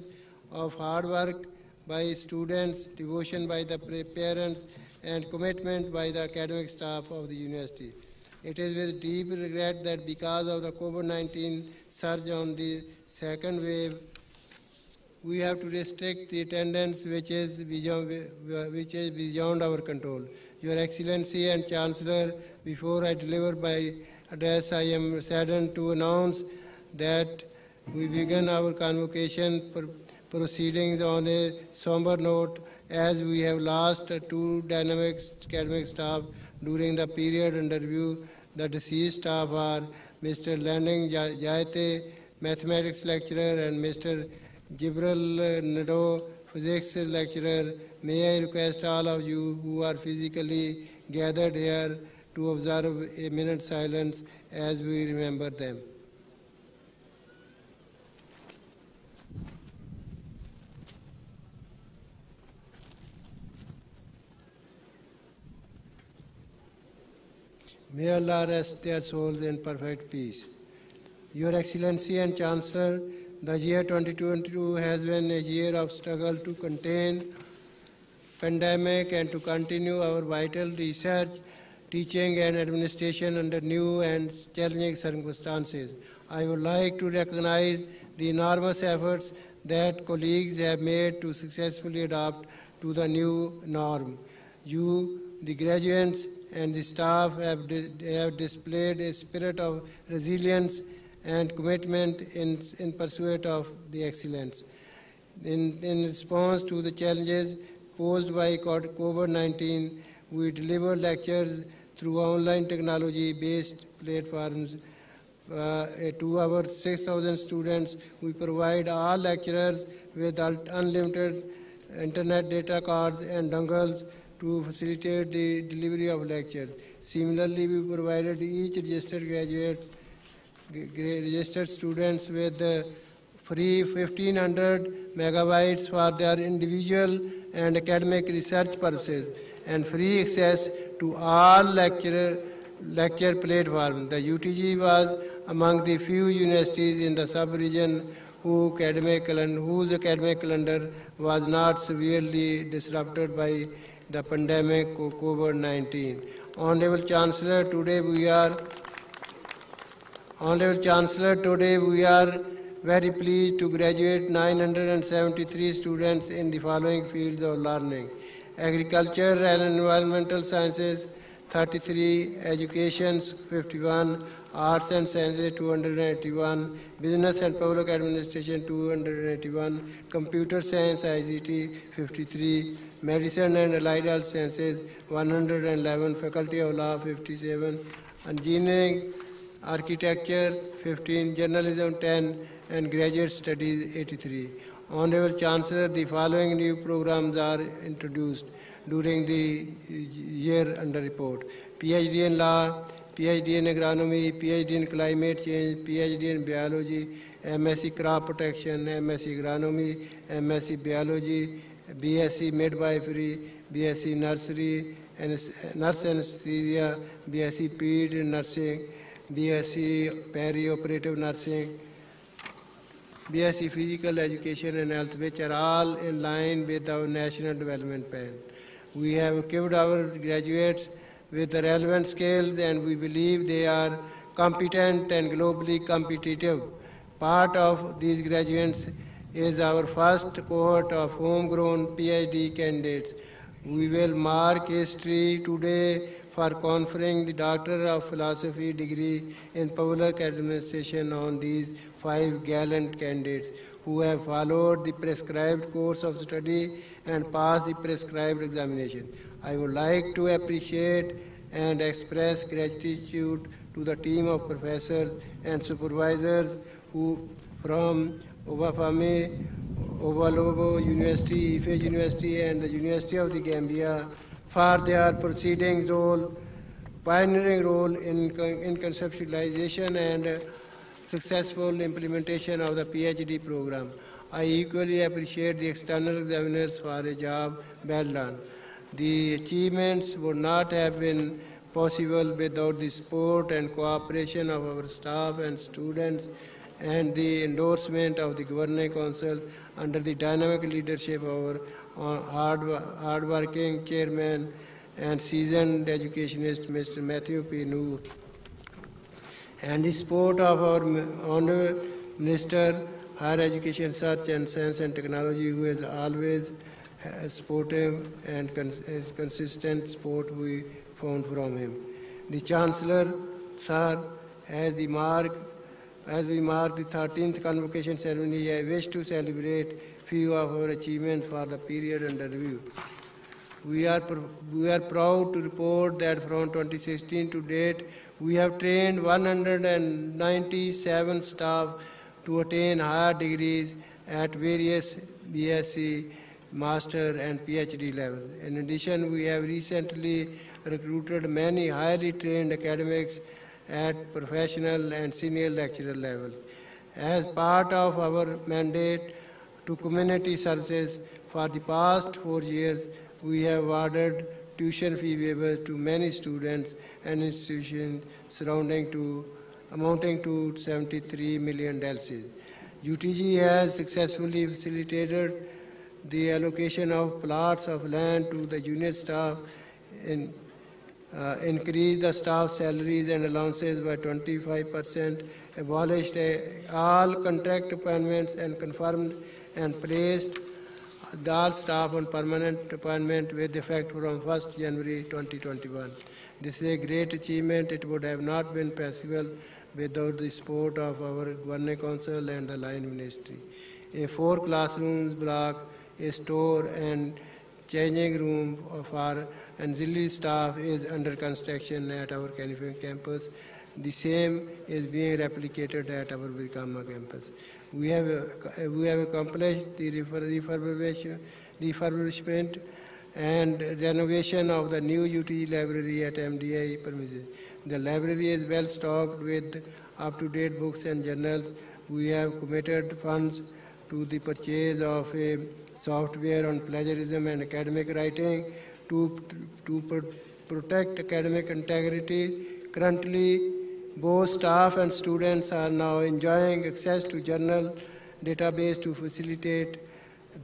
of hard work by students, devotion by the parents, and commitment by the academic staff of the university. It is with deep regret that because of the COVID-19 surge on the second wave, we have to restrict the attendance which is beyond, which is beyond our control. Your Excellency and Chancellor, before I deliver my address, I am saddened to announce that we begin our convocation proceedings on a somber note as we have lost two dynamic academic staff during the period under review. The deceased staff are Mr. Landing Jayate, mathematics lecturer, and Mr. Jibril Nado, physics lecturer. May I request all of you who are physically gathered here to observe a minute silence as we remember them. May Allah rest their souls in perfect peace. Your Excellency and Chancellor, the year 2022 has been a year of struggle to contain pandemic and to continue our vital research teaching and administration under new and challenging circumstances. I would like to recognize the enormous efforts that colleagues have made to successfully adapt to the new norm. You, the graduates, and the staff have, have displayed a spirit of resilience and commitment in, in pursuit of the excellence. In, in response to the challenges posed by COVID-19, we deliver lectures through online technology-based platforms. Uh, to our 6,000 students, we provide all lecturers with unlimited internet data cards and dongles to facilitate the delivery of lectures. Similarly, we provided each registered graduate, registered students with free 1500 megabytes for their individual and academic research purposes and free access to all lecture, lecture platform. The UTG was among the few universities in the sub-region who academic whose academic calendar was not severely disrupted by the pandemic COVID-19. Honorable Chancellor, today we are Honorable Chancellor, today we are very pleased to graduate 973 students in the following fields of learning agriculture and environmental sciences, 33, education, 51, arts and sciences, 281, business and public administration, 281, computer science, ICT, 53, medicine and allied health sciences, 111, faculty of law, 57, engineering, architecture, 15, journalism, 10, and graduate studies, 83. Honorable Chancellor, the following new programs are introduced during the year under report. PhD in Law, PhD in Agronomy, PhD in Climate Change, PhD in Biology, MSc Crop Protection, MSc Agronomy, MSc Biology, BSc Midwifery, BSc Nursery, Nurse Anesthesia, BSc Ped Nursing, BSc Perioperative Nursing, BSc Physical Education and Health, which are all in line with our National Development Plan. We have equipped our graduates with the relevant skills and we believe they are competent and globally competitive. Part of these graduates is our first cohort of homegrown PhD candidates. We will mark history today for conferring the Doctor of Philosophy degree in Public Administration on these five gallant candidates who have followed the prescribed course of study and passed the prescribed examination. I would like to appreciate and express gratitude to the team of professors and supervisors who from Obafame, Ovalobo University, Ife University and the University of the Gambia for their proceedings role, pioneering role in, in conceptualization and successful implementation of the PhD program. I equally appreciate the external examiners for a job well done. The achievements would not have been possible without the support and cooperation of our staff and students and the endorsement of the Governing Council under the dynamic leadership of our uh, hard, hardworking chairman and seasoned educationist Mr. Matthew P. Noor and the support of our Honourable Minister, Higher Education, Research and Science and Technology, who has always uh, supportive and uh, consistent support we found from him. The Chancellor, Sir, as, the mark, as we mark the 13th convocation ceremony, I wish to celebrate few of our achievements for the period under review. We are, we are proud to report that from 2016 to date, we have trained 197 staff to attain higher degrees at various BSc, Master and PhD levels. In addition, we have recently recruited many highly trained academics at professional and senior lecturer level. As part of our mandate to community services for the past four years, we have awarded tuition fee waivers to many students and institutions surrounding to amounting to 73 million dalsis. UTG has successfully facilitated the allocation of plots of land to the unit staff in uh, increased the staff salaries and allowances by 25%, abolished uh, all contract appointments and confirmed and placed all staff on permanent appointment with effect from 1st January 2021. This is a great achievement. It would have not been possible without the support of our Governing Council and the Line Ministry. A four classrooms block, a store and changing room for auxiliary staff is under construction at our campus. The same is being replicated at our Virkama campus we have, uh, we have accomplished the refurbishment and renovation of the new U.T. library at MDA premises. The library is well stocked with up-to-date books and journals. We have committed funds to the purchase of a software on plagiarism and academic writing to, to, to protect academic integrity. Currently, both staff and students are now enjoying access to journal database to facilitate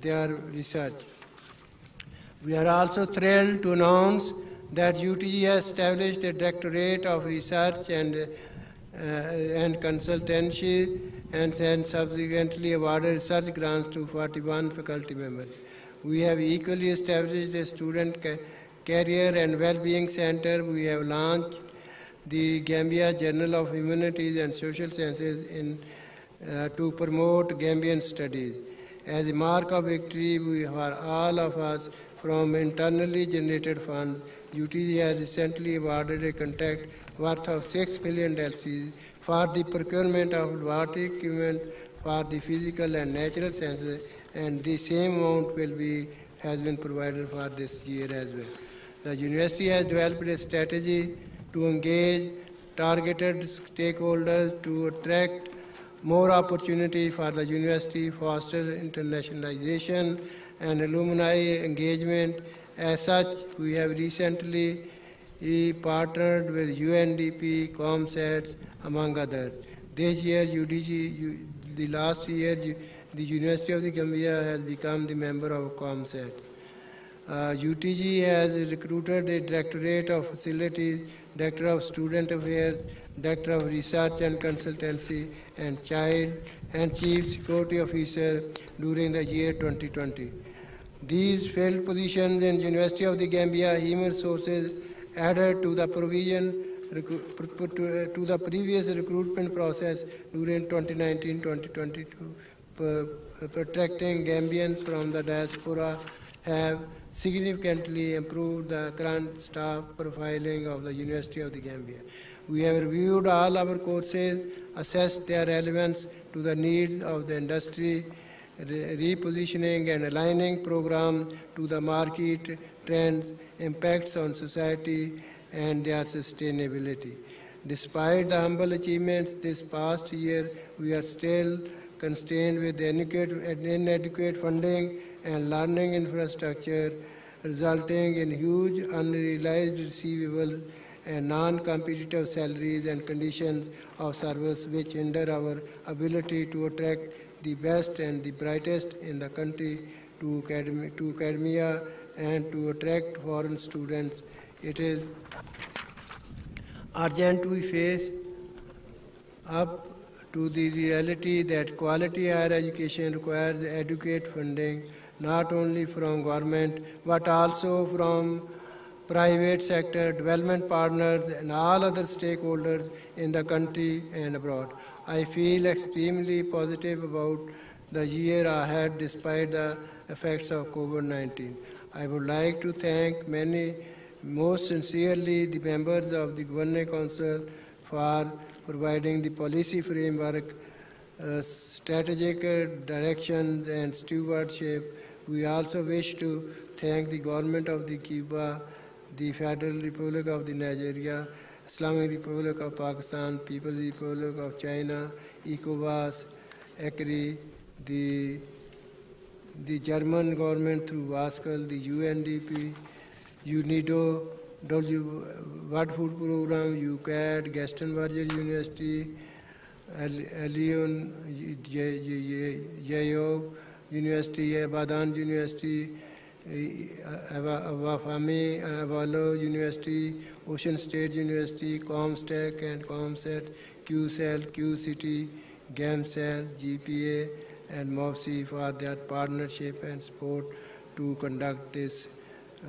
their research. We are also thrilled to announce that UTG has established a directorate of research and, uh, and consultancy and, subsequently awarded research grants to 41 faculty members. We have equally established a student ca career and well-being center. We have launched the Gambia Journal of Humanities and Social Sciences in, uh, to promote Gambian studies. As a mark of victory we, for all of us from internally generated funds, UTG has recently awarded a contract worth of 6 million DLCs for the procurement of laboratory equipment for the physical and natural sciences and the same amount will be, has been provided for this year as well. The university has developed a strategy to engage targeted stakeholders to attract more opportunity for the university, foster internationalization and alumni engagement. As such, we have recently partnered with UNDP, COMSET, among others. This year, UDG, the last year, the University of the Gambia has become the member of COMSET. Uh, UTG has recruited a directorate of facilities Director of Student Affairs, Director of Research and Consultancy, and Child and Chief Security Officer during the year 2020. These field positions in University of the Gambia Human Resources added to the provision to the previous recruitment process during 2019-2022, protecting Gambians from the diaspora have significantly improved the current staff profiling of the University of the Gambia. We have reviewed all our courses, assessed their relevance to the needs of the industry, re repositioning and aligning program to the market trends, impacts on society, and their sustainability. Despite the humble achievements this past year, we are still constrained with inadequate funding and learning infrastructure, resulting in huge unrealized receivable and non-competitive salaries and conditions of service which hinder our ability to attract the best and the brightest in the country to, academia, to academia and to attract foreign students. It is urgent we face up to the reality that quality higher education requires adequate funding not only from government but also from private sector, development partners and all other stakeholders in the country and abroad. I feel extremely positive about the year ahead despite the effects of COVID-19. I would like to thank many, most sincerely, the members of the Governing Council for providing the policy framework, uh, strategic directions and stewardship we also wish to thank the government of the Cuba, the Federal Republic of the Nigeria, Islamic Republic of Pakistan, People's Republic of China, ECOWAS, ECRI, the, the German government through Vascal, the UNDP, UNIDO, W World Food Program, UCAD, Gaston Berger University, Leon, Jayob, University, Abadan University, University eh, वाफामी University, Ocean State University, University and Comset, and Comset QCell Q and MOFSI for their partnership and support to conduct this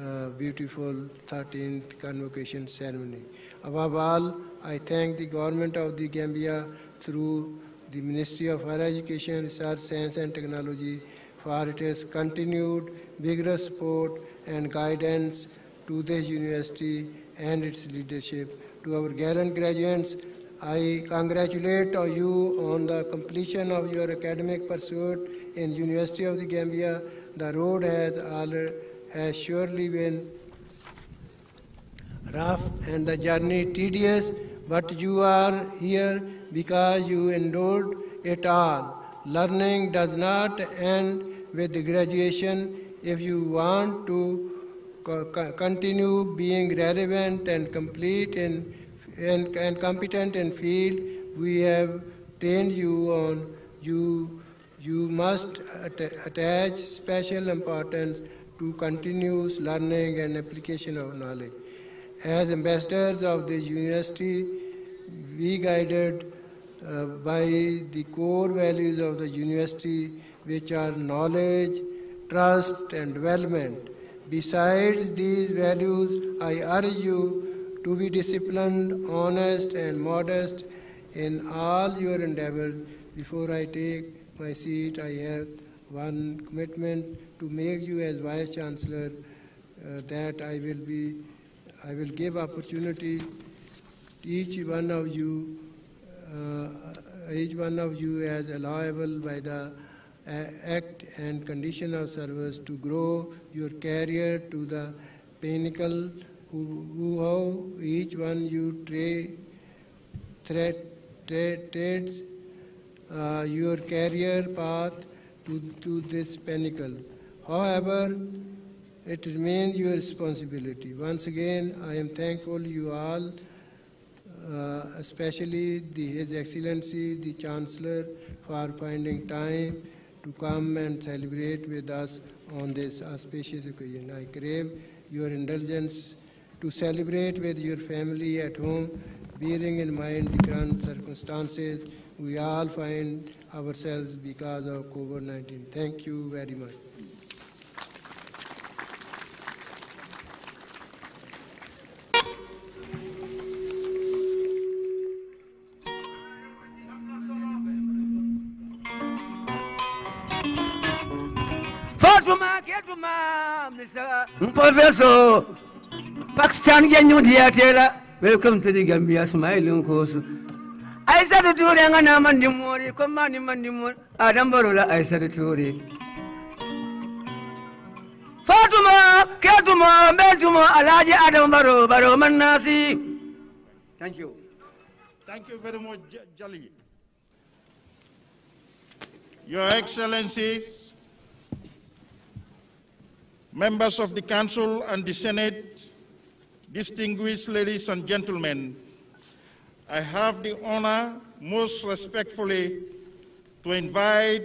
uh, beautiful 13th convocation ceremony. Above all, I thank the government of the Gambia through the Ministry of Higher Education, Research, Science and Technology for its continued vigorous support and guidance to this university and its leadership. To our gallant graduates, I congratulate you on the completion of your academic pursuit in University of the Gambia. The road has, has surely been rough and the journey tedious, but you are here because you endured it all. Learning does not end with graduation. If you want to continue being relevant and complete in, and, and competent in field we have trained you on, you, you must att- attach special importance to continuous learning and application of knowledge. As ambassadors of this university, we guided uh, by the core values of the university, which are knowledge, trust, and development. Besides these values, I urge you to be disciplined, honest, and modest in all your endeavors. Before I take my seat, I have one commitment to make you as Vice Chancellor uh, that I will be, I will give opportunity to each one of you uh, each one of you as allowable by the uh, act and condition of service to grow your career to the pinnacle who, who how each one you trade tra- trades uh, your career path to, to this pinnacle. However, it remains your responsibility. Once again, I am thankful you all uh, especially the, His Excellency the Chancellor for finding time to come and celebrate with us on this auspicious occasion. I crave your indulgence to celebrate with your family at home, bearing in mind the current circumstances we all find ourselves because of COVID-19. Thank you very much. ketuma ketuma misa mpoveso hmm, pakistan jenyundi ya, welcome to the gambia smile nkosu aisatu ture mandi muri mori ni mandi mori adambarola aisatu ture fatuma ketuma mbetuma alaji baru baru manasi thank you thank you very much jali your excellency members of the Council and the Senate, distinguished ladies and gentlemen, I have the honor most respectfully to invite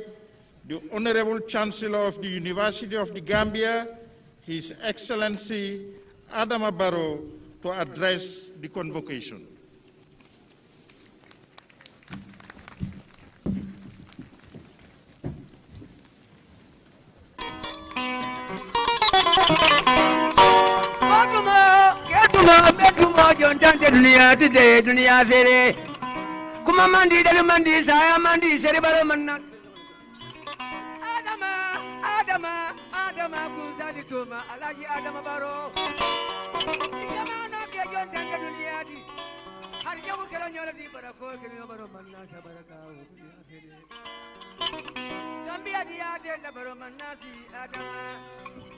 the Honorable Chancellor of the University of the Gambia, His Excellency Adama Barrow, to address the convocation. kuma betu mojo ntante dunia tite dunia fere kuma mandi dalu mandi saya mandi seri balo manak adama adama adama kusadi tuma alaji adama baro yamana ke jontante dunia ti hari jamu kera nyola di barako kera baro manasa barakau dunia fere Gambia diate la baro manasi adama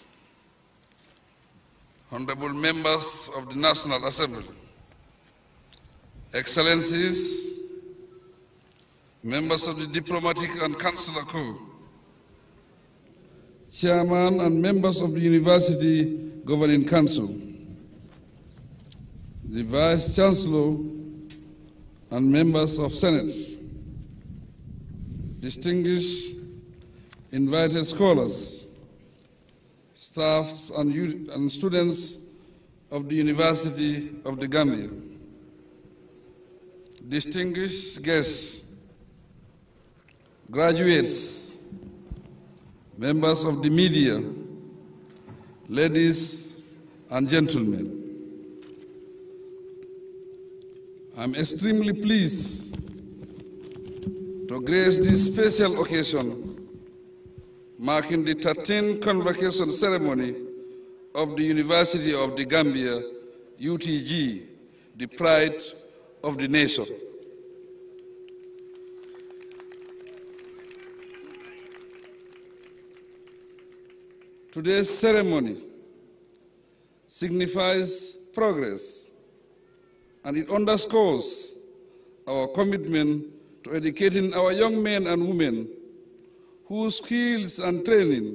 honorable members of the National Assembly, Excellencies, members of the Diplomatic and Consular Corps, Chairman and members of the University Governing Council, the Vice Chancellor and members of Senate, distinguished invited scholars, staffs, and, and students of the University of the Gambia. Distinguished guests, graduates, members of the media, ladies and gentlemen. I'm extremely pleased to grace this special occasion marking the 13th convocation ceremony of the University of the Gambia, UTG, the pride of the nation. Today's ceremony signifies progress and it underscores our commitment to educating our young men and women whose skills and training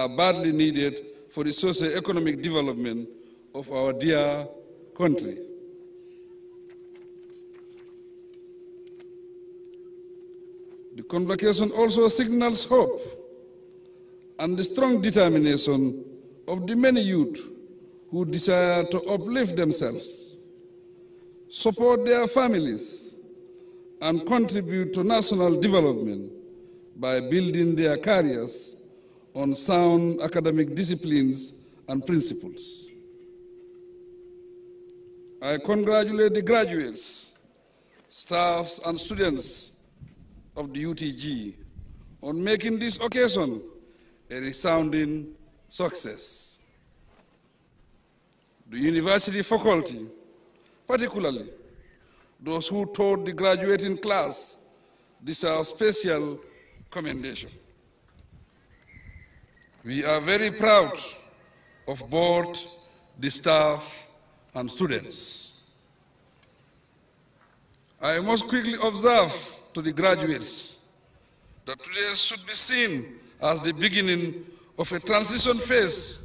are badly needed for the socio-economic development of our dear country. The convocation also signals hope and the strong determination of the many youth who desire to uplift themselves, support their families, and contribute to national development by building their careers on sound academic disciplines and principles. I congratulate the graduates, staffs, and students of the UTG on making this occasion a resounding success. The university faculty, particularly those who taught the graduating class, deserve special commendation. We are very proud of both the staff and students. I must quickly observe to the graduates that today should be seen as the beginning of a transition phase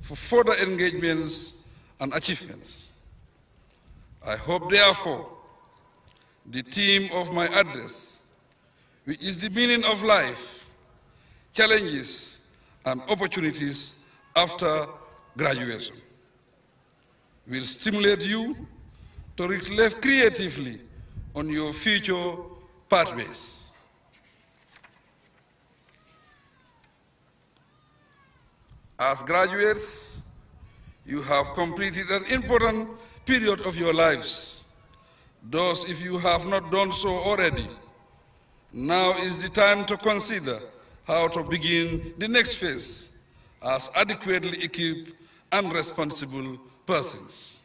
for further engagements and achievements. I hope, therefore, the theme of my address which is the meaning of life, challenges and opportunities after graduation. Will stimulate you to reflect creatively on your future pathways. As graduates, you have completed an important period of your lives. Thus, if you have not done so already, now is the time to consider how to begin the next phase as adequately equipped and responsible persons.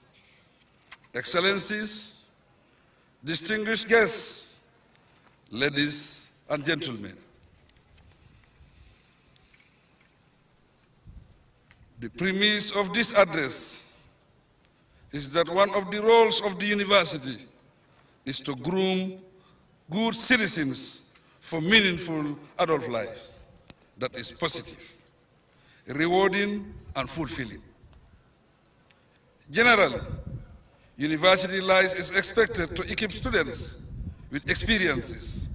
Excellencies, distinguished guests, ladies and gentlemen, the premise of this address is that one of the roles of the university is to groom good citizens for meaningful adult life that is positive, rewarding, and fulfilling. Generally, university life is expected to equip students with experiences,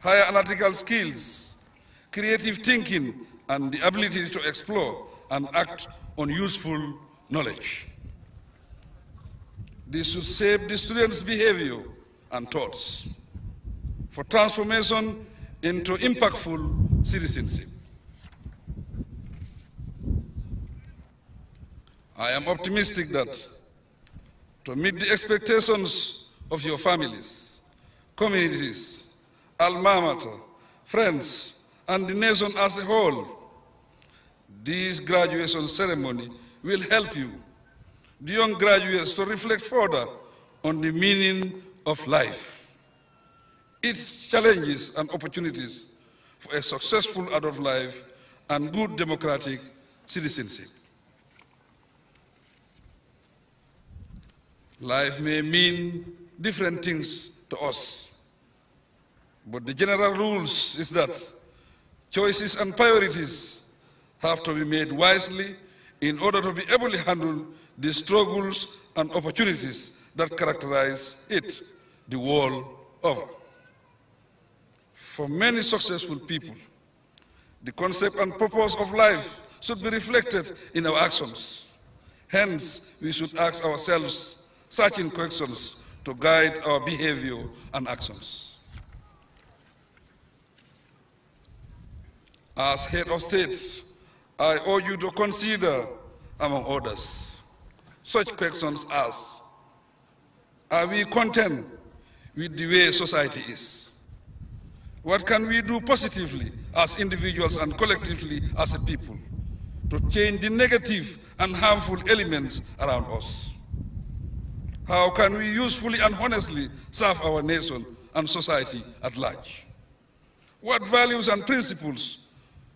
higher analytical skills, creative thinking, and the ability to explore and act on useful knowledge. This should shape the students' behavior and thoughts for transformation into impactful citizenship. I am optimistic that to meet the expectations of your families, communities, alma mater, friends, and the nation as a whole, this graduation ceremony will help you, the young graduates, to reflect further on the meaning of life its challenges and opportunities for a successful adult life and good democratic citizenship. Life may mean different things to us, but the general rules is that choices and priorities have to be made wisely in order to be able to handle the struggles and opportunities that characterize it the world over. For many successful people, the concept and purpose of life should be reflected in our actions. Hence, we should ask ourselves such questions to guide our behavior and actions. As head of state, I urge you to consider, among others, such questions as, are we content with the way society is? What can we do positively as individuals and collectively as a people to change the negative and harmful elements around us? How can we usefully and honestly serve our nation and society at large? What values and principles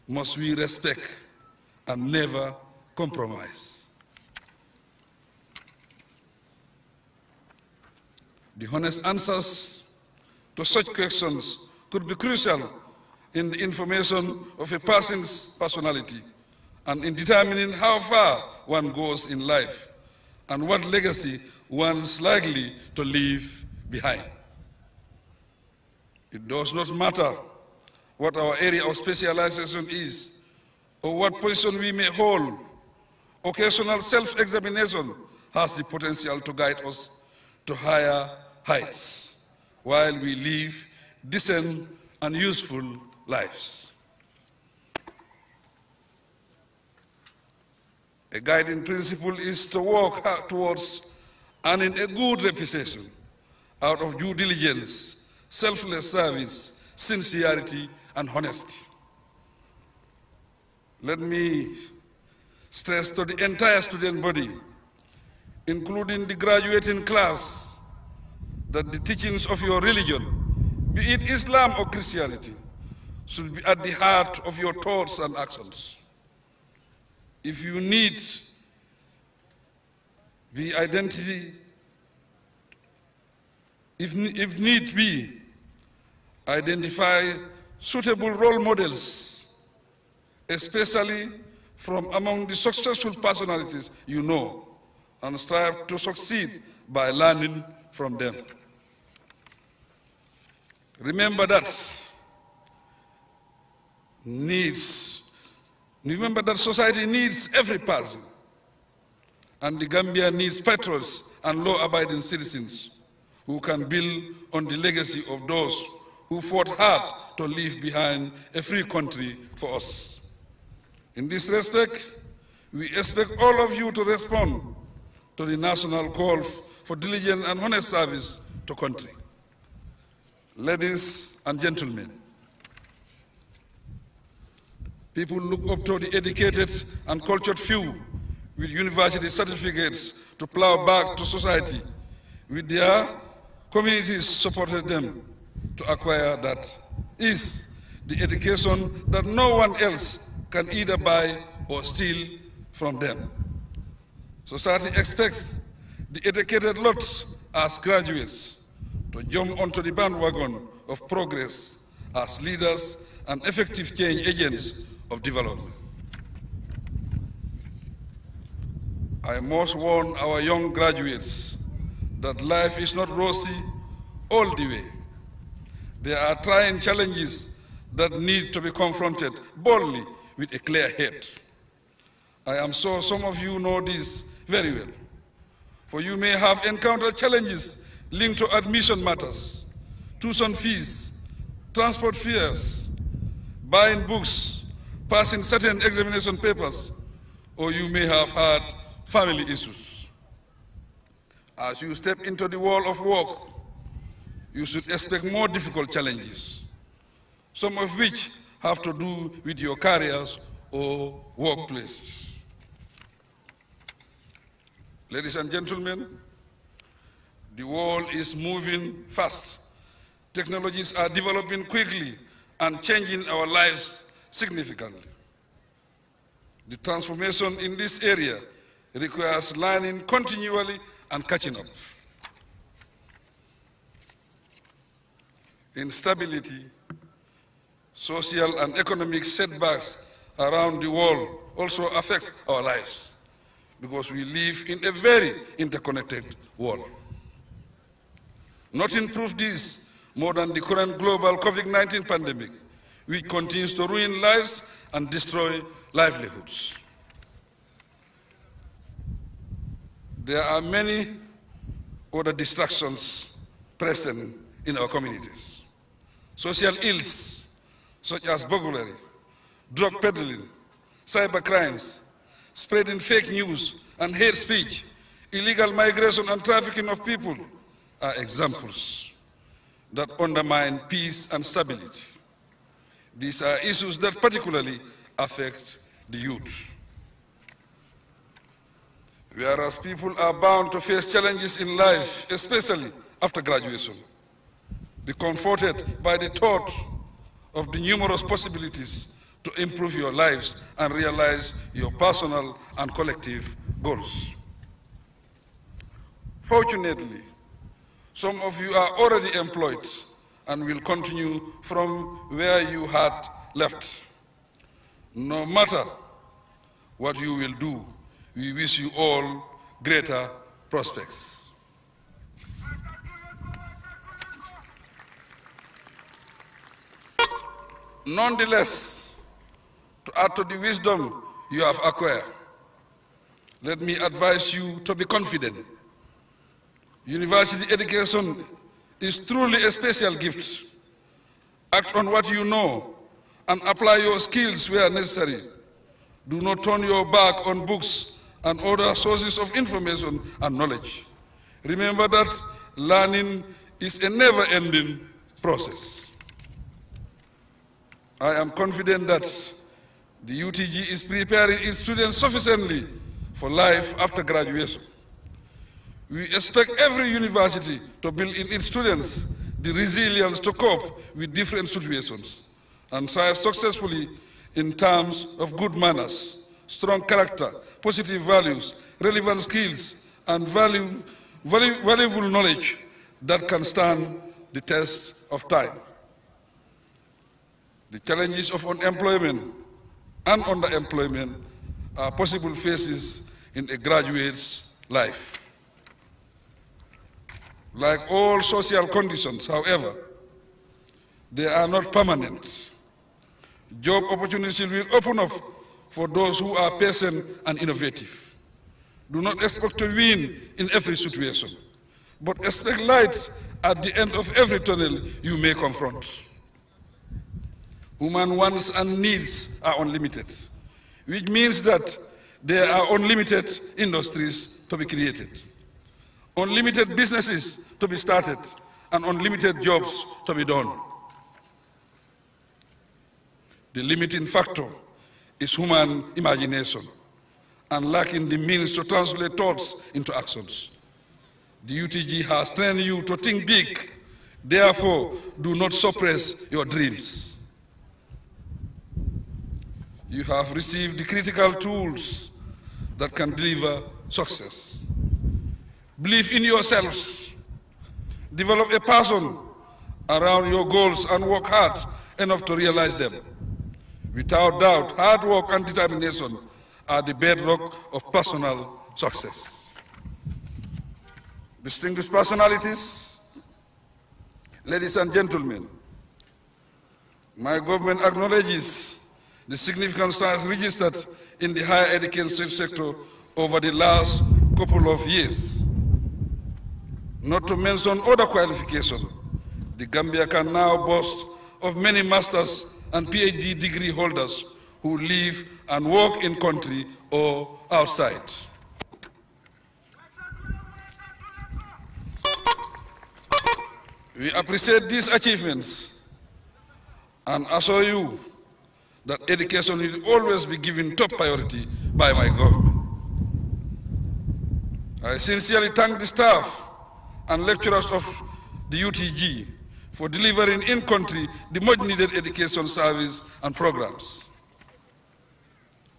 must we respect and never compromise? The honest answers to such questions could be crucial in the information of a person's personality and in determining how far one goes in life and what legacy one's likely to leave behind. It does not matter what our area of specialization is or what position we may hold. Occasional self-examination has the potential to guide us to higher heights while we live decent, and useful lives. A guiding principle is to work towards earning a good reputation out of due diligence, selfless service, sincerity, and honesty. Let me stress to the entire student body, including the graduating class, that the teachings of your religion be it Islam or Christianity, should be at the heart of your thoughts and actions. If you need the identity, if, if need be, identify suitable role models, especially from among the successful personalities you know, and strive to succeed by learning from them. Remember that. Needs. Remember that society needs every person. And the Gambia needs patriots and law-abiding citizens who can build on the legacy of those who fought hard to leave behind a free country for us. In this respect, we expect all of you to respond to the national call for diligent and honest service to country. Ladies and gentlemen, people look up to the educated and cultured few with university certificates to plow back to society with their communities supported them to acquire that is the education that no one else can either buy or steal from them. Society expects the educated lot as graduates to jump onto the bandwagon of progress as leaders and effective change agents of development. I must warn our young graduates that life is not rosy all the way. There are trying challenges that need to be confronted boldly with a clear head. I am sure some of you know this very well, for you may have encountered challenges linked to admission matters, tuition fees, transport fares, buying books, passing certain examination papers, or you may have had family issues. As you step into the world of work, you should expect more difficult challenges, some of which have to do with your careers or workplaces. Ladies and gentlemen, the world is moving fast. Technologies are developing quickly and changing our lives significantly. The transformation in this area requires learning continually and catching up. Instability, social and economic setbacks around the world also affect our lives because we live in a very interconnected world not improve this more than the current global COVID-19 pandemic, which continues to ruin lives and destroy livelihoods. There are many other distractions present in our communities. Social ills, such as burglary, drug peddling, cyber crimes, spreading fake news and hate speech, illegal migration and trafficking of people, are examples that undermine peace and stability. These are issues that particularly affect the youth. Whereas people are bound to face challenges in life, especially after graduation, be comforted by the thought of the numerous possibilities to improve your lives and realize your personal and collective goals. Fortunately, some of you are already employed and will continue from where you had left. No matter what you will do, we wish you all greater prospects. Nonetheless, to add to the wisdom you have acquired, let me advise you to be confident University education is truly a special gift. Act on what you know and apply your skills where necessary. Do not turn your back on books and other sources of information and knowledge. Remember that learning is a never-ending process. I am confident that the UTG is preparing its students sufficiently for life after graduation. We expect every university to build in its students the resilience to cope with different situations and thrive successfully in terms of good manners, strong character, positive values, relevant skills, and value, value, valuable knowledge that can stand the test of time. The challenges of unemployment and underemployment are possible faces in a graduate's life. Like all social conditions, however, they are not permanent. Job opportunities will open up for those who are patient and innovative. Do not expect to win in every situation, but expect light at the end of every tunnel you may confront. Human wants and needs are unlimited, which means that there are unlimited industries to be created, unlimited businesses to be started and unlimited jobs to be done. The limiting factor is human imagination and lacking the means to translate thoughts into actions. The UTG has trained you to think big, therefore, do not suppress your dreams. You have received the critical tools that can deliver success. Believe in yourselves Develop a person around your goals and work hard enough to realize them. Without doubt, hard work and determination are the bedrock of personal success. Distinguished personalities, ladies and gentlemen, my government acknowledges the significant strides registered in the higher education sector over the last couple of years not to mention other qualifications. The Gambia can now boast of many masters and PhD degree holders who live and work in country or outside. We appreciate these achievements and assure you that education will always be given top priority by my government. I sincerely thank the staff and lecturers of the UTG for delivering in country the much needed education service and programs.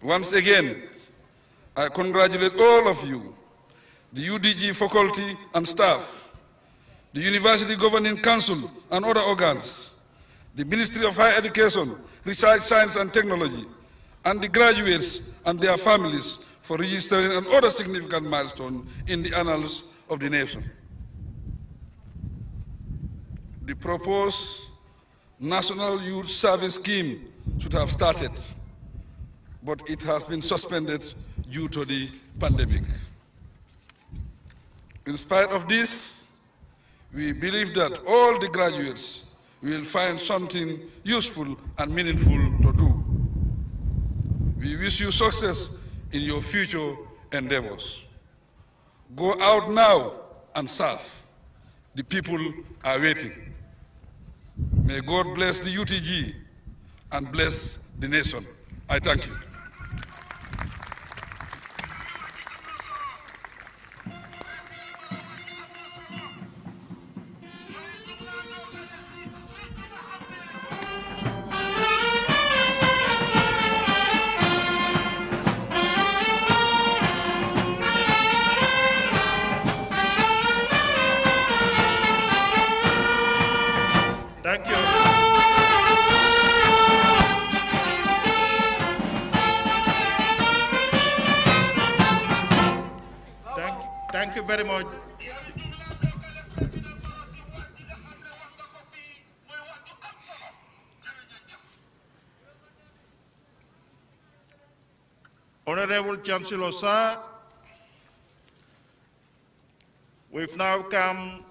Once again, I congratulate all of you, the UDG faculty and staff, the University Governing Council and other organs, the Ministry of Higher Education, Research, Science and Technology, and the graduates and their families for registering another significant milestone in the annals of the nation the proposed National Youth Service Scheme should have started, but it has been suspended due to the pandemic. In spite of this, we believe that all the graduates will find something useful and meaningful to do. We wish you success in your future endeavors. Go out now and serve. The people are waiting. May God bless the UTG and bless the nation. I thank you. Chancellor Sir. We've now come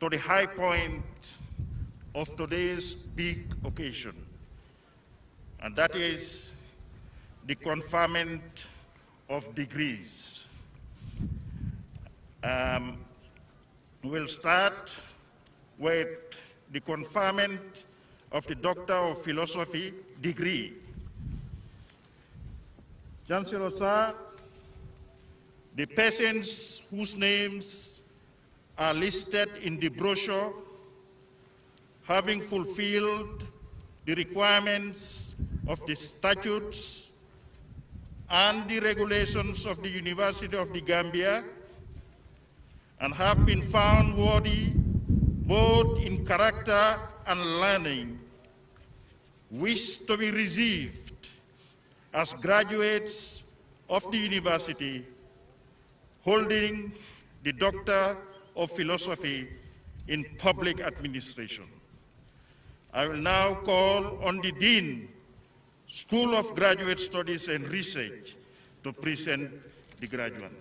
to the high point of today's big occasion, and that is the conferment of degrees. Um, we'll start with the conferment of the Doctor of Philosophy degree Chancellor, the persons whose names are listed in the brochure, having fulfilled the requirements of the statutes and the regulations of the University of the Gambia, and have been found worthy both in character and learning, wish to be received as graduates of the university holding the Doctor of Philosophy in Public Administration. I will now call on the Dean, School of Graduate Studies and Research, to present the graduates.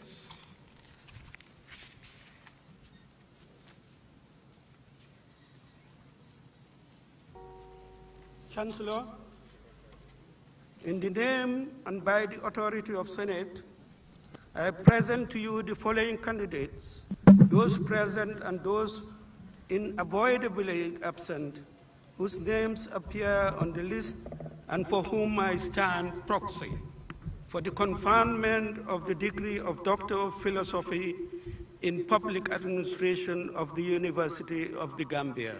Chancellor, in the name and by the authority of Senate, I present to you the following candidates, those present and those unavoidably absent, whose names appear on the list and for whom I stand proxy for the conferment of the degree of Doctor of Philosophy in Public Administration of the University of the Gambia.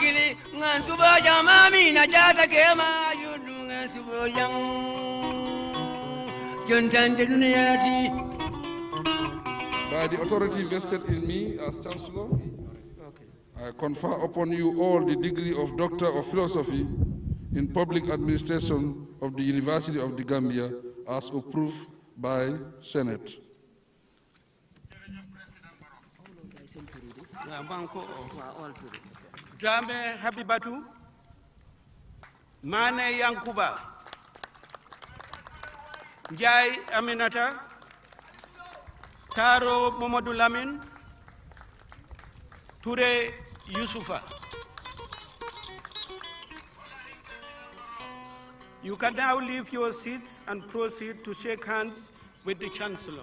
kili ngan na jata ngan by the authority vested in me as chancellor I confer upon you all the degree of Doctor of Philosophy in Public Administration of the University of the Gambia as approved by Senate. Dramé Habibatu, Mane Yankuba, Jai Aminata, Taro Momodou Lamine, Touré You can now leave your seats and proceed to shake hands with the Chancellor.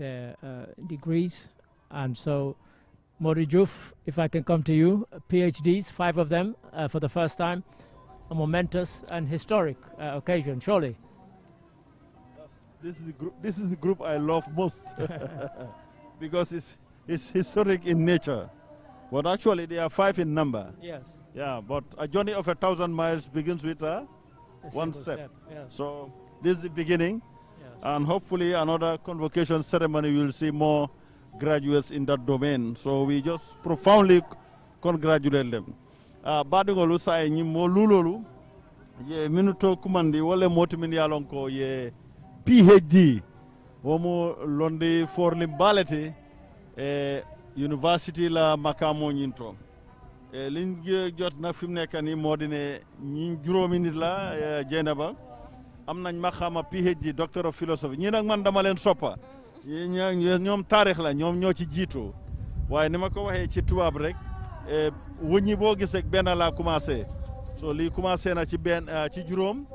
their uh, degrees. And so, Mori Juf, if I can come to you, PhDs, five of them uh, for the first time, a momentous and historic uh, occasion, surely. This is, the group, this is the group I love most because it's, it's historic in nature. But actually, they are five in number. Yes. Yeah, but a journey of a thousand miles begins with a, a one step. step So this is the beginning. and hopefully another convocation ceremony will see more graduates in that domain. So we just profoundly congratulate them. Ah, Badingolu sa ni mo lulolu ye minuto kumandi wale motimini alonko ye PhD wamo londi for balete e university la makamu nyinto e jot na fimne kani ni modine ñi juromi nit la e, jeenaba am nañ maxaama PhD doctor of philosophy ñii nag man dama leen soppa ñoom taarix la ñoom ñoo ci jiitu waaye ni ma ko waxee ci tubaab rek eh, wu ñi boo gis rek benn laa commencé so lii commencé na ci benn ah, ci juróom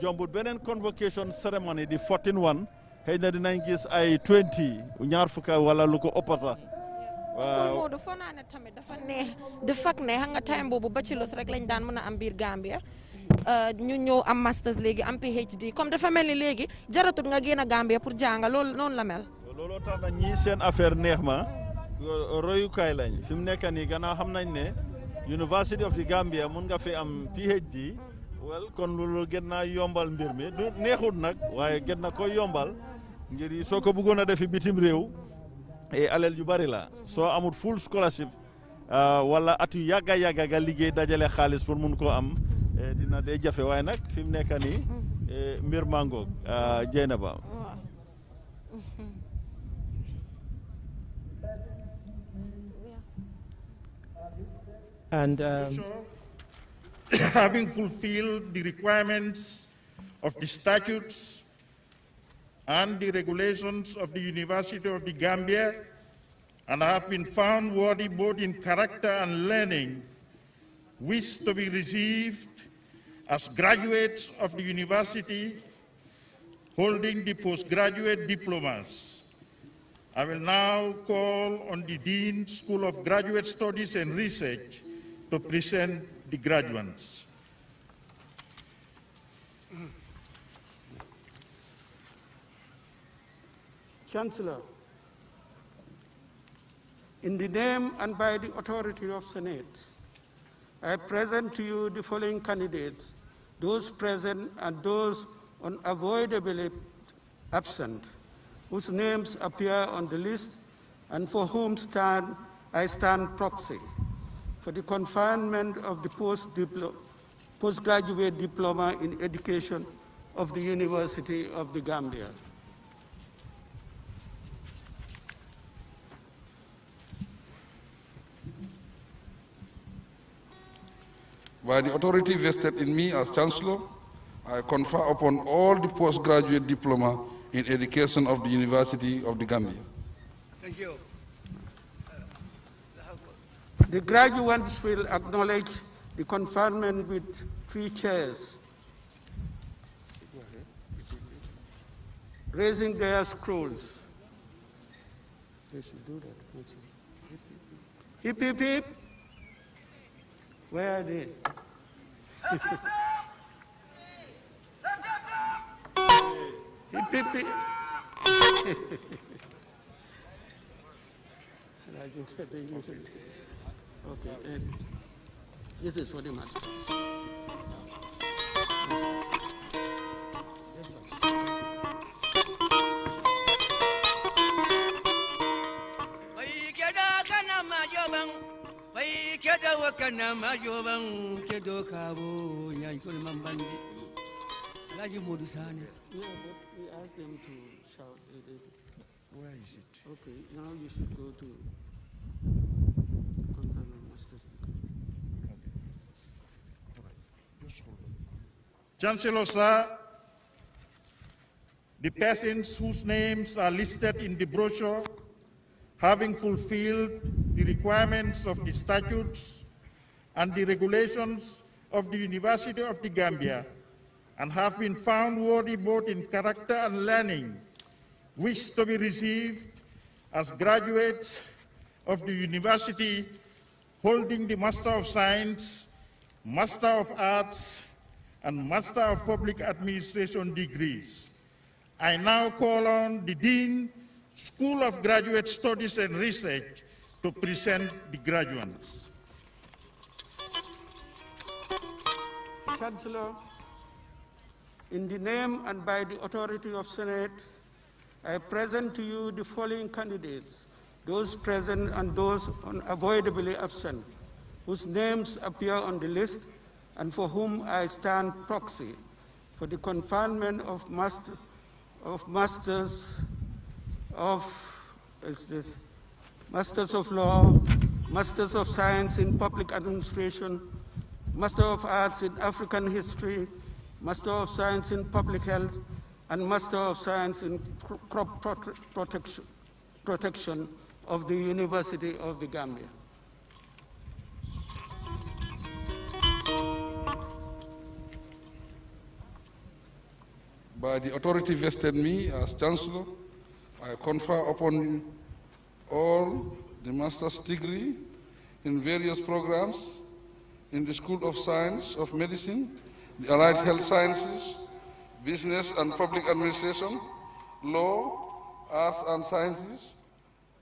jombut beneen convocation ceremony di 14 one xëy na dinañ gis ay 20 ñaar fukka wala lu ko ëppa sax waaw Modou foo naa ne tamit dafa neex de fak ne xam nga time boobu bachelors rek lañ daan mën a am biir Gambia Euh, ñu ñëw am masters léegi am PhD comme dafa mel ni léegi jaratut nga génn Gambia pour jànga loolu noonu la mel. loolo tax na ñii seen affaire neex ma royukaay lañ fi mu nekk nii gannaaw xam nañ ne University of the Gambia mun nga fi am PhD. wel kon loolu gën yombal mbir mi du neexut nag waaye gën na ko yombal ngir soo ko bëggoon a defi bitim réew. E alal yu bari la soo amul full scholarship euh, wala at yu yàgga yàgga nga liggéey dajale xaalis pour mun koo am. Eh, dina jafe eh, ah, And um, having fulfilled the requirements of the statutes and the regulations of the University of the Gambia, and have been found worthy both in character and learning, wish to be received as graduates of the university holding the postgraduate diplomas. I will now call on the Dean School of Graduate Studies and Research to present the graduates. Chancellor, in the name and by the authority of Senate, I present to you the following candidates those present and those unavoidably absent, whose names appear on the list and for whom stand, I stand proxy for the confinement of the post -diplo postgraduate diploma in education of the University of the Gambia. By the authority vested in me as Chancellor, I confer upon all the postgraduate diploma in education of the University of the Gambia. Thank you. Uh, the graduates will acknowledge the conferment with three chairs, raising their scrolls. They should do that. Hip, hip, hip. Where it is. hip, hip, hip. and I just kept using it. Okay, and this is for the master. Bang. fai keda Yeah, but we asked them to shout. Where is it? Okay, now you should go to Okay. All right. Chancellor, sir, the persons whose names are listed in the brochure having fulfilled the requirements of the statutes and the regulations of the University of the Gambia and have been found worthy both in character and learning, wish to be received as graduates of the university holding the Master of Science, Master of Arts, and Master of Public Administration degrees. I now call on the Dean, School of Graduate Studies and Research, to present the graduates. Chancellor, in the name and by the authority of Senate, I present to you the following candidates, those present and those unavoidably absent, whose names appear on the list and for whom I stand proxy for the confinement of, master, of masters of, is this, Masters of Law, Masters of Science in Public Administration, Master of Arts in African History, Master of Science in Public Health, and Master of Science in Crop protection, protection of the University of the Gambia. By the authority vested me as Chancellor, I confer upon or the master's degree in various programs in the School of Science of Medicine, the Allied Health Sciences, Business and Public Administration, Law, Arts and Sciences,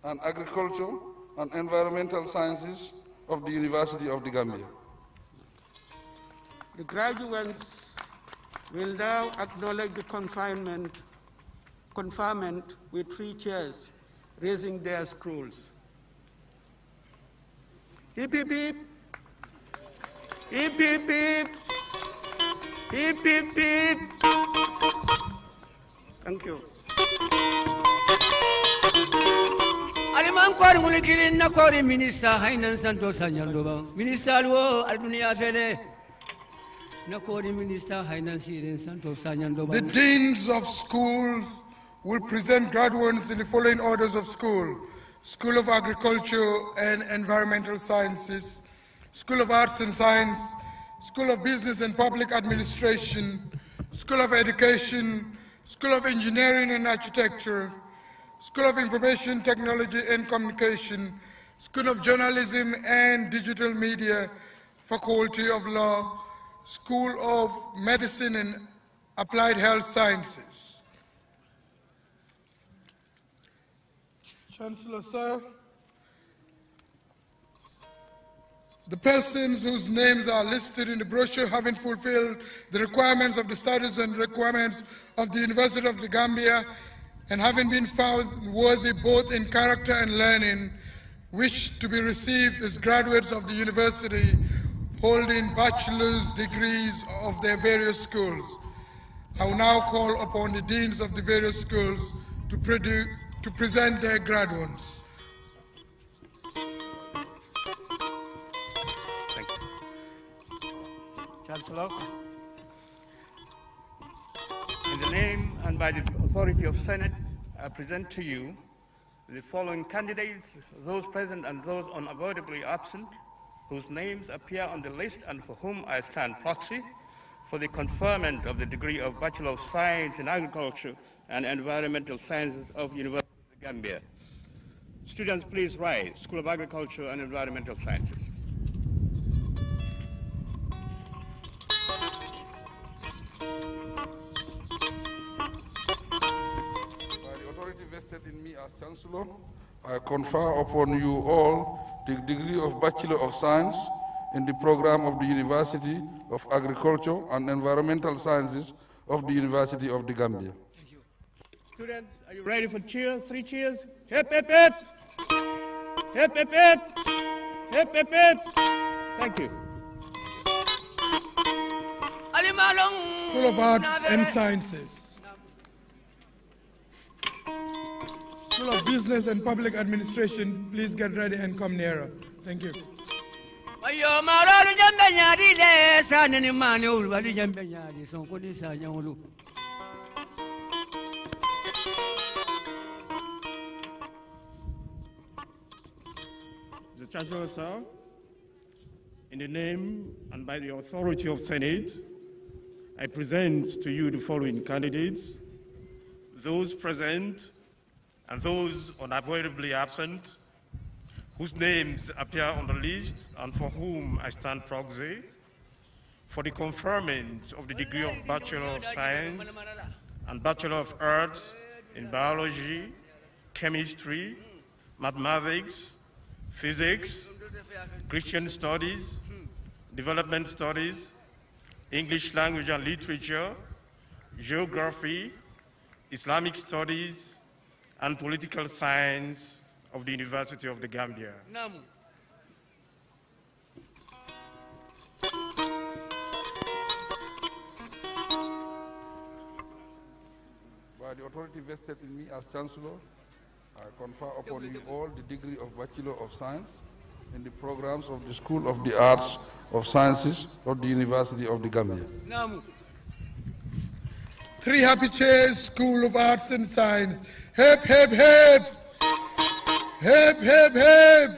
and Agriculture and Environmental Sciences of the University of the Gambia. The graduates will now acknowledge the confinement, confinement with three chairs raising their scrolls. Hip, hip, hip. Hip, hip, hip. Hip, hip, hip. Thank you. aliman kori mulikiri na kori minista hainan santo sanyandoba minista luo alduniya fele na kori minista santo sanyandoba the deans of schools will present graduates in the following orders of school. School of Agriculture and Environmental Sciences, School of Arts and Science, School of Business and Public Administration, School of Education, School of Engineering and Architecture, School of Information Technology and Communication, School of Journalism and Digital Media, Faculty of Law, School of Medicine and Applied Health Sciences. Chancellor, sir, the persons whose names are listed in the brochure having fulfilled the requirements of the studies and requirements of the University of the Gambia and having been found worthy both in character and learning, wish to be received as graduates of the university holding bachelor's degrees of their various schools. I will now call upon the deans of the various schools to produce to present their graduates. Thank you. Chancellor, in the name and by the authority of Senate, I present to you the following candidates, those present and those unavoidably absent, whose names appear on the list and for whom I stand proxy for the conferment of the degree of Bachelor of Science in Agriculture and Environmental Sciences of University. Gambia. Students, please rise. School of Agriculture and Environmental Sciences. By the authority vested in me as Chancellor, I confer upon you all the degree of Bachelor of Science in the program of the University of Agriculture and Environmental Sciences of the University of the Gambia. Thank Students, are you ready for cheers? Three cheers? Hip, hip, hip! Hip, hip, hip! Hip, hip, hip! Thank you. School of Arts and Sciences. School of Business and Public Administration, please get ready and come nearer. Thank you. Thank you. Chancellor, sir, in the name and by the authority of Senate, I present to you the following candidates, those present and those unavoidably absent, whose names appear on the list and for whom I stand proxy, for the conferment of the degree of Bachelor of Science and Bachelor of Arts in Biology, Chemistry, Mathematics, physics, Christian studies, development studies, English language and literature, geography, Islamic studies, and political science of the University of the Gambia. By the authority vested in me as Chancellor, I confer upon you all the degree of Bachelor of Science in the programs of the School of the Arts of Sciences of the University of the Gambia. Three happy chairs, School of Arts and Science. Hip, hip, hip! Hip, hip, hip!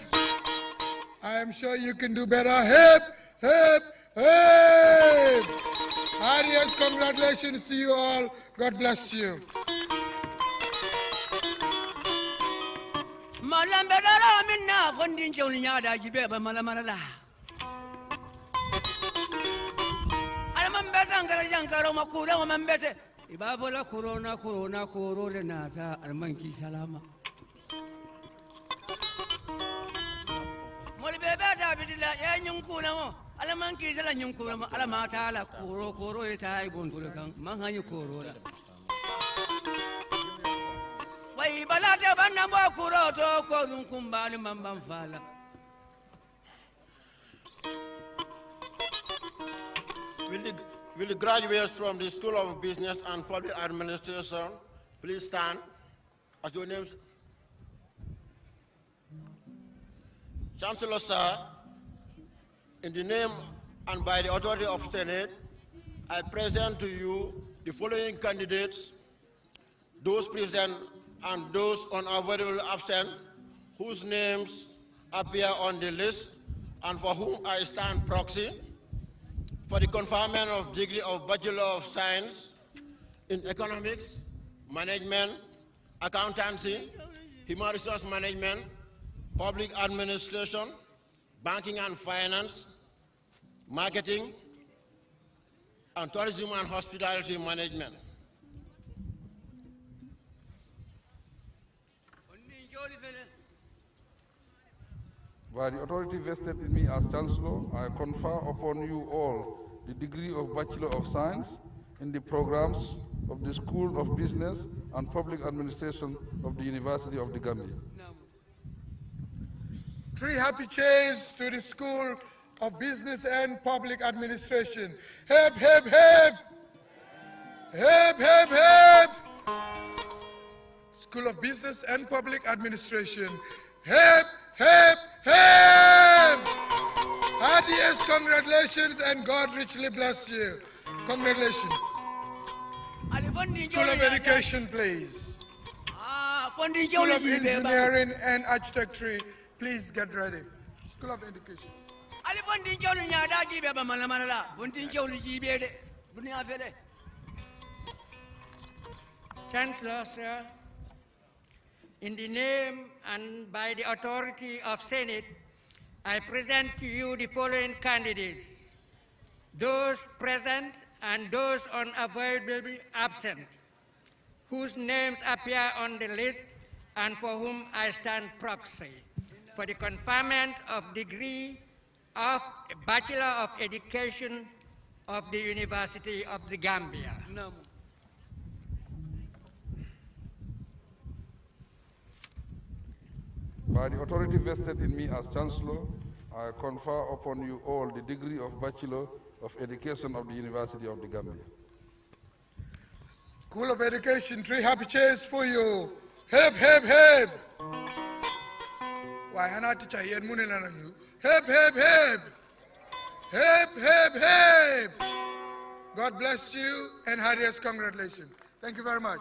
I am sure you can do better. Hip, hip, hip! Arias, congratulations to you all. God bless you. malam bedala minna kondin jawni nyaada jibe ba malam marala alaman betan kala jankaro makura wa man bete ibafo la corona corona corona nata alman ki salama mol bebe da bidila ya nyin kuna mo alaman ki sala nyin kuna mo alama ta la koro koro ta ai gondole kan man hanyi koro la fayi balate kuroto ko Will the, will the graduates from the School of Business and Public Administration please stand as your names? Chancellor, sir, in the name and by the authority of Senate, I present to you the following candidates, those present and those unavoidably absent whose names appear on the list and for whom I stand proxy for the conferment of degree of Bachelor of Science in Economics, Management, Accountancy, Human Resource Management, Public Administration, Banking and Finance, Marketing, and Tourism and Hospitality Management. By the authority vested in me as Chancellor, I confer upon you all the degree of Bachelor of Science in the programs of the School of Business and Public Administration of the University of the Gambia. Three happy cheers to the School of Business and Public Administration. Hip, hip, hip! Hip, hip, hip! School of Business and Public Administration. Help, help, help! Heartiest congratulations and God richly bless you. Congratulations. School of Education, please. Ah, School of Engineering and Architecture, please get ready. School of Education. ali fontin cewlu ñaada jiibe ba mala mala la chancellor sir in the name and by the authority of Senate, I present to you the following candidates, those present and those unavoidably absent, whose names appear on the list and for whom I stand proxy for the conferment of degree of Bachelor of Education of the University of the Gambia. By the authority vested in me as Chancellor, I confer upon you all the degree of Bachelor of Education of the University of the Gambia. School of Education, three happy cheers for you. Hip, hip, hip. Why, not teacher here, Munilana, you. Hip, hip, hip. Hip, hip, hip. God bless you and heartiest congratulations. Thank you very much.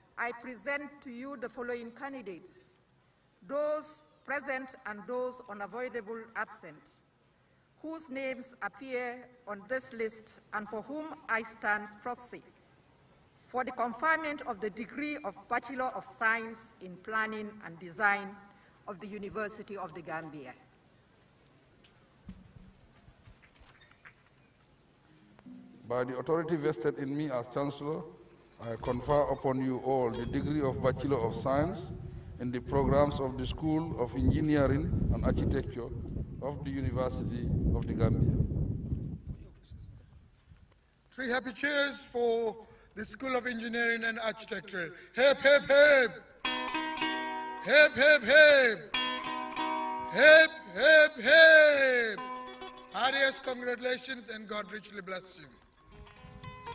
I present to you the following candidates, those present and those unavoidable absent, whose names appear on this list and for whom I stand proxy for the conferment of the degree of Bachelor of Science in Planning and Design of the University of the Gambia. By the authority vested in me as Chancellor, I confer upon you all the degree of Bachelor of Science in the programs of the School of Engineering and Architecture of the University of the Gambia. Three happy cheers for the School of Engineering and Architecture. Hip, hip, hip! Hip, hip, hip! Hip, hip, hip! Adios, congratulations, and God richly bless you.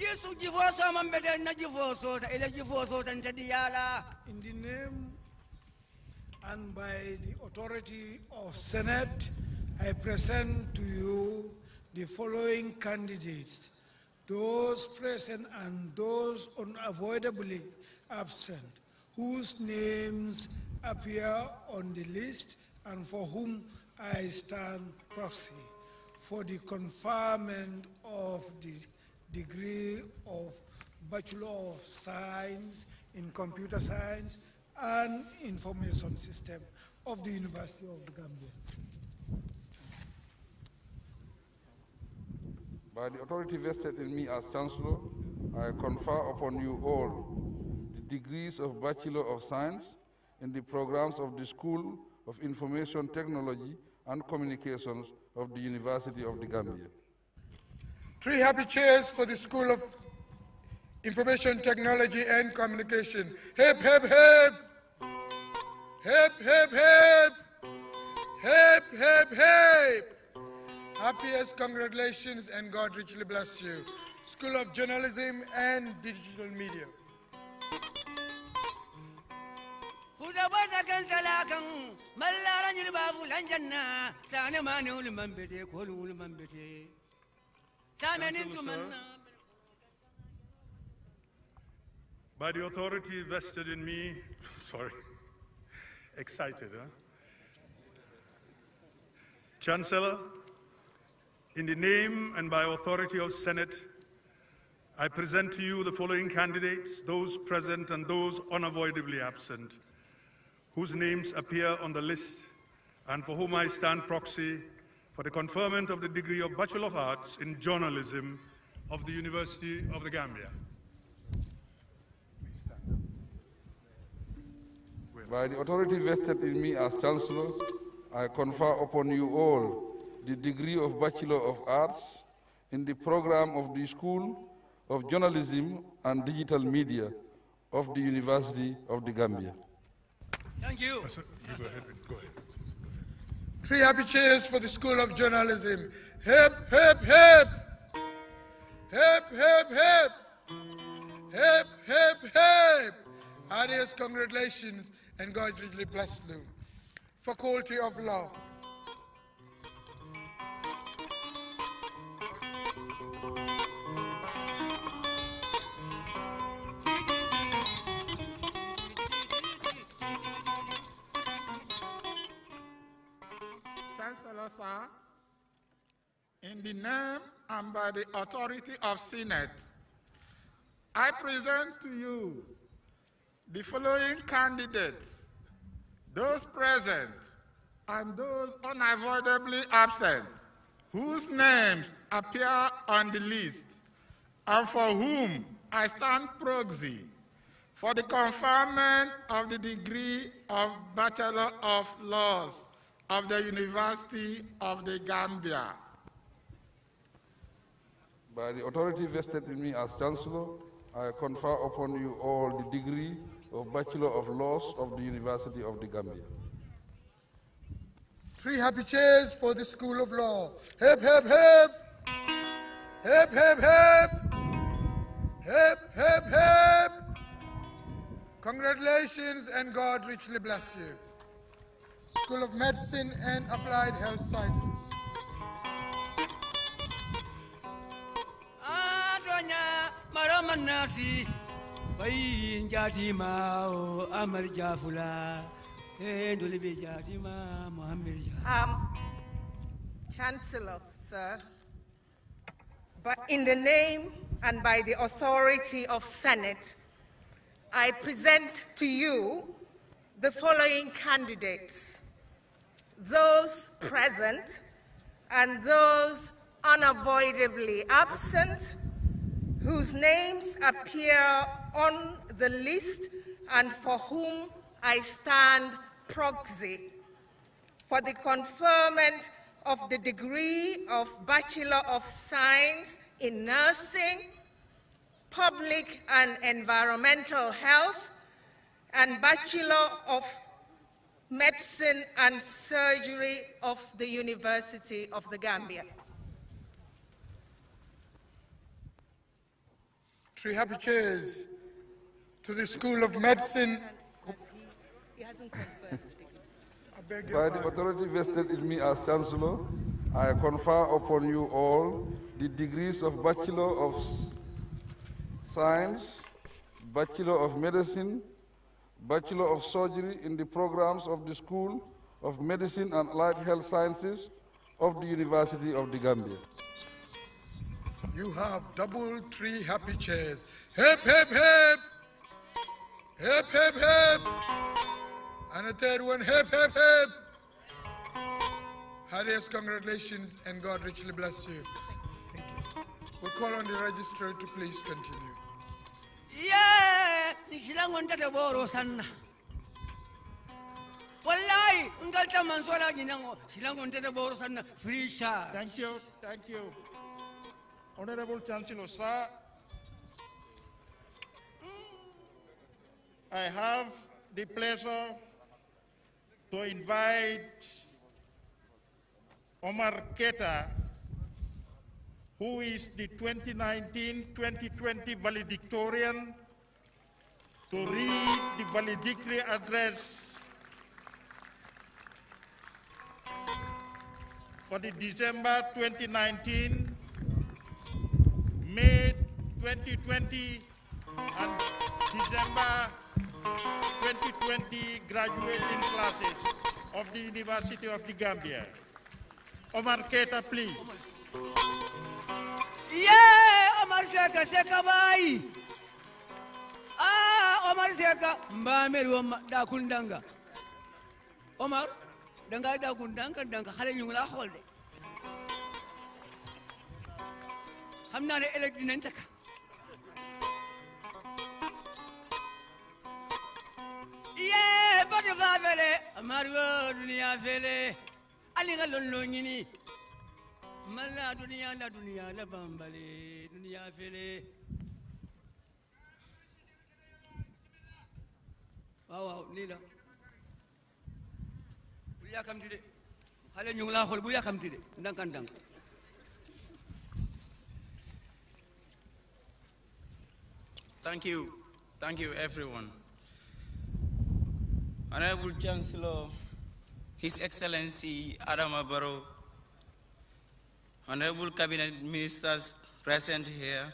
In the name and by the authority of Senate, I present to you the following candidates, those present and those unavoidably absent, whose names appear on the list and for whom I stand proxy for the conferment of the degree of Bachelor of Science in Computer Science and Information System of the University of the Gambia. By the authority vested in me as Chancellor, I confer upon you all the degrees of Bachelor of Science in the programs of the School of Information Technology and Communications of the University of the Gambia. Three happy chairs for the School of Information Technology and Communication. Hip, hip, hip! Hip, hip, hip! Hip, hip, hip! Happiest congratulations and God richly bless you. School of Journalism and Digital Media. kan sala by the authority vested in me, sorry, excited, huh? Chancellor, in the name and by authority of Senate, I present to you the following candidates, those present and those unavoidably absent, whose names appear on the list and for whom I stand proxy for the conferment of the degree of Bachelor of Arts in Journalism of the University of the Gambia. By the authority vested in me as Chancellor, I confer upon you all the degree of Bachelor of Arts in the program of the School of Journalism and Digital Media of the University of the Gambia. Thank you. Yes, you go ahead. Go ahead. Three happy cheers for the School of Journalism. Hip, hip, hip. Hip, hip, hip. Hip, hip, hip. Adios, congratulations, and God richly bless you. Faculty of Law. Sir, in the name and by the authority of Senate, I present to you the following candidates, those present and those unavoidably absent, whose names appear on the list and for whom I stand proxy for the conferment of the degree of Bachelor of Laws of the University of the Gambia. By the authority vested in me as Chancellor, I confer upon you all the degree of Bachelor of Laws of the University of the Gambia. Three happy cheers for the School of Law. Hip, hip, hip! Hip, hip, hip! Hip, hip, hip! Congratulations and God richly bless you. School of Medicine and Applied Health Sciences. Um, Chancellor, sir, but in the name and by the authority of Senate, I present to you the following candidates those present and those unavoidably absent whose names appear on the list and for whom I stand proxy for the conferment of the degree of Bachelor of Science in Nursing, Public and Environmental Health, and Bachelor of Medicine and Surgery of the University of the Gambia. Three happy chairs to the School of Medicine. By the authority vested in me as Chancellor, I confer upon you all the degrees of Bachelor of Science, Bachelor of Medicine, Bachelor of Surgery in the programs of the School of Medicine and Allied Health Sciences of the University of the Gambia. You have double three happy chairs. Hip, hip, hip! Hip, hip, hip! And a third one, hip, hip, hip! Harriet, congratulations and God richly bless you. Thank you. We'll call on the registrar to please continue thank you thank you honorable chancellor sir I have the pleasure to invite Omar Keta who is the 2019-2020 valedictorian, to read the valedictory address for the December 2019, May 2020, and December 2020 graduating classes of the University of the Gambia. Omar Keta, please. ye omar seka seka ɓaayi a omar seka mbameri wom ɗakun danga omar dangaa ɗakun danga danga hala ñugla xoolde xam naane elek dinantaka ye bato fa fele mar wo duniya fele ani nga lonlo ñini la la la Thank you. Thank you, everyone. Honorable Chancellor, His Excellency Adam Abaro, Honorable Cabinet Ministers present here,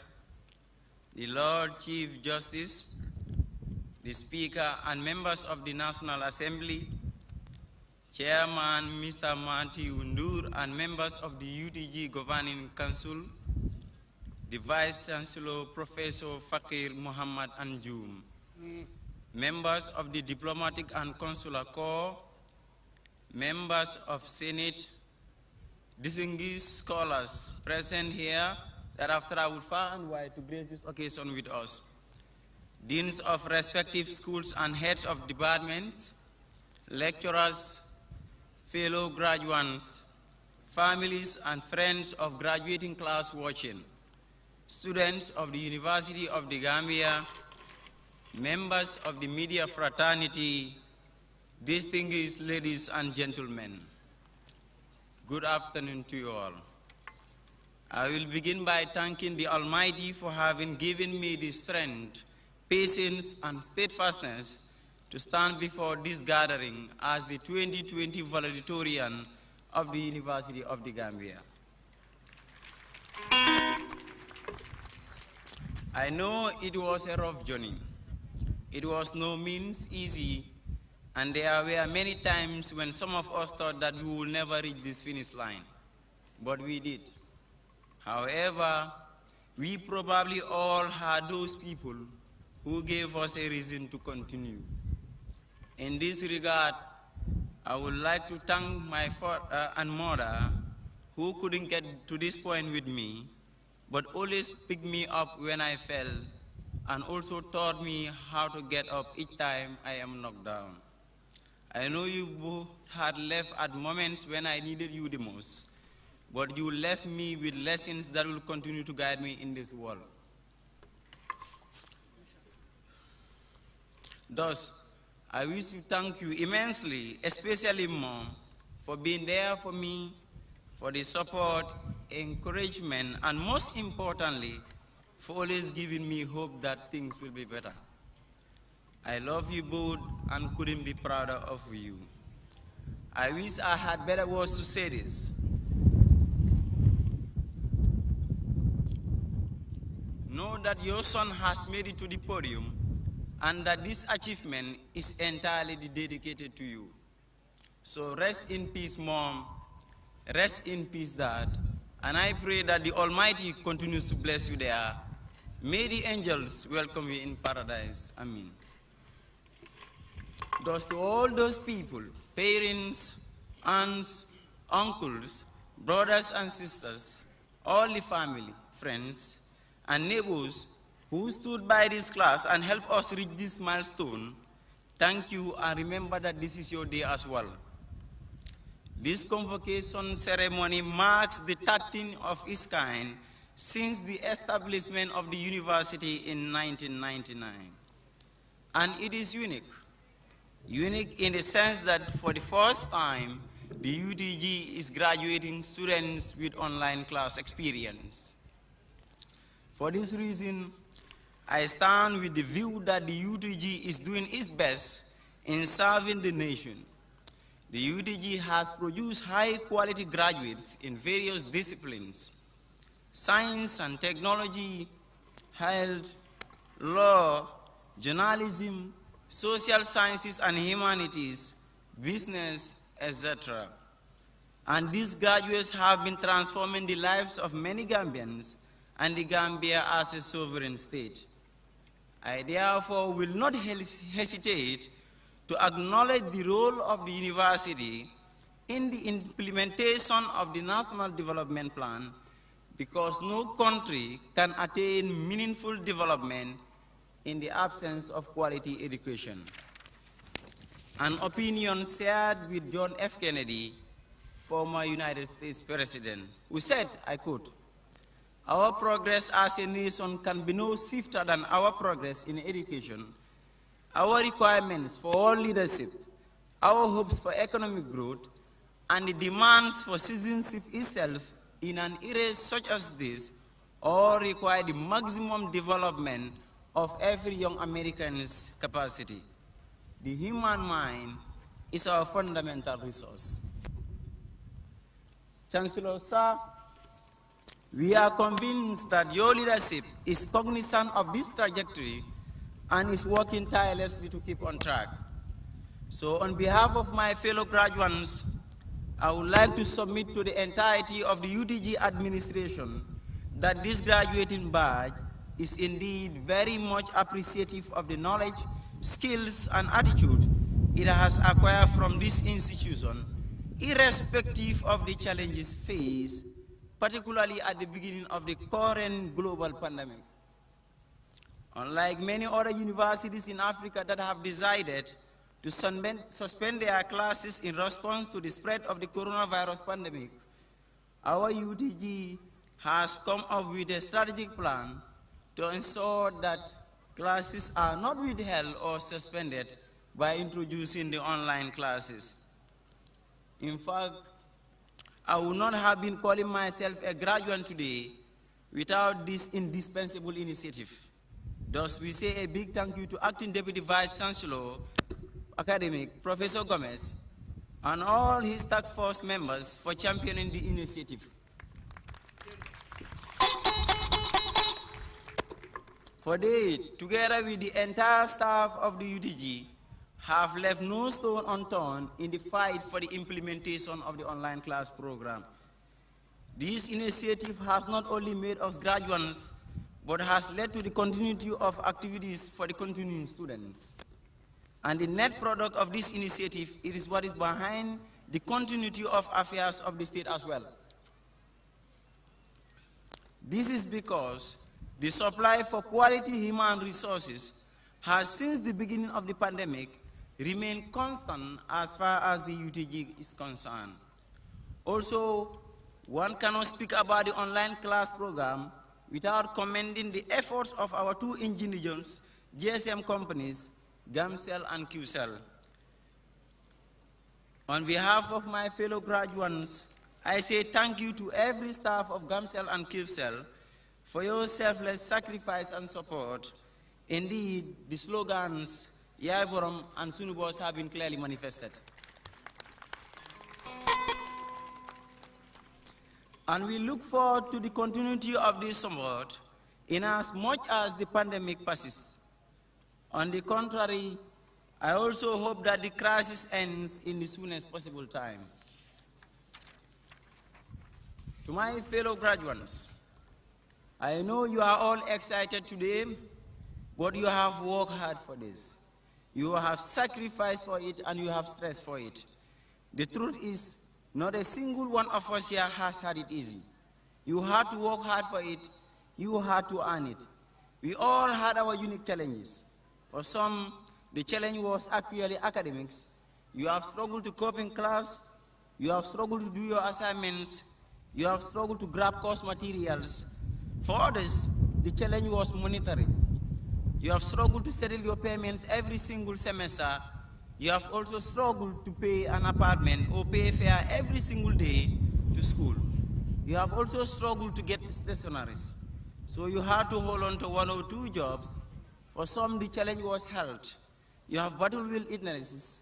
the Lord Chief Justice, the Speaker, and members of the National Assembly, Chairman Mr. Mati Undur, and members of the UTG Governing Council, the Vice Chancellor Professor Fakir Muhammad Anjum, mm. members of the Diplomatic and Consular Corps, members of Senate, distinguished scholars present here Thereafter, I will find why to grace this occasion with us. Deans of respective schools and heads of departments, lecturers, fellow graduates, families and friends of graduating class watching, students of the University of the Gambia, members of the media fraternity, distinguished ladies and gentlemen. Good afternoon to you all. I will begin by thanking the Almighty for having given me the strength, patience, and steadfastness to stand before this gathering as the 2020 valedictorian of the University of the Gambia. I know it was a rough journey. It was no means easy and there were many times when some of us thought that we will never reach this finish line, but we did. However, we probably all had those people who gave us a reason to continue. In this regard, I would like to thank my father uh, and mother who couldn't get to this point with me, but always picked me up when I fell and also taught me how to get up each time I am knocked down. I know you had left at moments when I needed you the most, but you left me with lessons that will continue to guide me in this world. Thus, I wish to thank you immensely, especially Mom, for being there for me, for the support, encouragement, and most importantly, for always giving me hope that things will be better. I love you both and couldn't be prouder of you. I wish I had better words to say this. Know that your son has made it to the podium and that this achievement is entirely dedicated to you. So rest in peace, Mom. Rest in peace, Dad. And I pray that the Almighty continues to bless you there. May the angels welcome you in paradise. Amen thus to all those people, parents, aunts, uncles, brothers and sisters, all the family, friends, and neighbors who stood by this class and helped us reach this milestone, thank you and remember that this is your day as well. This convocation ceremony marks the 13th of its kind since the establishment of the university in 1999. And it is unique Unique in the sense that for the first time, the UDG is graduating students with online class experience. For this reason, I stand with the view that the UDG is doing its best in serving the nation. The UDG has produced high-quality graduates in various disciplines, science and technology, health, law, journalism, social sciences and humanities, business, etc. And these graduates have been transforming the lives of many Gambians and the Gambia as a sovereign state. I therefore will not hesitate to acknowledge the role of the university in the implementation of the National Development Plan because no country can attain meaningful development in the absence of quality education. An opinion shared with John F. Kennedy, former United States President, who said, I quote, our progress as a nation can be no swifter than our progress in education. Our requirements for all leadership, our hopes for economic growth, and the demands for citizenship itself in an era such as this all require the maximum development of every young American's capacity. The human mind is our fundamental resource. Chancellor, sir, we are convinced that your leadership is cognizant of this trajectory and is working tirelessly to keep on track. So on behalf of my fellow graduates, I would like to submit to the entirety of the UTG administration that this graduating badge is indeed very much appreciative of the knowledge, skills, and attitude it has acquired from this institution, irrespective of the challenges faced, particularly at the beginning of the current global pandemic. Unlike many other universities in Africa that have decided to suspend their classes in response to the spread of the coronavirus pandemic, our UTG has come up with a strategic plan to ensure that classes are not withheld or suspended by introducing the online classes. In fact, I would not have been calling myself a graduate today without this indispensable initiative. Thus, we say a big thank you to Acting Deputy Vice Chancellor, Academic, Professor Gomez, and all his task force members for championing the initiative. For they, together with the entire staff of the UDG, have left no stone unturned in the fight for the implementation of the online class program. This initiative has not only made us graduates, but has led to the continuity of activities for the continuing students. And the net product of this initiative it is what is behind the continuity of affairs of the state as well. This is because the supply for quality human resources has since the beginning of the pandemic remained constant as far as the UTG is concerned. Also, one cannot speak about the online class program without commending the efforts of our two indigenous GSM companies, Gamcell and QCell. On behalf of my fellow graduates, I say thank you to every staff of Gamcell and QCell for your selfless sacrifice and support. Indeed, the slogans Yaiborom and Sunubos have been clearly manifested. And we look forward to the continuity of this support in as much as the pandemic passes. On the contrary, I also hope that the crisis ends in the soonest possible time. To my fellow graduates, I know you are all excited today, but you have worked hard for this. You have sacrificed for it and you have stressed for it. The truth is, not a single one of us here has had it easy. You had to work hard for it, you had to earn it. We all had our unique challenges. For some, the challenge was actually academics. You have struggled to cope in class, you have struggled to do your assignments, you have struggled to grab course materials, for others, the challenge was monetary. You have struggled to settle your payments every single semester. You have also struggled to pay an apartment or pay fare every single day to school. You have also struggled to get stationaries. So you had to hold on to one or two jobs. For some, the challenge was health. You have battled with illnesses.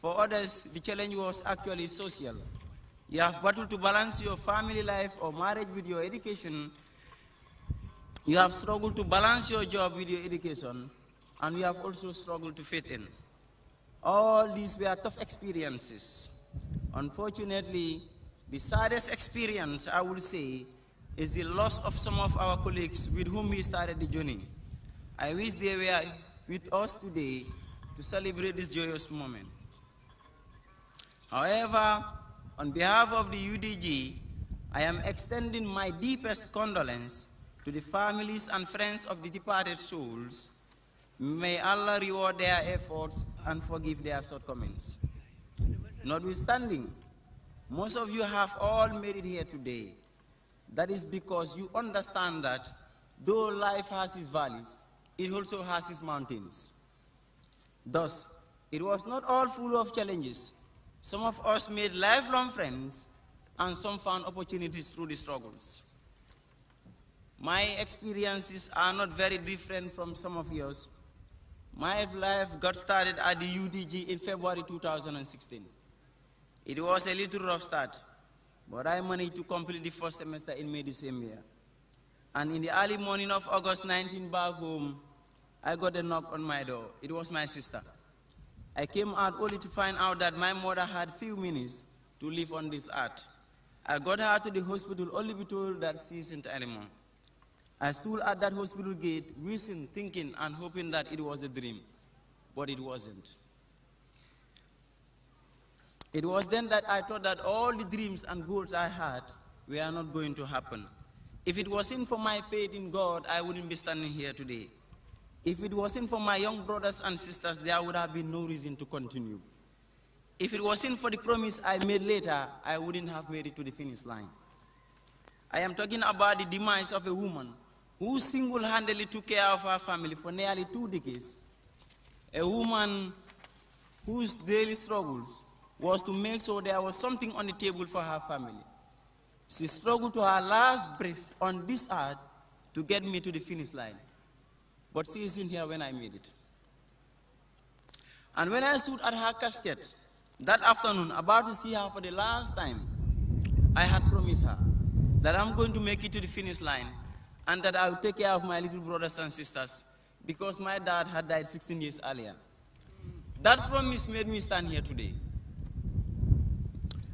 For others, the challenge was actually social. You have battled to balance your family life or marriage with your education you have struggled to balance your job with your education, and you have also struggled to fit in. All these were tough experiences. Unfortunately, the saddest experience, I would say, is the loss of some of our colleagues with whom we started the journey. I wish they were with us today to celebrate this joyous moment. However, on behalf of the UDG, I am extending my deepest condolence to the families and friends of the departed souls, may Allah reward their efforts and forgive their shortcomings. Notwithstanding, most of you have all made it here today. That is because you understand that though life has its valleys, it also has its mountains. Thus, it was not all full of challenges. Some of us made lifelong friends, and some found opportunities through the struggles. My experiences are not very different from some of yours. My life got started at the UDG in February 2016. It was a little rough start, but I managed to complete the first semester in May the same year. And in the early morning of August 19 back home, I got a knock on my door. It was my sister. I came out only to find out that my mother had few minutes to live on this earth. I got her to the hospital only to be told that she isn't anymore. I stood at that hospital gate, wishing, thinking, and hoping that it was a dream, but it wasn't. It was then that I thought that all the dreams and goals I had were not going to happen. If it wasn't for my faith in God, I wouldn't be standing here today. If it wasn't for my young brothers and sisters, there would have been no reason to continue. If it wasn't for the promise I made later, I wouldn't have made it to the finish line. I am talking about the demise of a woman who single-handedly took care of her family for nearly two decades, a woman whose daily struggles was to make sure there was something on the table for her family. She struggled to her last breath on this earth to get me to the finish line. But she isn't here when I made it. And when I stood at her casket that afternoon, about to see her for the last time, I had promised her that I'm going to make it to the finish line and that I would take care of my little brothers and sisters because my dad had died 16 years earlier. That promise made me stand here today.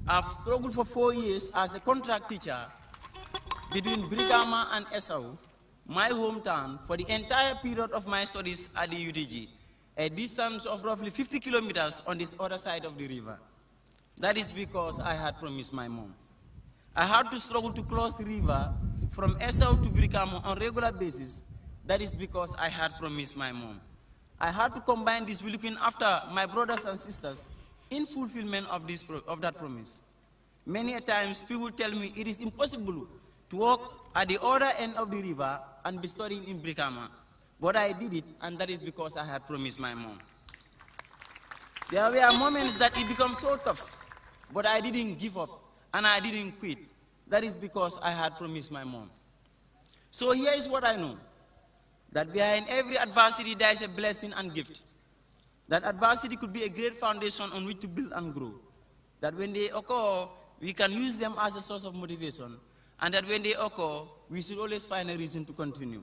I've struggled for four years as a contract teacher between Brigama and Esau, my hometown, for the entire period of my studies at the UDG, a distance of roughly 50 kilometers on this other side of the river. That is because I had promised my mom. I had to struggle to cross the river from SL to Birkamo on regular basis, that is because I had promised my mom. I had to combine this with looking after my brothers and sisters in fulfillment of, this of that promise. Many times people tell me it is impossible to walk at the other end of the river and be studying in Brikama. But I did it, and that is because I had promised my mom. There were moments that it became so tough, but I didn't give up, and I didn't quit. That is because I had promised my mom. So here is what I know that behind every adversity, there is a blessing and gift. That adversity could be a great foundation on which to build and grow. That when they occur, we can use them as a source of motivation. And that when they occur, we should always find a reason to continue.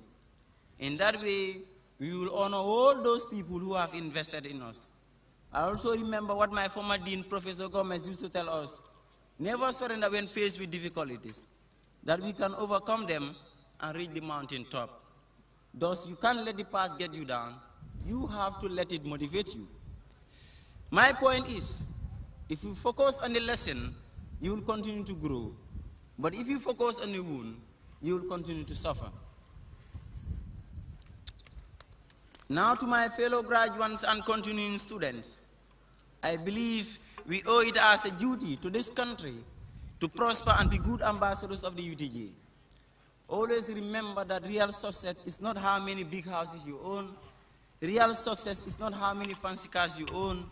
In that way, we will honor all those people who have invested in us. I also remember what my former dean, Professor Gomez, used to tell us Never surrender when faced with difficulties, that we can overcome them and reach the mountain top. Thus, you can't let the past get you down. You have to let it motivate you. My point is, if you focus on the lesson, you will continue to grow. But if you focus on the wound, you will continue to suffer. Now to my fellow graduates and continuing students, I believe we owe it as a duty to this country to prosper and be good ambassadors of the UTG. Always remember that real success is not how many big houses you own. Real success is not how many fancy cars you own.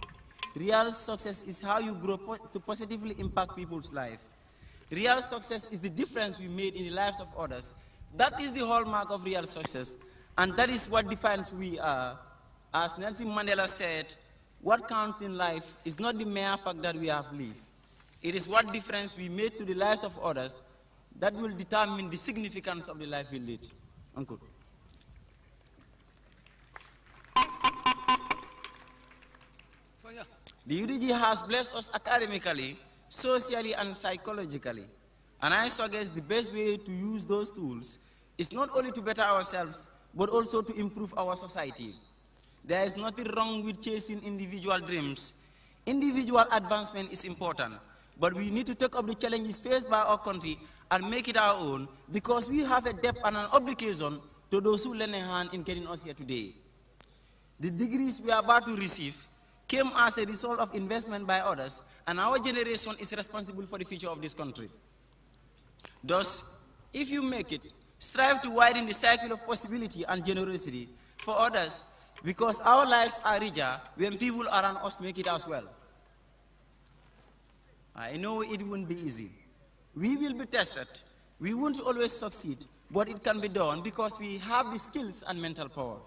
Real success is how you grow po to positively impact people's life. Real success is the difference we made in the lives of others. That is the hallmark of real success. And that is what defines we are. As Nelson Mandela said, what counts in life is not the mere fact that we have lived. It is what difference we made to the lives of others that will determine the significance of the life we lead. Uncle. The UDG has blessed us academically, socially, and psychologically. And I suggest the best way to use those tools is not only to better ourselves, but also to improve our society. There is nothing wrong with chasing individual dreams. Individual advancement is important, but we need to take up the challenges faced by our country and make it our own because we have a debt and an obligation to those who lend a hand in getting us here today. The degrees we are about to receive came as a result of investment by others, and our generation is responsible for the future of this country. Thus, if you make it, strive to widen the circle of possibility and generosity for others because our lives are richer when people around us make it as well. I know it won't be easy. We will be tested. We won't always succeed, but it can be done because we have the skills and mental power.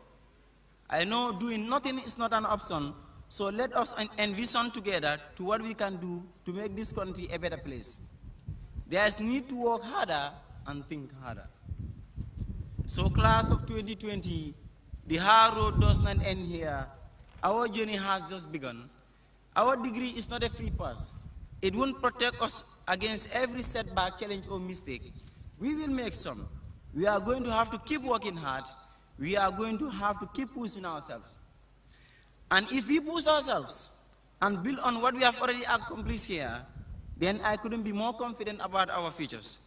I know doing nothing is not an option, so let us envision together to what we can do to make this country a better place. There is need to work harder and think harder. So class of 2020, the hard road does not end here. Our journey has just begun. Our degree is not a free pass. It won't protect us against every setback, challenge, or mistake. We will make some. We are going to have to keep working hard. We are going to have to keep pushing ourselves. And if we push ourselves and build on what we have already accomplished here, then I couldn't be more confident about our futures.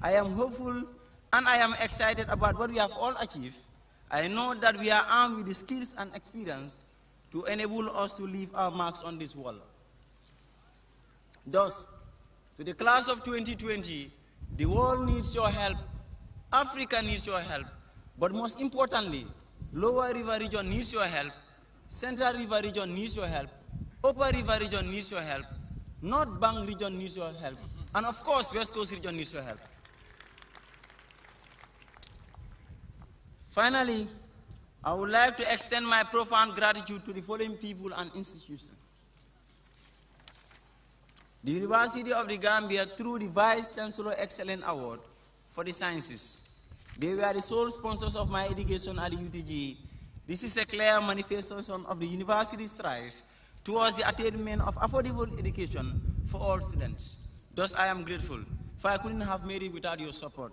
I am hopeful and I am excited about what we have all achieved I know that we are armed with the skills and experience to enable us to leave our marks on this world. Thus, to the class of 2020, the world needs your help, Africa needs your help, but most importantly, Lower River Region needs your help, Central River Region needs your help, Upper River Region needs your help, North Bank Region needs your help, and of course, West Coast Region needs your help. Finally, I would like to extend my profound gratitude to the following people and institutions. The University of the Gambia, through the Vice Chancellor Excellence Award for the Sciences, they were the sole sponsors of my education at the UTG. This is a clear manifestation of the university's strive towards the attainment of affordable education for all students. Thus, I am grateful, for I couldn't have made it without your support.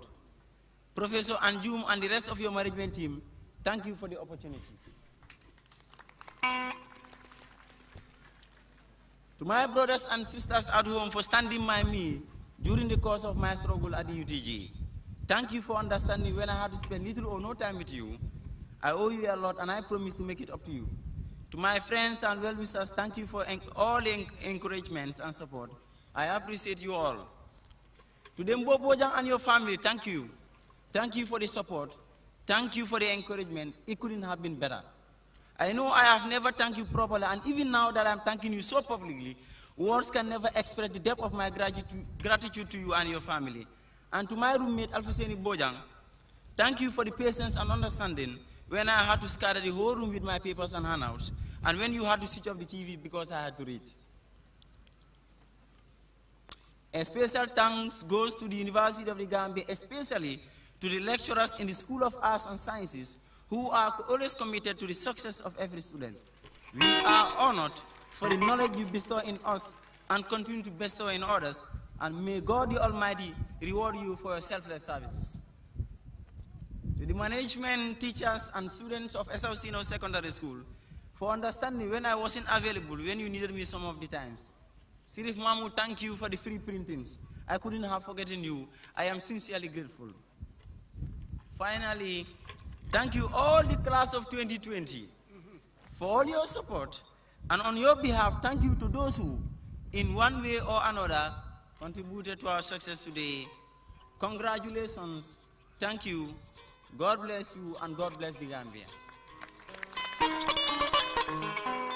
Professor Anjum and the rest of your management team, thank you for the opportunity. To my brothers and sisters at home for standing by me during the course of my struggle at the UTG, thank you for understanding when I had to spend little or no time with you. I owe you a lot and I promise to make it up to you. To my friends and well-wishers, thank you for all the encouragements and support. I appreciate you all. To the Mbobojang and your family, thank you. Thank you for the support. Thank you for the encouragement. It couldn't have been better. I know I have never thanked you properly, and even now that I'm thanking you so publicly, words can never express the depth of my gratitude to you and your family. And to my roommate, Alfuseni Bojang, thank you for the patience and understanding when I had to scatter the whole room with my papers and handouts, and when you had to switch off the TV because I had to read. A special thanks goes to the University of the Gambia, especially to the lecturers in the School of Arts and Sciences who are always committed to the success of every student. We are honored for the knowledge you bestow in us and continue to bestow in others, and may God the Almighty reward you for your selfless services. To the management, teachers, and students of SLCNO Secondary School, for understanding when I wasn't available, when you needed me some of the times. Sirif Mamu, thank you for the free printings. I couldn't have forgotten you. I am sincerely grateful. Finally, thank you all the class of 2020 for all your support. And on your behalf, thank you to those who, in one way or another, contributed to our success today. Congratulations. Thank you. God bless you and God bless the Gambia.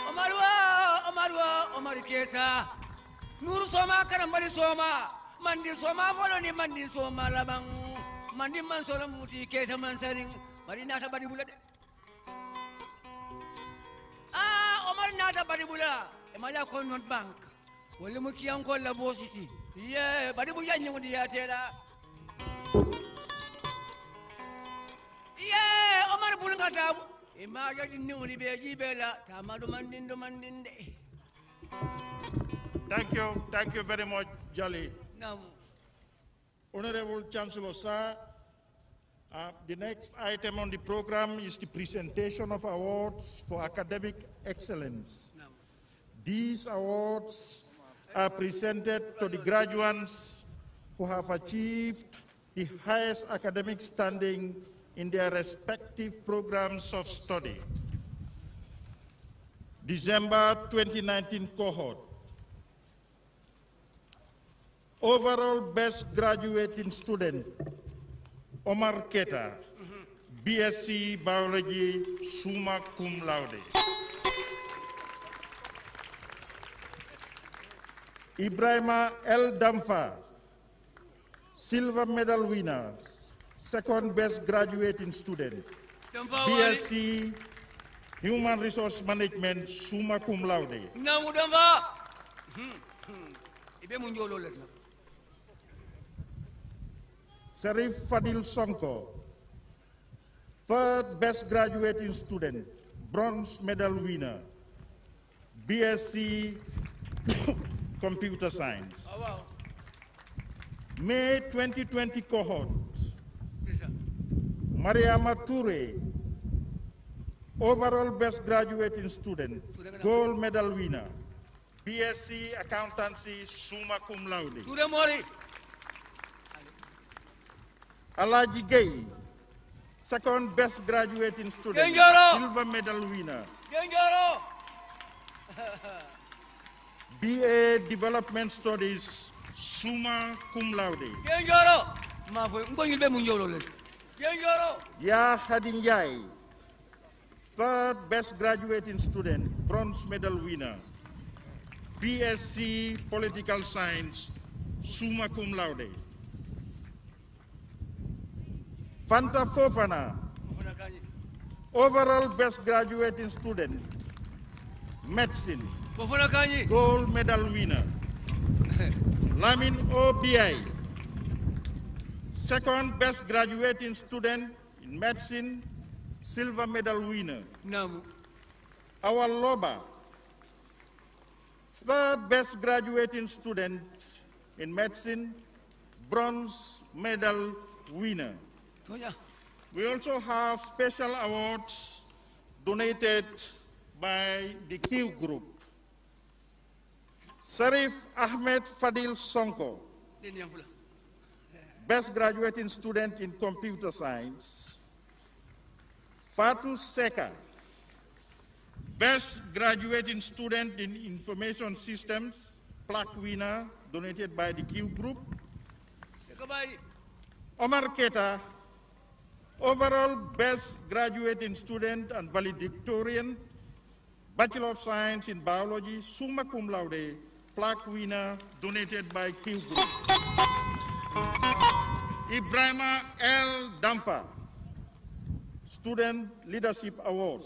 Omarwa, Omarwa, Nur Soma Karambali Soma. Mandi Soma Mandi Soma Labangu. Mandi man solo muti kesa man sering mari nata badi bulat. Ah, Omar nata badi bulat. Emala kon not bank. Wala mu kiyang ko la bositi. Ye, badi bulat nyo di atela. Ye, Omar bulan kata. Imaga di nyo di beji bela. Tamadu mandin do mandin de. Thank you, thank you very much, Jali. Namu. Honorable Chancellor, sir, uh, the next item on the program is the presentation of awards for academic excellence. These awards are presented to the graduates who have achieved the highest academic standing in their respective programs of study. December 2019 cohort Overall best graduating student, Omar Keta, BSc Biology, summa cum laude. Ibrahima El Damfa, silver medal winner, second best graduating student, BSc Human Resource Management, summa cum laude. Hmm, hmm. Serif Fadil Sonko, third best graduating student, bronze medal winner, BSc Computer Science. Oh, wow. May 2020 cohort, Maria Toure, overall best graduating student, gold medal winner, BSc Accountancy, summa cum laude. Alaji Gay, second best graduating student, silver medal winner. BA Development Studies, summa cum laude. Ya Jai, third best graduating student, bronze medal winner. BSc Political Science, summa cum laude. Fanta Fofana, overall best graduating student, medicine, gold medal winner. Lamin OBI, second best graduating student in medicine, silver medal winner. No. Our Loba, third best graduating student in medicine, bronze medal winner. Oh, we also have special awards donated by the Q Group. Sharif Ahmed Fadil Sonko, Best Graduating Student in Computer Science. Fatu Seka, Best Graduating Student in Information Systems, plaque winner donated by the Q Group. Omar Keta, Overall best graduating student and valedictorian, Bachelor of Science in Biology, summa cum laude, plaque winner donated by Q Group. Ibrahima L. Damfa, Student Leadership Award.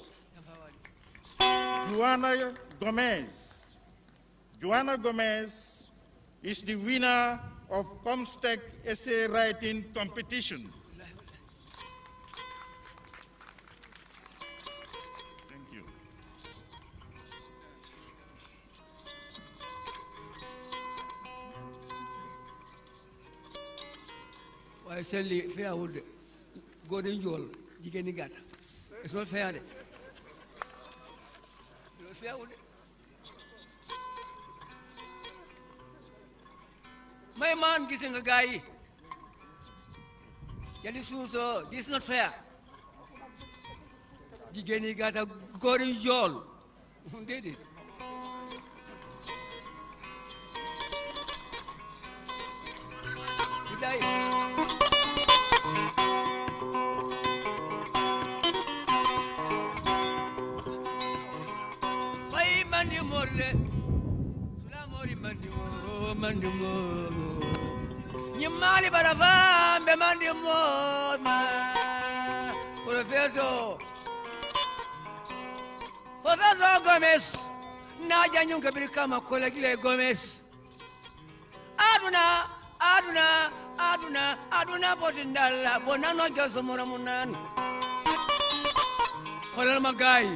Joanna Gomez. Joanna Gomez is the winner of Comstec Essay Writing Competition. waaye seen lii feyaawul de góor ñi njool jigéen ñi gàtt not fair de may maan gis nga gaa yi jadi suusoo not fair jigéen ñi gàtt góor ñi njool déedéet Daí. morile sula mori mandingo mandingo nyimali barafambe mandingo ma profeso profeso gomes naja nyunga kama kolegile gomes aduna aduna aduna aduna potindala bonano josomoramunana kolal magayi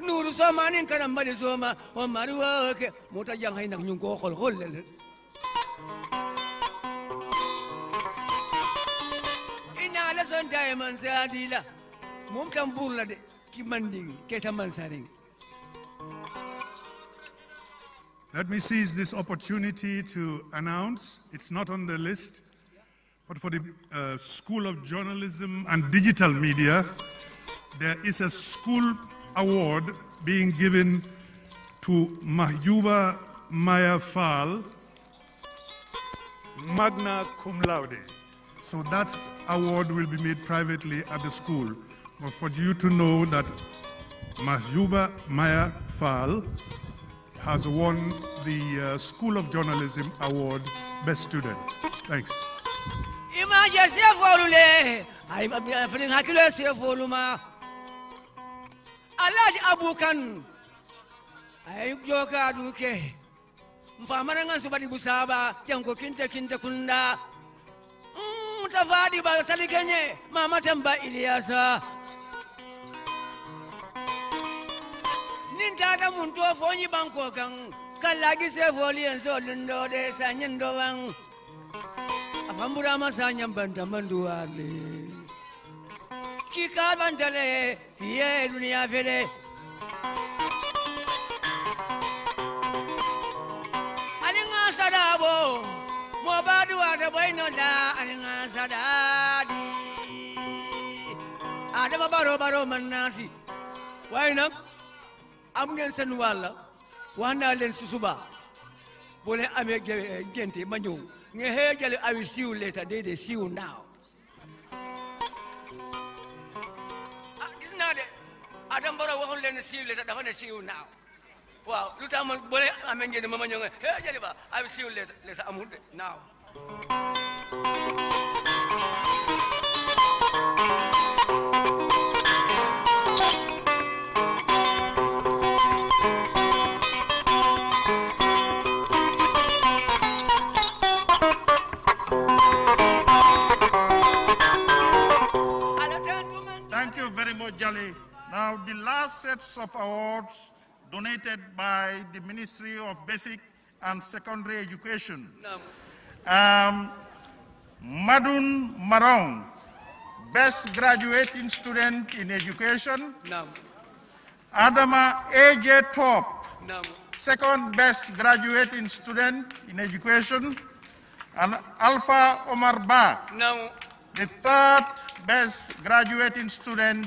nuru soma nin karam bari soma o maruwa ke mota jang hay nak ñu ko xol xol le ina la son tay man sa dila mom tam bur la de ki manding ke ta man saring Let me seize this opportunity to announce, it's not on the list, but for the uh, School of Journalism and Digital Media, there is a school award being given to Mahjuba Maya Fal, magna cum laude. So that award will be made privately at the school. But for you to know that Mahjuba Maya Fal has won the uh, School of Journalism Award Best Student. Thanks. Alaj abu kanu ayuk joka duke mfamara ngan subadi busaba tanko kinte kinte kunda mutafadi hmm, ba saliganye mama tamba Ilyasa, ninta tata mun to fonyi banko kan kallagi se foli lundo de sanyin wang afambura masanya bantamanduwale chika bandele ye dunia vele ani nga sadabo mo badu ada boino da ani nga sadadi ada baro baro manasi wayna am ngeen sen wala wana len susuba bo len amé gente ma ñew nga hejale awi siw leta dede siw now Adam baru orang lain siu le, tak ada siu now. Wow, lu tak boleh amin jadi mama nyongai. Hei jadi ba, I siu le, le sa amud now. Thank you very much, Jolly. Now, the last sets of awards donated by the Ministry of Basic and Secondary Education. No. Um, Madun Marong, Best Graduating Student in Education. No. Adama AJ Top, no. Second Best Graduating Student in Education. And Alpha Omar Ba, the third best graduating student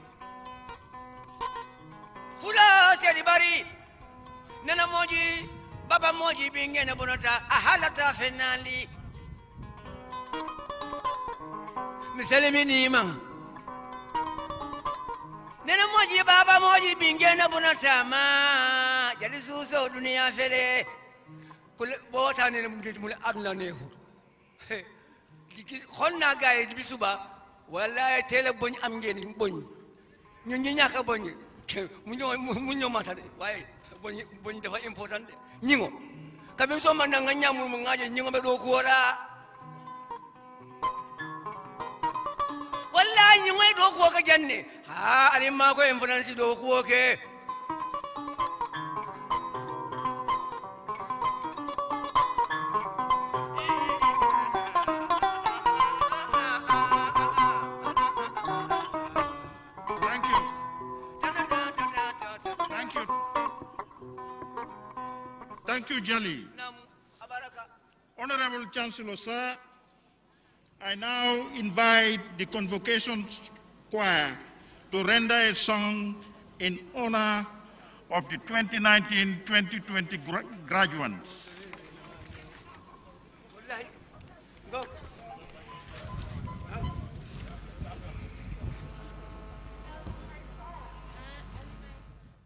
Fula siyani bari nana moji baba moji bingene bonota ahalata fenali misali mini imam nana moji baba moji bingene bonota ma jadi suso dunia fere kul bota nene mungkin mula adna nehu xonna gaay bi suba wala tele boñ am ngeen boñ ñu ñi ñaka boñ 문영아 문영마 사대 와이 뭐니 뭐니 대 임포산데 닝어 가면서 만난 거냐 물문가지 닝어 배로 구워라 원래 닝어에 로 구워가지 니아 아니 마고 임포산시 로 구워게 cordially. Honorable Chancellor, sir, I now invite the Convocation Choir to render a song in honor of the 2019-2020 gra graduates.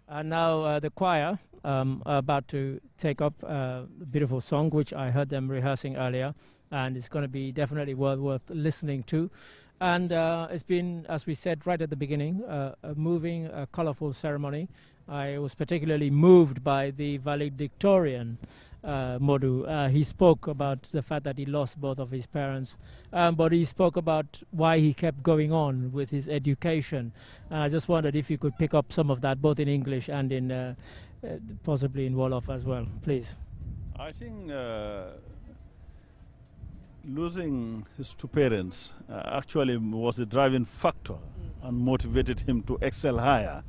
And now uh, the choir um, about to take up a beautiful song which I heard them rehearsing earlier, and it's going to be definitely worth worth listening to. And uh, it's been, as we said right at the beginning, uh, a moving, a colorful ceremony. I was particularly moved by the valedictorian uh, Modu. Uh, he spoke about the fact that he lost both of his parents, um, but he spoke about why he kept going on with his education. And I just wondered if you could pick up some of that, both in English and in uh, possibly in Wolof as well, please. I think uh, losing his two parents uh, actually was a driving factor mm. and motivated him to excel higher.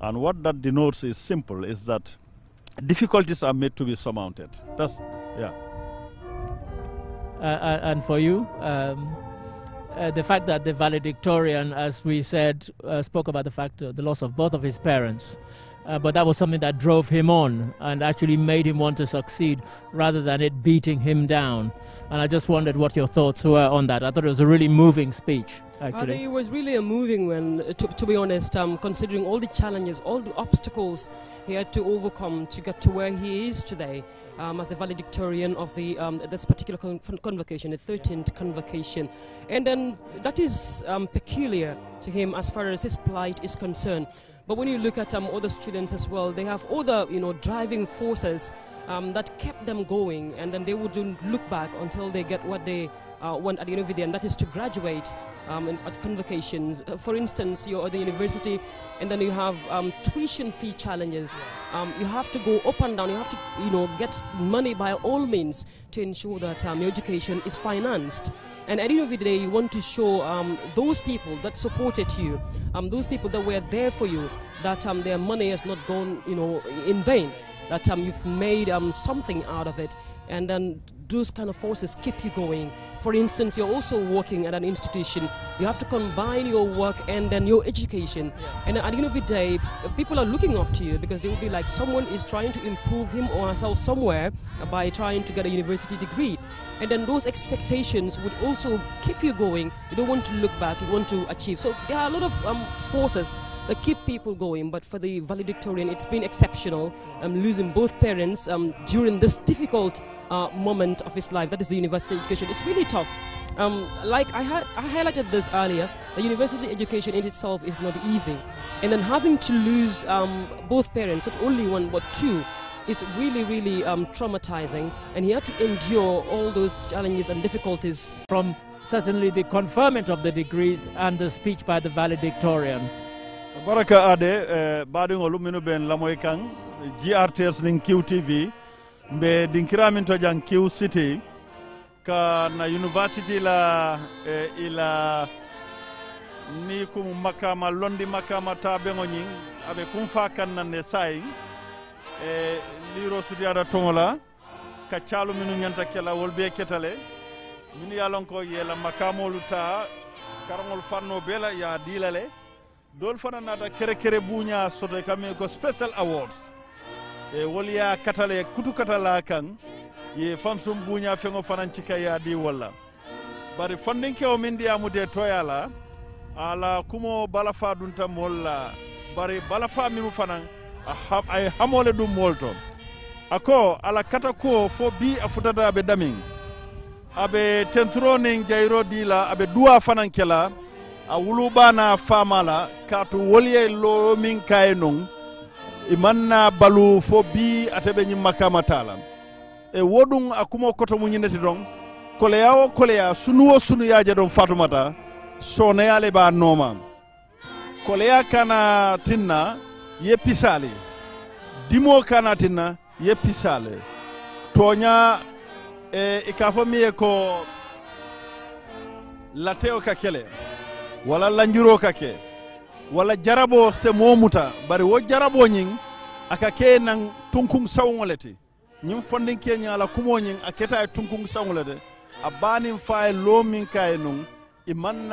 And what that denotes is simple, is that difficulties are made to be surmounted. That's, yeah. Uh, uh and for you, um, uh, the fact that the valedictorian, as we said, uh, spoke about the fact the loss of both of his parents, uh, but that was something that drove him on and actually made him want to succeed rather than it beating him down. And I just wondered what your thoughts were on that. I thought it was a really moving speech. Actually, it was really a moving one. Uh, to, to be honest, um, considering all the challenges, all the obstacles he had to overcome to get to where he is today, um, as the valedictorian of the um, this particular con convocation, the 13th convocation, and then that is um, peculiar to him as far as his plight is concerned. But when you look at um, other students as well, they have other you know driving forces um, that kept them going, and then they wouldn't look back until they get what they uh, want at the day, and that is to graduate um, in, at convocations. Uh, for instance, you're at the university, and then you have um, tuition fee challenges. Um, you have to go up and down. You have to, you know, get money by all means to ensure that um, your education is financed. And at the end of the day, you want to show um, those people that supported you, um, those people that were there for you, that their money has not gone, you know, in vain that um, you've made um, something out of it. And then those kind of forces keep you going for instance, you're also working at an institution, you have to combine your work and then your education. Yeah. And at the end of the day, people are looking up to you because they will be like, someone is trying to improve him or herself somewhere by trying to get a university degree. And then those expectations would also keep you going. You don't want to look back, you want to achieve. So there are a lot of um, forces that keep people going, but for the valedictorian, it's been exceptional. Um, losing both parents um, during this difficult uh, moment of his life, that is the university education, it's really tough. Um, like I, had, I highlighted this earlier, the university education in itself is not easy. And then having to lose um, both parents, not only one but two, is really, really um, traumatizing. And he had to endure all those challenges and difficulties. From certainly the conferment of the degrees and the speech by the valedictorian. Baraka Ade, eh, Badung Olumino Ben Lamoikang, GRTS Ning QTV, Mbe Dinkiramin Tojang Q City. ka na university la eh, ila ni kum makama londi makama ta beŋo ñiŋ abe kum fa kaŋ na ne saayiŋ e eh, liro sutiyata toŋo la ka caalu minnu ñanta kela wol bee keta le minnu ye loŋ ko ye la makamolu ta karaŋolu fannoo bee la ye a dii la le doolu fana naata kere kere buuñaa soto ka ko special awards e eh, wolu ye a kata le kutu kata la kaŋ ye fansum buuña feŋo ci ka yaadi wala bari fandinkewo min mindi amude la ala kumo balafa dunta moolu la bari balafa mu fanan a ye hamole dum molto to a ko ala kata kuwo fo bi a futata damin abe tenturo nin jayiro di la aɓe duwa fanan ke la a wulubana fama la katu wolye lo min kaye non i balu fo bi ateɓe ñimma kamatala e woɗum akkumo koto muñinete ɗon koleya o koleya sunuwo sunuyaje ɗon fatumata soneyale ba nomam koleya kana tinna ye pisale dimo kana tinna ye pisale toña e i ka fo miye ko lateo ka kele wala lanjuro ka ke wala jarabo se momuta bari wo jarabo aka ke nan tunkun sawŋo leti ñiŋ fondin keñiŋ a la kumoo ñiŋ a keta ye tunkuŋ saŋo le de a baaniŋ fa ye loo miŋ ka ye nuŋ i maŋ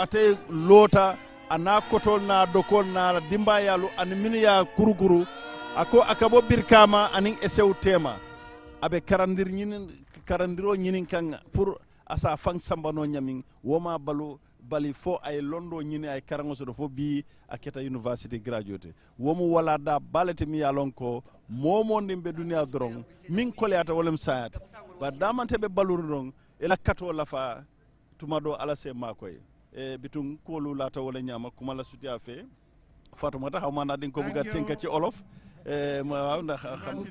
ate loota a naa kotol naa dokol naa dimbaayaalu aniŋ minnu ye a kurukuru a ko a ka bo birikaama aniŋ tema teema a be karandir ñinin karandiro ñinin kaŋ pour a sa a faŋ sambanoo ñamiŋ wo maa bali fo ay londo ñini ay karaŋo soto fo bi a keta university graduate womu wala da balete mi ye ko momonde ɓe duniya doron min koleyata wolem sayata ba damante ɓe baluru ɗon ela kato lafa tuma ɗo ala se makoye e bitun kuwolu lata wole ñama kumala sutiya fe fatumata hawmana ɗin ko buga tenka ci olof waaw ndax xam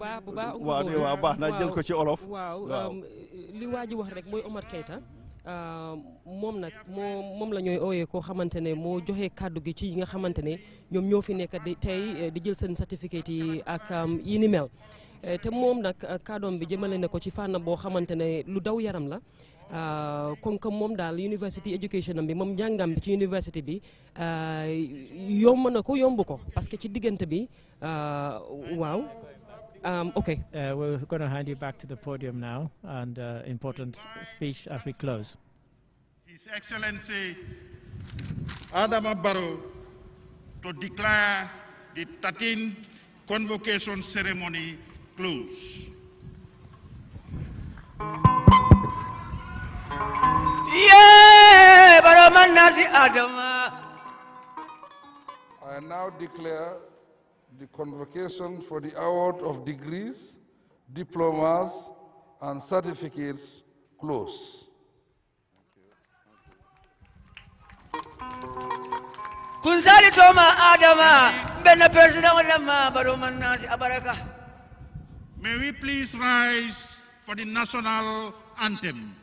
waaw na jël ko ci olof waaw um, li waaji wax rek moy Omar Keita moom nag moo moom la ñooy ooyee koo xamante ne moo joxe kàddu gi ci yi nga xamante ne ñoom ñoo fi nekk di tey eh, di jël seen certificate yi ak am ni mel eh, te moom nag eh, kàddoom bi jëmale na ko ci fànn boo xamante ne lu daw yaram la ah, kon que moom daal university education am bi moom njàngam bi ci université bi ah, yomb na ko yomb ko parce que ci diggante bi ah, waaw Um, okay. Uh, we're going to hand you back to the podium now and uh, important speech as we close. His Excellency Adama Barrow to declare the 13th convocation ceremony closed. Yeah, Barrow Manasi Adama. I now declare the convocation for the award of degrees, diplomas, and certificates close. kunzali toma adama president abaraka may we please rise for the national anthem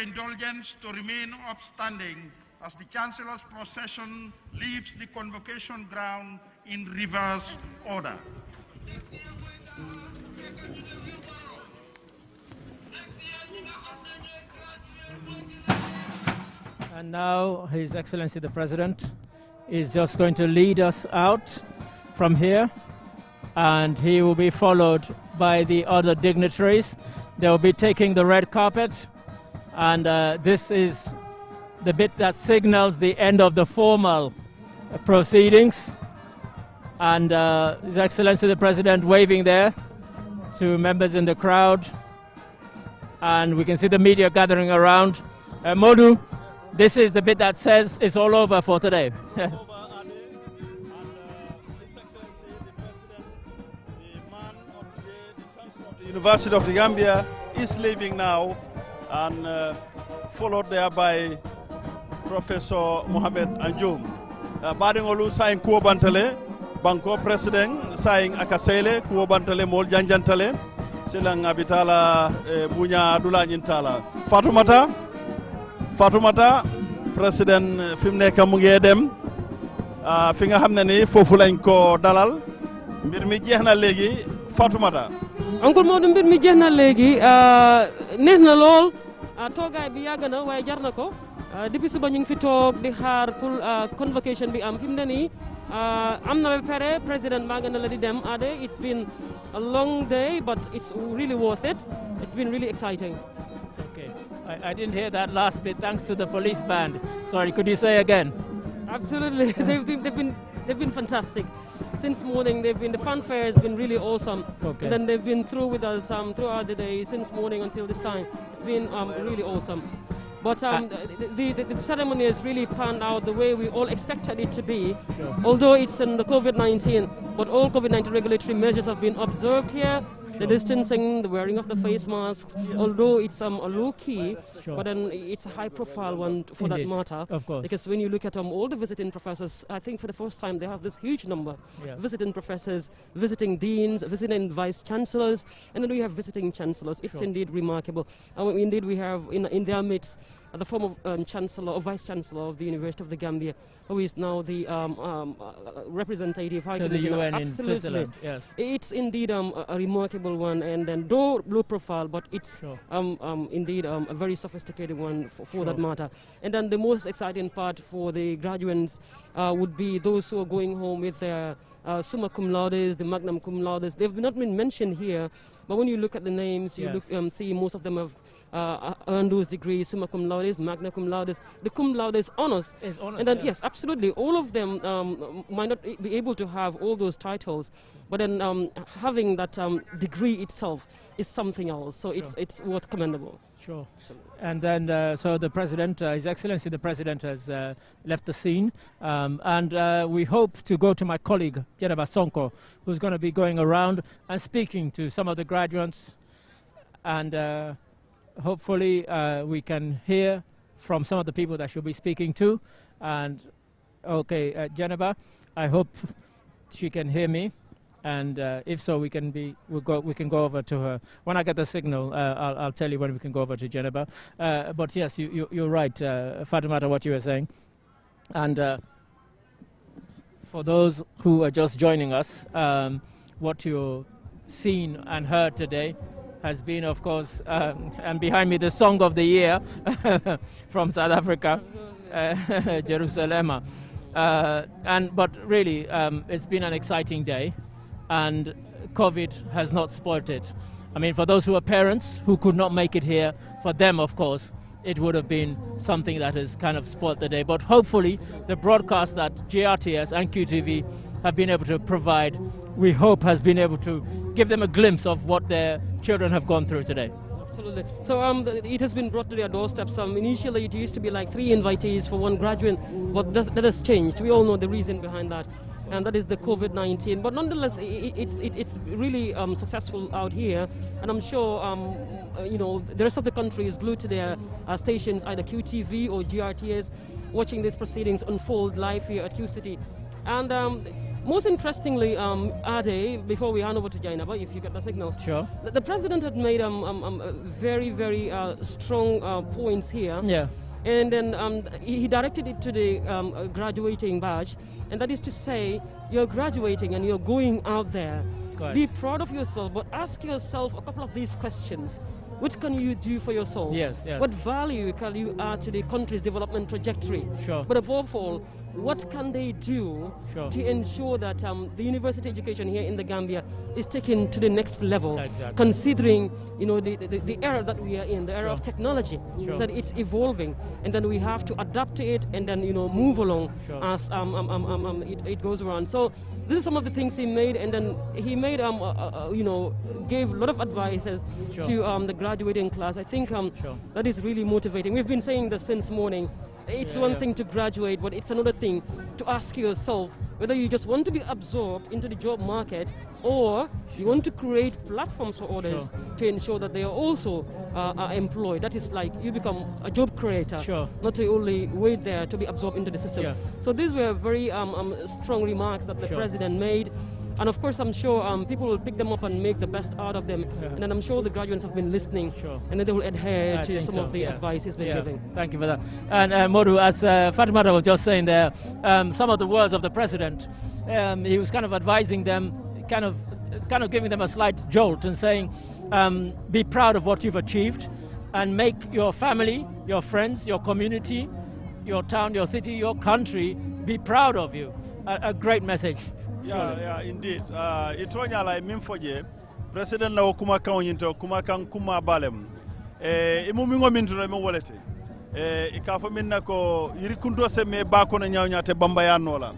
indulgence to remain upstanding as the Chancellor's procession leaves the convocation ground in reverse order. And now His Excellency the President is just going to lead us out from here and he will be followed by the other dignitaries. They will be taking the red carpet and uh, this is the bit that signals the end of the formal proceedings. And uh, His Excellency the President waving there to members in the crowd. And we can see the media gathering around. Uh, Modu, this is the bit that says it's all over for today. University of the Gambia is leaving now and uh, followed there by Professor Mohamed Anjum. Uh, Badingolu saying Kuobantale, Banko President saying Akasele, Kuobantale Mol Janjantale, Selang Abitala uh, Bunya Adula Nyintala. Fatumata, Fatumata, President uh, Fimneka Mungedem, uh, fi nga xam dalal mbir mi jeex na léegi Uncle Modou mbir mi jeex na léegi euh, neex na lool euh, toogaay bi yàgg na waaye jar na ko euh, depuis suba ñu ngi fi toog di xaar pour convocation bi am fi mu ne nii am na ba pare président maa nga la di dem Ade it's been a long day but it's really worth it it's been really exciting. okay I, I didn't hear that last bit thanks to the police band sorry could you say again. absolutely they've been they've been they've been fantastic since morning they've been the funfair has been really awesome okay. and then they've been through with us um, throughout the day since morning until this time it's been um, really awesome but um, uh, the, the, the, ceremony has really panned out the way we all expected it to be, sure. although it's in the COVID-19, but all COVID-19 regulatory measures have been observed here the distancing, the wearing of the face masks, although it's um, a low key, sure. but then it's a high profile one for Indeed. that matter. Of course. Because when you look at um, all the visiting professors, I think for the first time they have this huge number visiting professors, visiting deans, visiting vice chancellors, and then we have visiting chancellors. It's sure. indeed remarkable. I indeed, we have in, in their midst uh, the former um, Chancellor or Vice Chancellor of the University of the Gambia, who is now the um, uh, um, uh, representative to the UN Absolutely. in Switzerland. Yes. It's indeed um, a remarkable one, and, then low profile, but it's sure. Um, um, indeed a very sophisticated one for, for sure. that matter. And then the most exciting part for the graduates uh, would be those who are going home with their uh, summa cum laudes, the magnum cum laudes. They've not been mentioned here, but when you look at the names, you yes. look, see most of them have uh, those degrees, summa cum laude, magna cum laude, the cum laude is honors. and then, yeah. yes, absolutely, all of them um, might not be able to have all those titles, but then um, having that um, degree itself is something else, so sure. it's, it's worth commendable. Sure. And then, uh, so the President, uh, His Excellency the President, has uh, left the scene. Um, and uh, we hope to go to my colleague, Jennifer Sonko, who's going to be going around and speaking to some of the graduates and uh, hopefully uh, we can hear from some of the people that she'll be speaking to. And okay, uh, Geneva, I hope she can hear me. And uh, if so, we can be we will go we can go over to her when I get the signal. Uh, I'll, I'll tell you when we can go over to Geneva. Uh, but yes, you, you are right, uh, Fatimata, what you were saying. And uh, for those who are just joining us, um, what you have seen and heard today has been, of course, um, and behind me the song of the year from South Africa, uh, Jerusalem. Uh, and but really, um, it's been an exciting day, and COVID has not spoilt it. I mean, for those who are parents who could not make it here, for them, of course, it would have been something that has kind of spoiled the day. But hopefully, the broadcast that GRTS and QTV have been able to provide, we hope has been able to give them a glimpse of what their children have gone through today. Absolutely. So um, it has been brought to their doorstep. Some um, initially it used to be like three invitees for one graduate, but that, that has changed. We all know the reason behind that and that is the COVID-19. But nonetheless, it's it, it's really um, successful out here, and I'm sure um, uh, you know the rest of the country is glued to their uh, stations, either QTV or GRTS, watching these proceedings unfold live here at Q City, and. Um, most interestingly, um, Ade, before we hand over to Jainaba, if you get the signals, sure. The, the president had made um, um, um uh, very, very uh, strong uh, points here. Yeah. And then um, he directed it to the um, uh, graduating batch, and that is to say, you're graduating and you're going out there. Right. Be proud of yourself, but ask yourself a couple of these questions. What can you do for yourself? Yes, yes. What value can you add to the country's development trajectory? Sure. But above all, what can they do sure. to ensure that um, the university education here in the Gambia is taken to the next level, exactly. considering you know the, the, the, era that we are in, the era sure. of technology, sure. so it's evolving, and then we have to adapt to it, and then you know move along as um um, um, um, um, it, it, goes around. So this is some of the things he made, and then he made um, uh, uh, uh you know gave a lot of advices to the graduating class. I think that is really motivating. We've been saying this since morning. It's yeah, one yeah. thing to graduate, but it's another thing to ask yourself whether you just want to be absorbed into the job market or you want to create platforms for others sure. to ensure that they are also uh, are employed. That is like you become a job creator, sure. not to only wait there to be absorbed into the system. Yeah. So these were very um, um, strong remarks that the sure. president made. And of course, I'm sure um, people will pick them up and make the best out of them. Yeah. And I'm sure the graduates have been listening sure. and they will adhere I to some so, of the yes. advice he's been yeah. giving. Thank you for that. And uh, as uh, Fatimata was just saying there, um, some of the words of the president, um, he was kind of advising them, kind of, kind of giving them a slight jolt and saying, um, be proud of what you've achieved and make your family, your friends, your community, your town, your city, your country be proud of you. a, a great message. Yeah, yeah, indeed. Uh, itonya la minfoje president na kuma kan yinto kuma kan kuma balem. e imu mingo min dro mi wolete. Eh fo min ko yiri kundo se me ba ko na nyaawnyate bamba ya nola.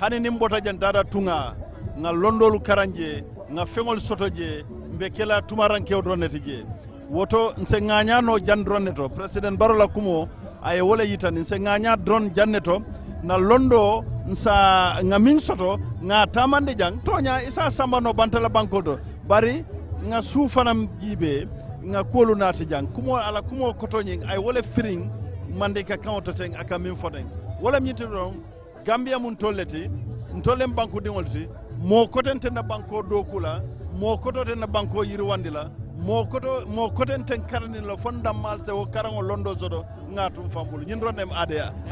Hani nim bota jan dada tunga nga londolu karanje nga fengol sotoje mbe kela ke donnete je. Woto nse nganya no jan to president barola kumo aye wole yitani nse nganya dron to na londo sa min soto nga tamande jang tonya isa sambano bantala bankoto bari nga sufanam jibe nga kolu nati jang kumo ala kumo kotonyi ay wala firing mande ka kaunta teng aka min foten wala nyiti don gambia mun tolleti ntollen banku dingolti mo koten na banko dokula mo kototen na banko la mo koto mo ten karanin lo fondammal se wo karango londo soto ngatum fambulu ñin ronde mi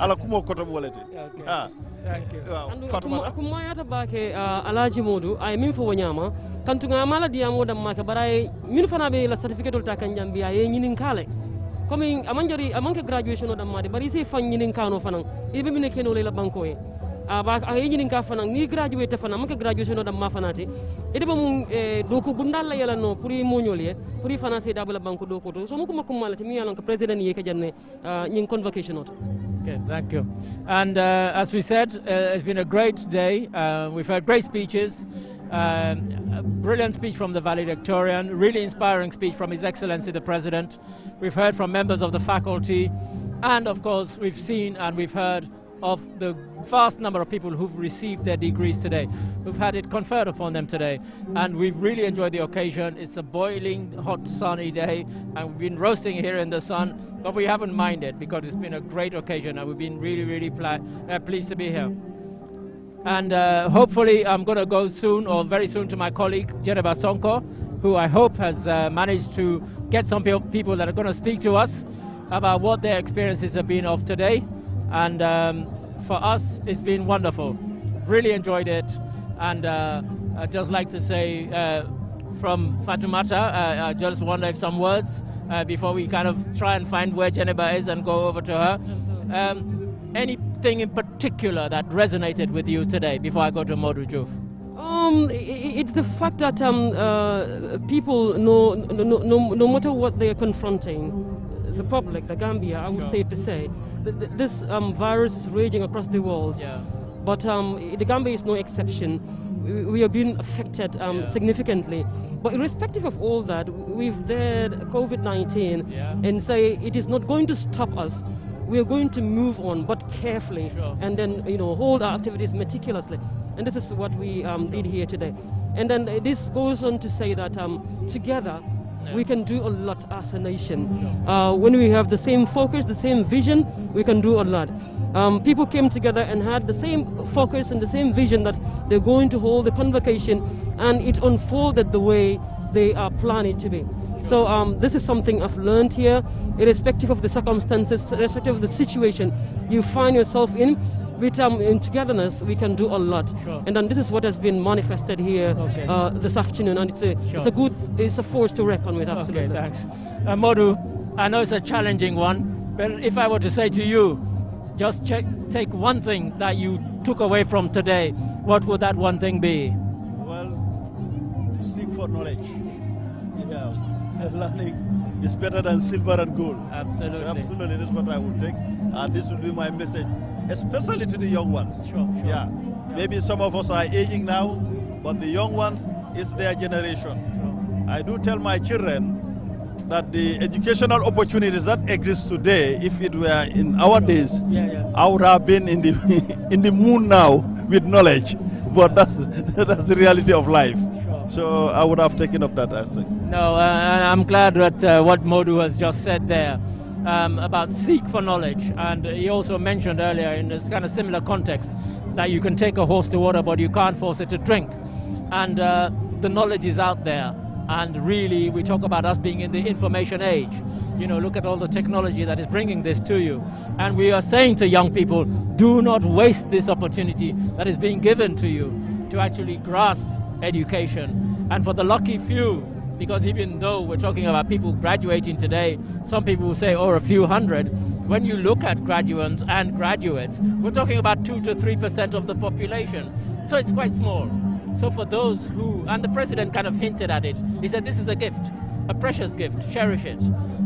ala kumo koto mi wolete ha ko moyata bake alaji modou ay min fo woñama kantuga mala diyamo dam make bara min fana ɓe la certificat ol ta kan jambi a ye ñinin comme aman jari aman ke graduation o dam made bari se fan ñinin kano fanan iɓe mine kenole la banko e a fana graduate dam ma mum e yala no pour moñol ye pour doko to so mi yalon ko president ka janne ah, ñing convocation Okay, thank you. And uh, as we said, uh, it's been a great day. Uh, we've heard great speeches. Um, brilliant speech from the valedictorian, really inspiring speech from His Excellency the President. We've heard from members of the faculty, and of course, we've seen and we've heard of the vast number of people who've received their degrees today, who've had it conferred upon them today. And we've really enjoyed the occasion. It's a boiling, hot, sunny day, and we've been roasting here in the sun, but we haven't minded because it's been a great occasion, and we've been really, really uh, pleased to be here. And uh, hopefully, I'm going to go soon or very soon to my colleague, Jereba Sonko, who I hope has uh, managed to get some people that are going to speak to us about what their experiences have been of today and um, for us, it's been wonderful. Really enjoyed it. And uh, I'd just like to say uh, from Fatumata, uh, I just wonder if some words uh, before we kind of try and find where Geneva is and go over to her. Um, anything in particular that resonated with you today before I go to Modu Juf? Um, it's the fact that um, uh, people know, no, no, no matter what they are confronting, the public, the Gambia, I would sure. say per se, th this um, virus is raging across the world. Yeah. But um, the Gambia is no exception. We, have are being affected um, yeah. significantly. But irrespective of all that, we've dared COVID-19 yeah. and say it is not going to stop us. We are going to move on, but carefully, sure. and then you know hold our activities meticulously. And this is what we um, did here today. And then uh, this goes on to say that um, together we can do a lot as a nation. Uh, when we have the same focus, the same vision, we can do a lot. Um, people came together and had the same focus and the same vision that they're going to hold the convocation, and it unfolded the way they are planning to be. So um, this is something I've learned here, irrespective of the circumstances, irrespective of the situation you find yourself in with um, in togetherness, we can do a lot. Sure. And then um, this is what has been manifested here okay. uh, this afternoon, and it's a sure. it's a good it's a force to reckon with. Absolutely. Okay, thanks, uh, Modu. I know it's a challenging one, but if I were to say to you, just check, take one thing that you took away from today, what would that one thing be? Well, to seek for knowledge. Yeah, learning is better than silver and gold. Absolutely. Absolutely, that's what I would take. And this would be my message, especially to the young ones. Sure, sure. Yeah. Maybe some of us are aging now, but the young ones, it's their generation. Sure. I do tell my children that the educational opportunities that exist today, if it were in our days, yeah, yeah. I would have been in the, in the moon now with knowledge. But that's, that's the reality of life. So I would have taken up that think. No, uh, I'm glad that uh, what Modu has just said there um, about seek for knowledge. And he also mentioned earlier in this kind of similar context that you can take a horse to water, but you can't force it to drink. And uh, the knowledge is out there. And really, we talk about us being in the information age. You know, look at all the technology that is bringing this to you. And we are saying to young people, do not waste this opportunity that is being given to you to actually grasp education. And for the lucky few, because even though we're talking about people graduating today, some people will say, or oh, a few hundred. When you look at graduates and graduates, we're talking about 2 to 3% of the population. So it's quite small. So for those who, and the president kind of hinted at it, he said this is a gift a precious gift. Cherish it.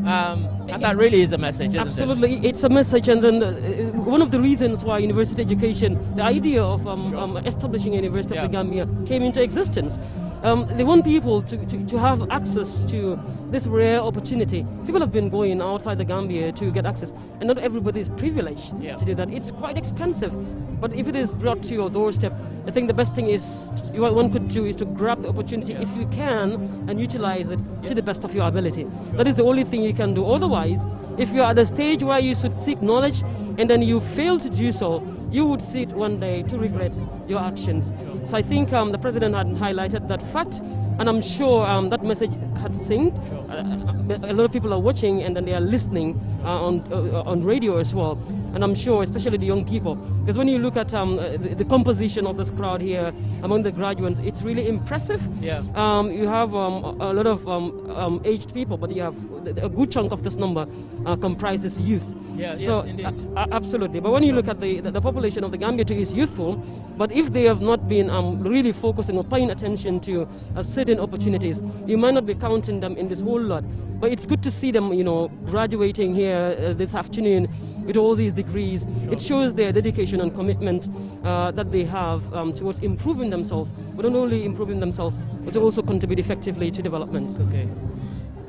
Um, and that really is a message, Absolutely. It? It's a message. And then uh, uh, one of the reasons why university education, the idea of um, sure. um, establishing a University yeah. of the Gambia came into existence. Um, they want people to, to, to, have access to this rare opportunity. People have been going outside the Gambia to get access, and not everybody is privileged yeah. to do that. It's quite expensive, but if it is brought to your doorstep, I think the best thing is what one could do is to grab the opportunity yeah. if you can and utilize it to the best best of your ability. That is the only thing you can do. Otherwise, if you are at a stage where you should seek knowledge and then you fail to do so, you would sit one day to regret your actions. So I think um, the president had highlighted that fact, and I'm sure um, that message had synced. Uh, uh a lot of people are watching and then they are listening uh, on, uh, on radio as well and I'm sure, especially the young people, because when you look at um, uh, the, the, composition of this crowd here among the graduates, it's really impressive. Yeah. Um, you have um, a lot of um, um, aged people, but you have a good chunk of this number uh, comprises youth. Yeah, so, yes, uh, absolutely. But when you look at the, the, the, population of the Gambia too is youthful, but if they have not been um, really focusing or paying attention to uh, certain opportunities, you might not be counting them in this whole lot. But it's good to see them, you know, graduating here uh, this afternoon with all these degrees. Sure. It shows their dedication and commitment uh, that they have um, towards improving themselves, but not only improving themselves, but to also contribute effectively to development. Okay.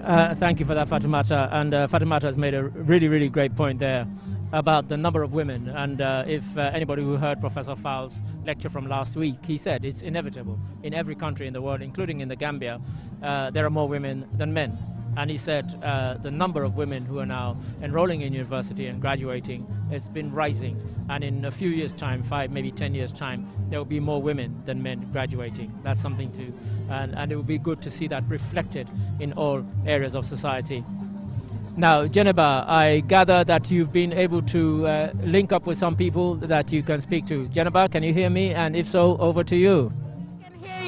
Uh, thank you for that, Fatimata. And uh, Fatimata has made a really, really great point there about the number of women. And uh, if uh, anybody who heard Professor Fowles' lecture from last week, he said it's inevitable. In every country in the world, including in the Gambia, uh, there are more women than men. And he said uh, the number of women who are now enrolling in university and graduating has been rising. And in a few years' time, five, maybe 10 years' time, there will be more women than men graduating. That's something to, and, and it would be good to see that reflected in all areas of society. Now, Jeneba, I gather that you've been able to uh, link up with some people that you can speak to. Jeneba, can you hear me? And if so, over to you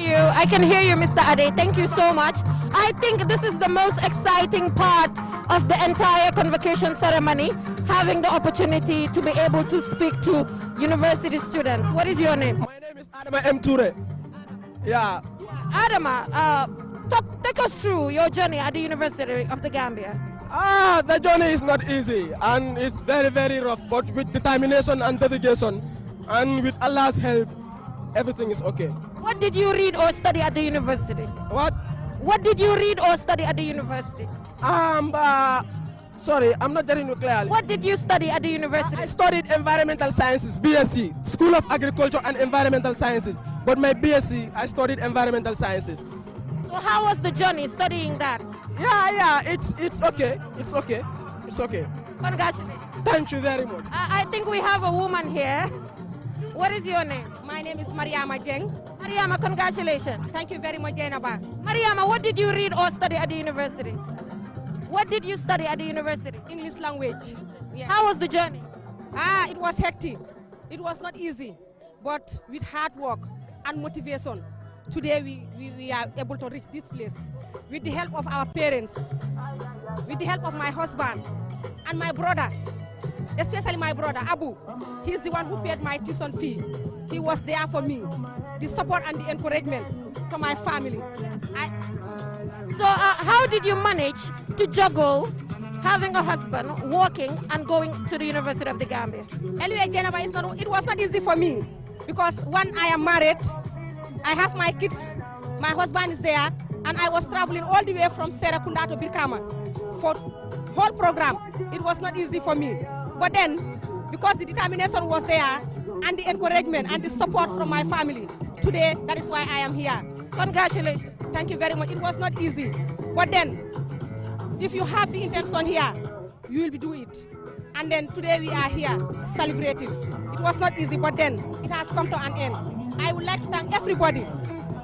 you. I can hear you, Mr. Ade. Thank you so much. I think this is the most exciting part of the entire convocation ceremony, having the opportunity to be able to speak to university students. What is your name? My name is Adama M. Ture. Yeah. Adama, uh, talk, take us through your journey at the University of the Gambia. Ah, the journey is not easy and it's very, very rough, but with determination and dedication and with Allah's help, everything is okay. What did you read or study at the university? What? What did you read or study at the university? Um, uh, sorry, I'm not getting you clearly. What did you study at the university? I, I studied environmental sciences, BSc, School of Agriculture and Environmental Sciences. But my BSc, I studied environmental sciences. So how was the journey studying that? Yeah, yeah, it's, it's okay, it's okay, it's okay. Congratulations. Thank you very much. I, uh, I think we have a woman here. What is your name? My name is Mariama Jeng. Mariama, congratulations. Thank you very much, Jenaba. Mariama, what did you read or study at the university? What did you study at the university? English language. How was the journey? Ah, it was hectic. It was not easy, but with hard work and motivation, today we, we, we are able to reach this place with the help of our parents, with the help of my husband and my brother especially my brother, Abu. He's the one who paid my tuition fee. He was there for me, the support and the encouragement to my family. I... so uh, how did you manage to juggle having a husband, working, and going to the University of the Gambia? Anyway, Geneva, not, it was not easy for me because when I am married, I have my kids, my husband is there, and I was traveling all the way from Serakunda to Birkama for whole program. It was not easy for me. But then, because the determination was there, and the encouragement and the support from my family, today, that is why I am here. Congratulations. Thank you very much. It was not easy. But then, if you have the intention here, you will do it. And then today we are here celebrating. It was not easy, but then it has come to an end. I would like to thank everybody,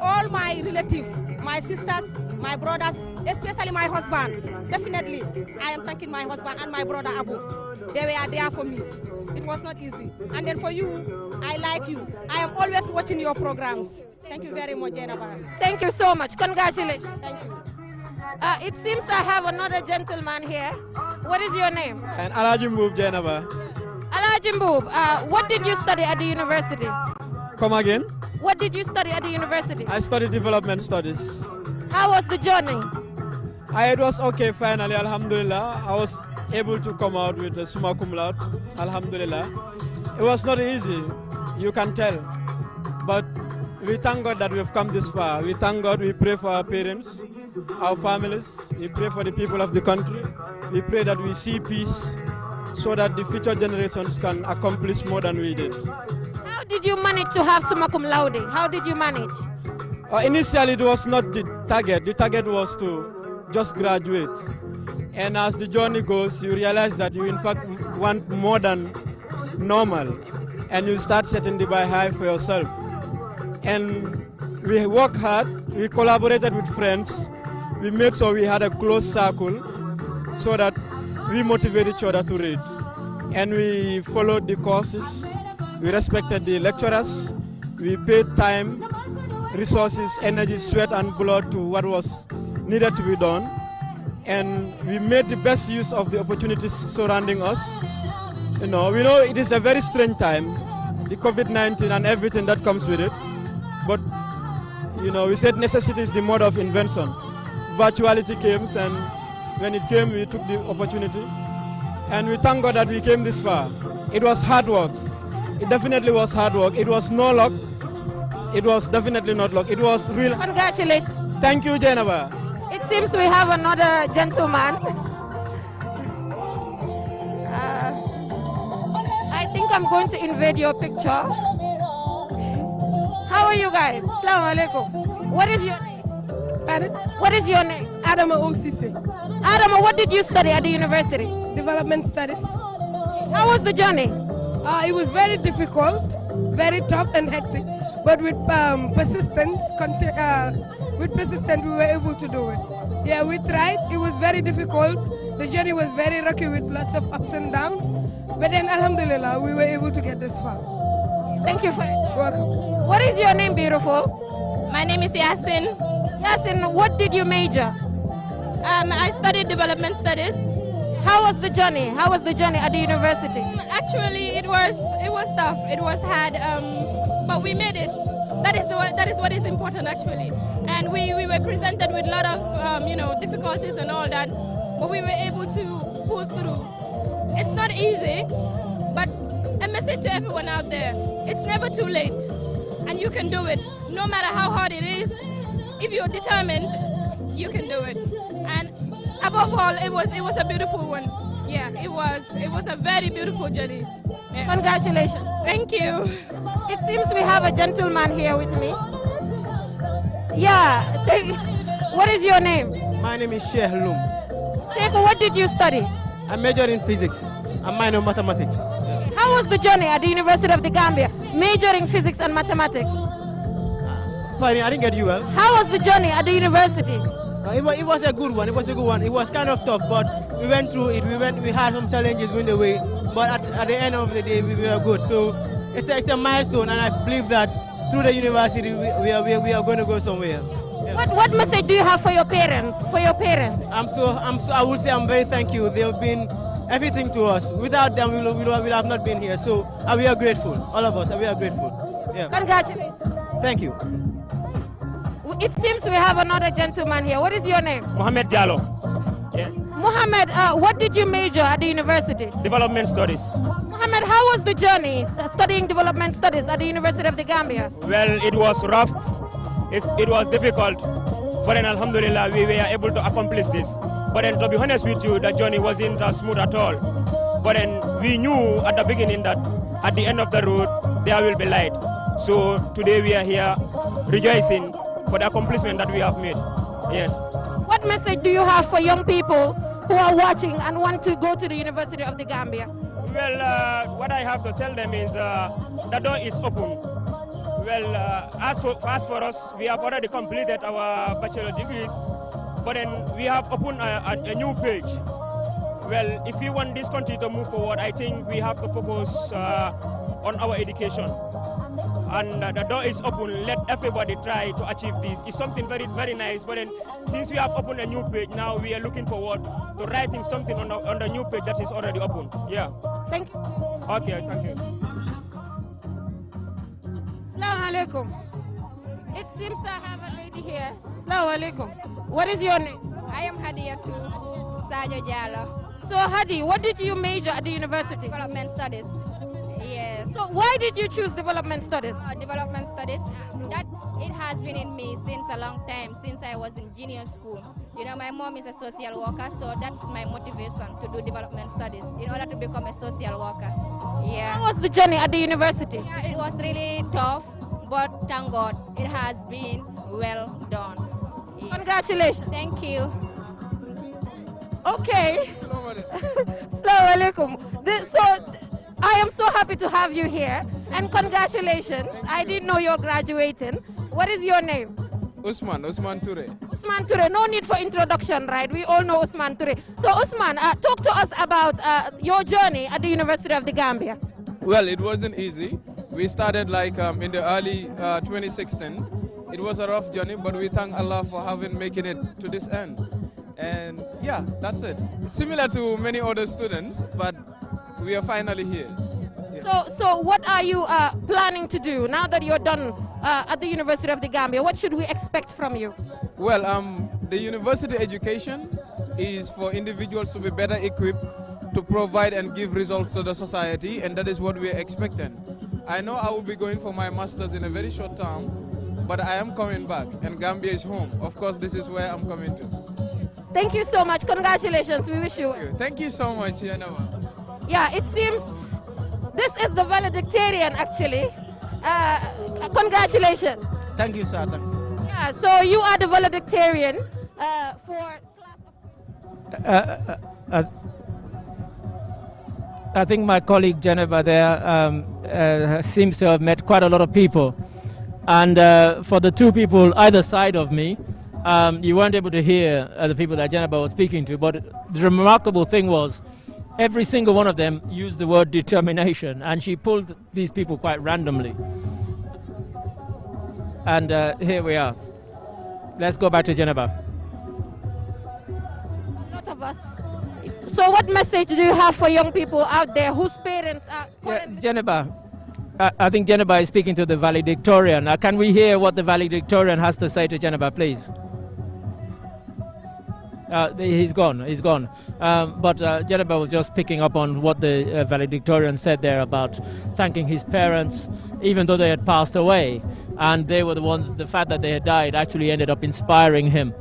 all my relatives, my sisters, my brothers, especially my husband. Definitely, I am thanking my husband and my brother Abu they were there for me. It was not easy. And then for you, I like you. I am always watching your programs. Thank you very much, Jenaba. Thank you so much. Congratulations. Thank you. Uh, it seems I have another gentleman here. What is your name? And Alajimbub Jenaba. Alajimbub, uh, what did you study at the university? Come again? What did you study at the university? I studied development studies. How was the journey? I, uh, it was okay finally, alhamdulillah. I was able to come out with the summa cum laude, alhamdulillah. It was not easy, you can tell. But we thank God that we've come this far. We thank God, we pray for our parents, our families, we pray for the people of the country. We pray that we see peace so that the future generations can accomplish more than we did. How did you manage to have summa cum laude? How did you manage? Uh, initially, it was not the target. The target was to just graduate. And as the journey goes, you realize that you in fact want more than normal. And you start setting the bar high for yourself. And we work hard, we collaborated with friends, we made sure we had a close circle so that we motivate each other to read. And we followed the courses, we respected the lecturers, we paid time, resources, energy, sweat and blood to what was needed to be done and we made the best use of the opportunities surrounding us. You know, we know it is a very strange time, the COVID-19 and everything that comes with it, but you know, we said necessity is the mother of invention. Virtuality came and when it came, we took the opportunity. And we thank God that we came this far. It was hard work. It definitely was hard work. It was no luck. It was definitely not luck. It was real. Congratulations. Thank you, Jennifer. It seems we have another gentleman. Uh, I think I'm going to invade your picture. How are you guys? Assalamu alaikum. What is your name? Pardon? What is your name? Adama Osise. Adama, what did you study at the university? Development studies. How was the journey? Uh, it was very difficult, very tough and hectic, but with um, persistence, uh, with persistence, we were able to do it. Yeah, we tried. It was very difficult. The journey was very rocky with lots of ups and downs. But then, alhamdulillah, we were able to get this far. Thank you for it. Welcome. What is your name, beautiful? My name is Yasin. Yasin, what did you major? Um, I studied development studies. How was the journey? How was the journey at the university? Um, actually, it was it was tough. It was hard, um, but we made it. That is, the, that is what is important, actually. And we, we were presented with a lot of, um, you know, difficulties and all that, but we were able to pull through. It's not easy, but a message to everyone out there, it's never too late, and you can do it. No matter how hard it is, if you're determined, you can do it. And above all, it was, it was a beautiful one yeah, it was it was a very beautiful journey. Yeah. Congratulations. Thank you. It seems we have a gentleman here with me. Yeah. What is your name? My name is Sheikh Lum. Sheikh, what did you study? I majored in physics. I minor in mathematics. How was the journey at the University of the Gambia, majoring physics and mathematics? Funny, I didn't get you well. How was the journey at the university? it, was, it was a good one. It was a good one. It was kind of tough, but we went through it. We went. We had some challenges during the way, but at, at the end of the day, we, we were good. So it's a, it's a milestone, and I believe that through the university, we, we are, we, are, we are going to go somewhere. Yeah. What, what message do you have for your parents? For your parents? I'm so I'm so I would say I'm very thank you. They have been everything to us. Without them, we will we will have not been here. So we are grateful. All of us, we are grateful. Yeah. Congratulations. Thank you it seems we have another gentleman here. What is your name? Mohamed Diallo. Yes. Mohamed, uh, what did you major at the university? Development studies. Mohamed, how was the journey uh, studying development studies at the University of the Gambia? Well, it was rough. It, it was difficult. But then, alhamdulillah, we were able to accomplish this. But then, to be honest with you, the journey wasn't as smooth at all. But then, we knew at the beginning that at the end of the road, there will be light. So today we are here rejoicing for the accomplishment that we have made. Yes. What message do you have for young people who are watching and want to go to the University of the Gambia? Well, uh, what I have to tell them is uh, the door is open. Well, uh, as, for, as for us, we have already completed our bachelor degrees, but then we have opened a, a, a new page. Well, if we want this country to move forward, I think we have to focus uh, on our education and uh, the door is open. Let everybody try to achieve this. It's something very, very nice. But then, since we have opened a new page, now we are looking forward to writing something on the, on the new page that is already open. Yeah. Thank you. Okay, thank you. Assalamu alaikum. It seems I have a lady here. Assalamu alaikum. What is your name? I am Hadia too. Sajo Jalo. So Hadi, what did you major at the university? Development studies. So why did you choose development studies? Uh, development studies, um, that it has been in me since a long time, since I was in junior school. You know, my mom is a social worker, so that's my motivation to do development studies in order to become a social worker. Yeah. How was the journey at the university? Yeah, it was really tough, but thank God it has been well done. Yeah. Congratulations. Thank you. Okay. Assalamu alaikum. so I am so happy to have you here and congratulations. I didn't know you're graduating. What is your name? Usman, Usman Ture. Usman Ture, no need for introduction, right? We all know Usman Ture. So Usman, uh, talk to us about uh, your journey at the University of the Gambia. Well, it wasn't easy. We started like um, in the early uh, 2016. It was a rough journey, but we thank Allah for having making it to this end. And yeah, that's it. Similar to many other students, but we are finally here. So, so what are you uh, planning to do now that you're done uh, at the University of the Gambia? What should we expect from you? Well, um, the university education is for individuals to be better equipped to provide and give results to the society, and that is what we are expecting. I know I will be going for my master's in a very short time, but I am coming back, and Gambia is home. Of course, this is where I'm coming to. Thank you so much. Congratulations. We wish you. Thank you, Thank you so much, Yanawa yeah, it seems this is the valedictorian actually. Uh, congratulations. Thank you, Sata. Yeah, so you are the valedictorian uh, for class of. Uh, uh, uh, I think my colleague Jennifer there um, seems to have met quite a lot of people. And for the two people either side of me, um, you weren't able to hear uh, the people that Jennifer was speaking to, but the remarkable thing was every single one of them used the word determination, and she pulled these people quite randomly. And uh, here we are. Let's go back to Geneva. A lot of us. So, what message do you have for young people out there whose parents are? Yeah, Geneva. I, think Geneva is speaking to the valedictorian. Uh, can we hear what the valedictorian has to say to Geneva, please? uh, he's gone. He's gone. Um, but uh, Jereba was just picking up on what the uh, valedictorian said there about thanking his parents, even though they had passed away, and they were the ones. The fact that they had died actually ended up inspiring him.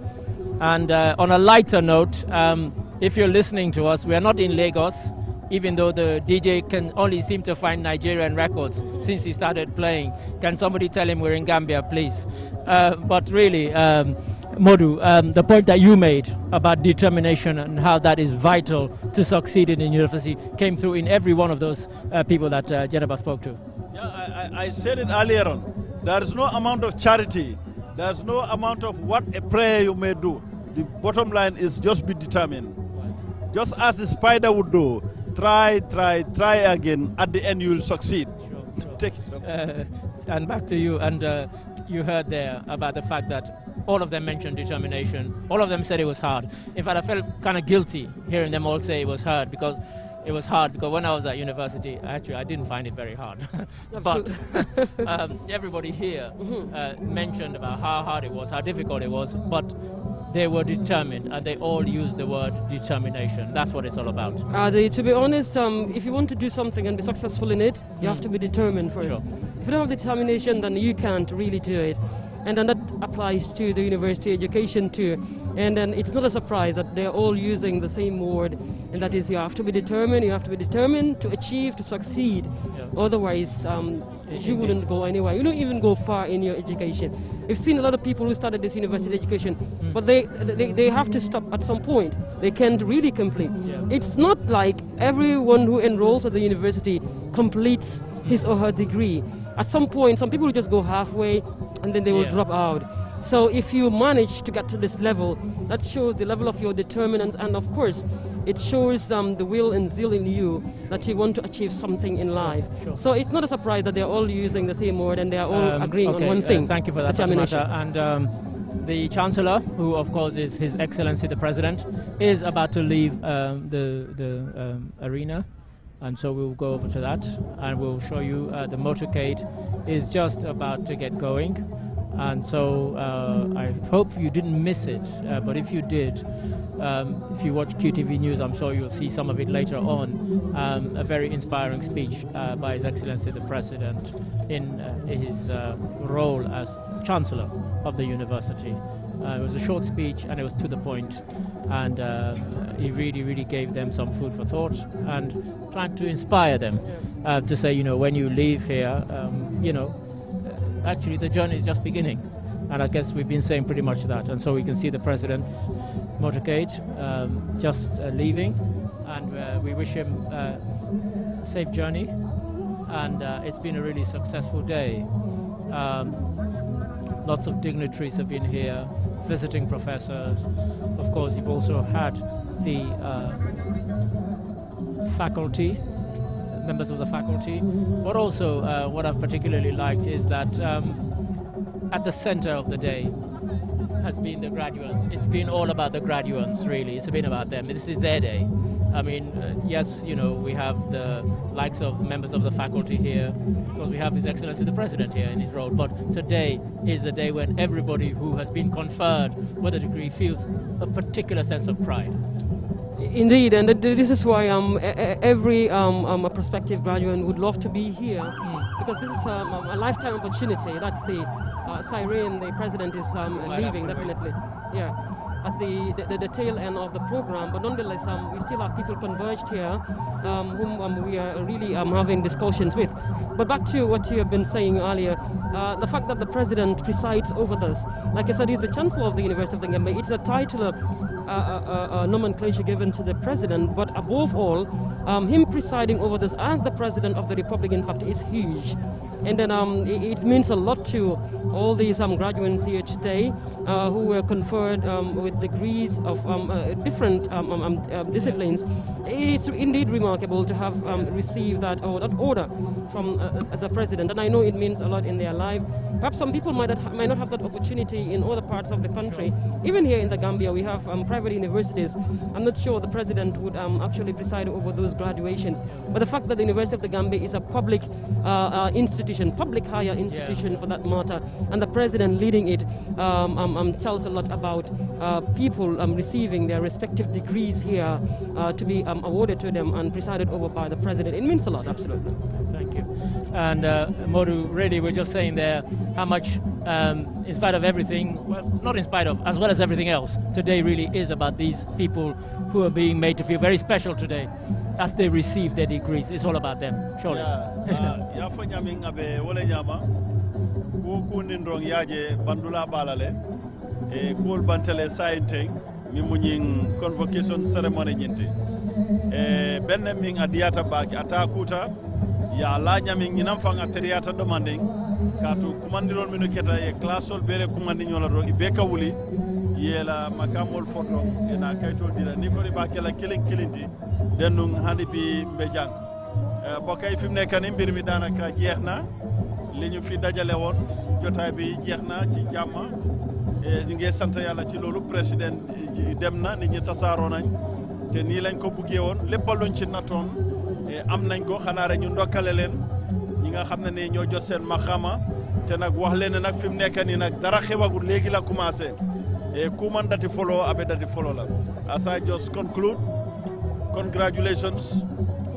And uh, on a lighter note, um, if you're listening to us, we are not in Lagos. Even though the DJ can only seem to find Nigerian records since he started playing, can somebody tell him we're in Gambia, please? Uh, but really. Um, Modu, um, the point that you made about determination and how that is vital to succeeding in university came through in every one of those uh, people that uh, spoke to. Yeah, I, I said it earlier on. There is no amount of charity, there is no amount of what a prayer you may do. The bottom line is just be determined. Just as the spider would do, try, try, try again. At the end, you will succeed. Sure, sure. Take it. Uh, and back to you. And uh, you heard there about the fact that all of them mentioned determination. All of them said it was hard. In fact, I felt kind of guilty hearing them all say it was hard because it was hard because when I was at university, actually, I didn't find it very hard. but um, everybody here mm-hmm. uh, mentioned about how hard it was, how difficult it was, but they were determined and they all used the word determination. That's what it's all about. Adi, to be honest, um, if you want to do something and be successful in it, you mm. have to be determined first. Sure. If you don't have determination, then you can't really do it. And then that applies to the university education too. And then it's not a surprise that they're all using the same word, and that is you have to be determined, you have to be determined to achieve, to succeed. Yeah. Otherwise, um, you wouldn't go anywhere. You don't even go far in your education. We've seen a lot of people who started this university education, mm. but they, they, they have to stop at some point. They can't really complete. Yeah. It's not like everyone who enrolls at the university completes his or her degree. At some point, some people just go halfway and then they will yeah. drop out. So if you manage to get to this level, that shows the level of your determinants and, of course, it shows um, the will and zeal in you that you want to achieve something in life. Sure. So it's not a surprise that they're all using the same word and they're all um, agreeing okay, on one uh, thing. Uh, thank you for that, determination. And um, the Chancellor, who of course is His Excellency the President, is about to leave um, the, the um, arena and so we'll go over to that and we'll show you uh, the motorcade is just about to get going and so uh, I hope you didn't miss it, uh, but if you did, um, if you watch QTV News, I'm sure you'll see some of it later on. Um, a very inspiring speech uh, by His Excellency the President in uh, his uh, role as Chancellor of the university. Uh, it was a short speech and it was to the point, and he really, really gave them some food for thought and tried to inspire them to say, you know, when you leave here, um, you know, actually the journey is just beginning. And I guess we've been saying pretty much that. And so we can see the president's motorcade um, just uh, leaving. And uh, we wish him uh, a safe journey. And uh, it's been a really successful day. Um, lots of dignitaries have been here, visiting professors. Of course, you've also had the uh, faculty members of the faculty. But also, uh, what I've particularly liked is that um, at the center of the day has been the graduates. It's been all about the graduates, really. It's been about them. This is their day. I mean, uh, yes, you know, we have the likes of members of the faculty here, because we have His Excellency the President here in his role. But today is a day when everybody who has been conferred with a degree feels a particular sense of pride. Indeed, and this is why um, every um, um, prospective graduate would love to be here mm. because this is um, a lifetime opportunity. That's the uh, the president, is um, leaving definitely. Wait. Yeah. At the, the, the, tail end of the program, but nonetheless, um, we still have people converged here whom we are really having discussions with. But back to what you have been saying earlier, uh, the fact that the president presides over this, like I said, he's the chancellor of the University of the Gambia. It's a title uh, uh, uh, uh, nomenclature given to the president, but above all, um, him presiding over this as the president of the republic, in fact, is huge. And then um, it, it, means a lot to all these um, graduates here today uh, who were conferred um, with degrees of um, uh, different um, um, disciplines. It's indeed remarkable to have received that, or that order from the president. And I know it means a lot in their life. Perhaps some people might, might not have that opportunity in other parts of the country. Even here in the Gambia, we have private universities, I'm not sure the president would um, actually preside over those graduations. But the fact that the University of the Gambia is a public uh, uh, institution, public higher institution yeah. for that matter, and the president leading it um, um, um tells a lot about uh, people um, receiving their respective degrees here uh, to be um, awarded to them and presided over by the president. It means a lot, absolutely. Thank you. And uh, Moru, really, we're just saying there how much, um, in spite of everything, well, not in spite of, as well as everything else, today really is about these people who are being made to feel very special today as they receive their degrees. It's all about them, surely. Yeah, uh, e kuwol bantele sayinteng min mo ñin convocation cérémonie ñinte e ɓenne min a diyata baake ata kuuta ya lañamin inan fanga teriyata domanden kaatu kumandirol minu keta ye classol bele kumandiñola to i be ka wuli yela makamol foto ena kaytol dira ni kodi ba kela kilin kilinti den nun hani bi mbe jang eh, bokay fimne kan mbir mi ka jeexna li fi dajale woon jotaay bi jeexna ci jàmma ñu eh, ngi sant yalla ci loolu président dem na nit ñi tasaaroo nañ te nii lañ ko buggee woon lépp luñ ci nattoon Eh, am nañ ko xanaa rek ñu ndokkale leen ñi nga xam ne nii ñoo jot seen maxama te nag wax leen nag fi mu nekk nii nag dara xewagul léegi la commencé eh, ku man dati follow abe dati follow la as I just conclude congratulations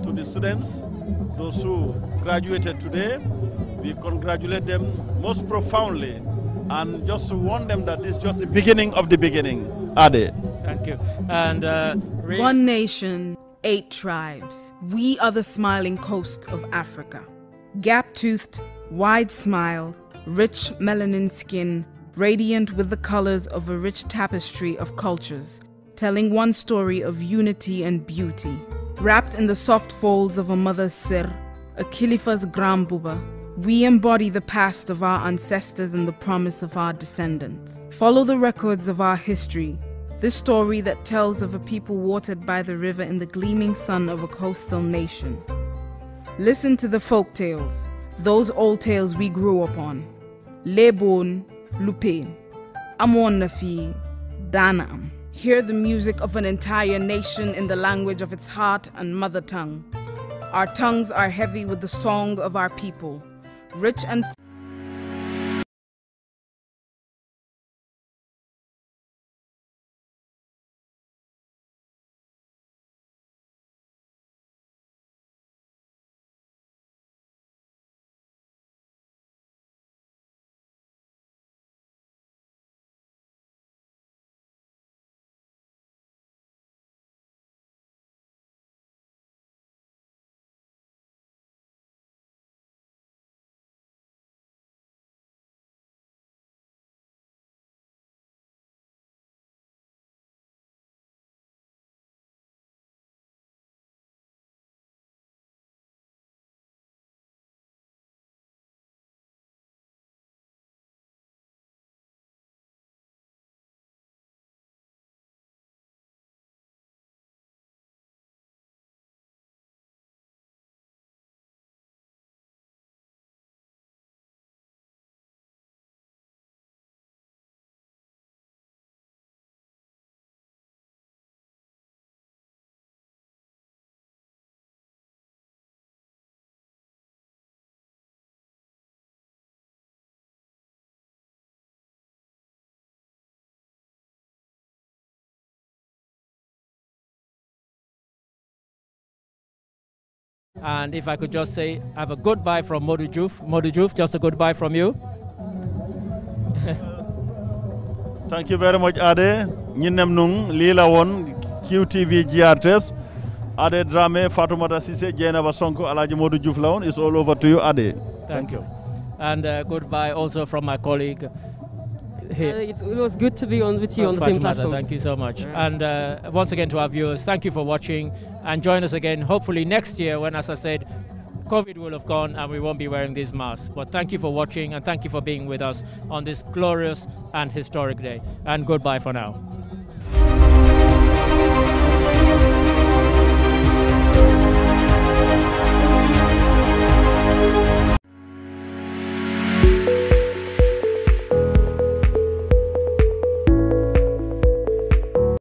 to the students those who graduated today we congratulate them most profoundly and just to warn them that this is just the beginning of the beginning Ade. Thank you. And uh, One Nation eight tribes. We are the smiling coast of Africa. Gap toothed, wide smile, rich melanin skin, radiant with the colors of a rich tapestry of cultures, telling one story of unity and beauty. Wrapped in the soft folds of a mother's sir, a khalifa's grambuba, we embody the past of our ancestors and the promise of our descendants. Follow the records of our history this story that tells of a people watered by the river in the gleaming sun of a coastal nation. Listen to the folk tales, those old tales we grew up on. Lebon, Lupe, Amonafi, Danam. Hear the music of an entire nation in the language of its heart and mother tongue. Our tongues are heavy with the song of our people, rich and And if I could just say, have a goodbye from Modu Juf. Modu Juf, just a goodbye from you. Thank you very much, Ade. Nyinem nung, Lila won, QTV GRTS. Ade Drame, Fatoumata Sise, Jainaba Sonko, Alaji Modu Juf It's all over to you, Ade. Thank, Thank you. you. And uh, goodbye also from my colleague, uh, here. Uh, it was good to be on with you oh, on the same platform. Thank you so much. And uh, once again to our viewers, thank you for watching and join us again hopefully next year when, as I said, COVID will have gone and we won't be wearing these masks. But thank you for watching and thank you for being with us on this glorious and historic day. And goodbye for now.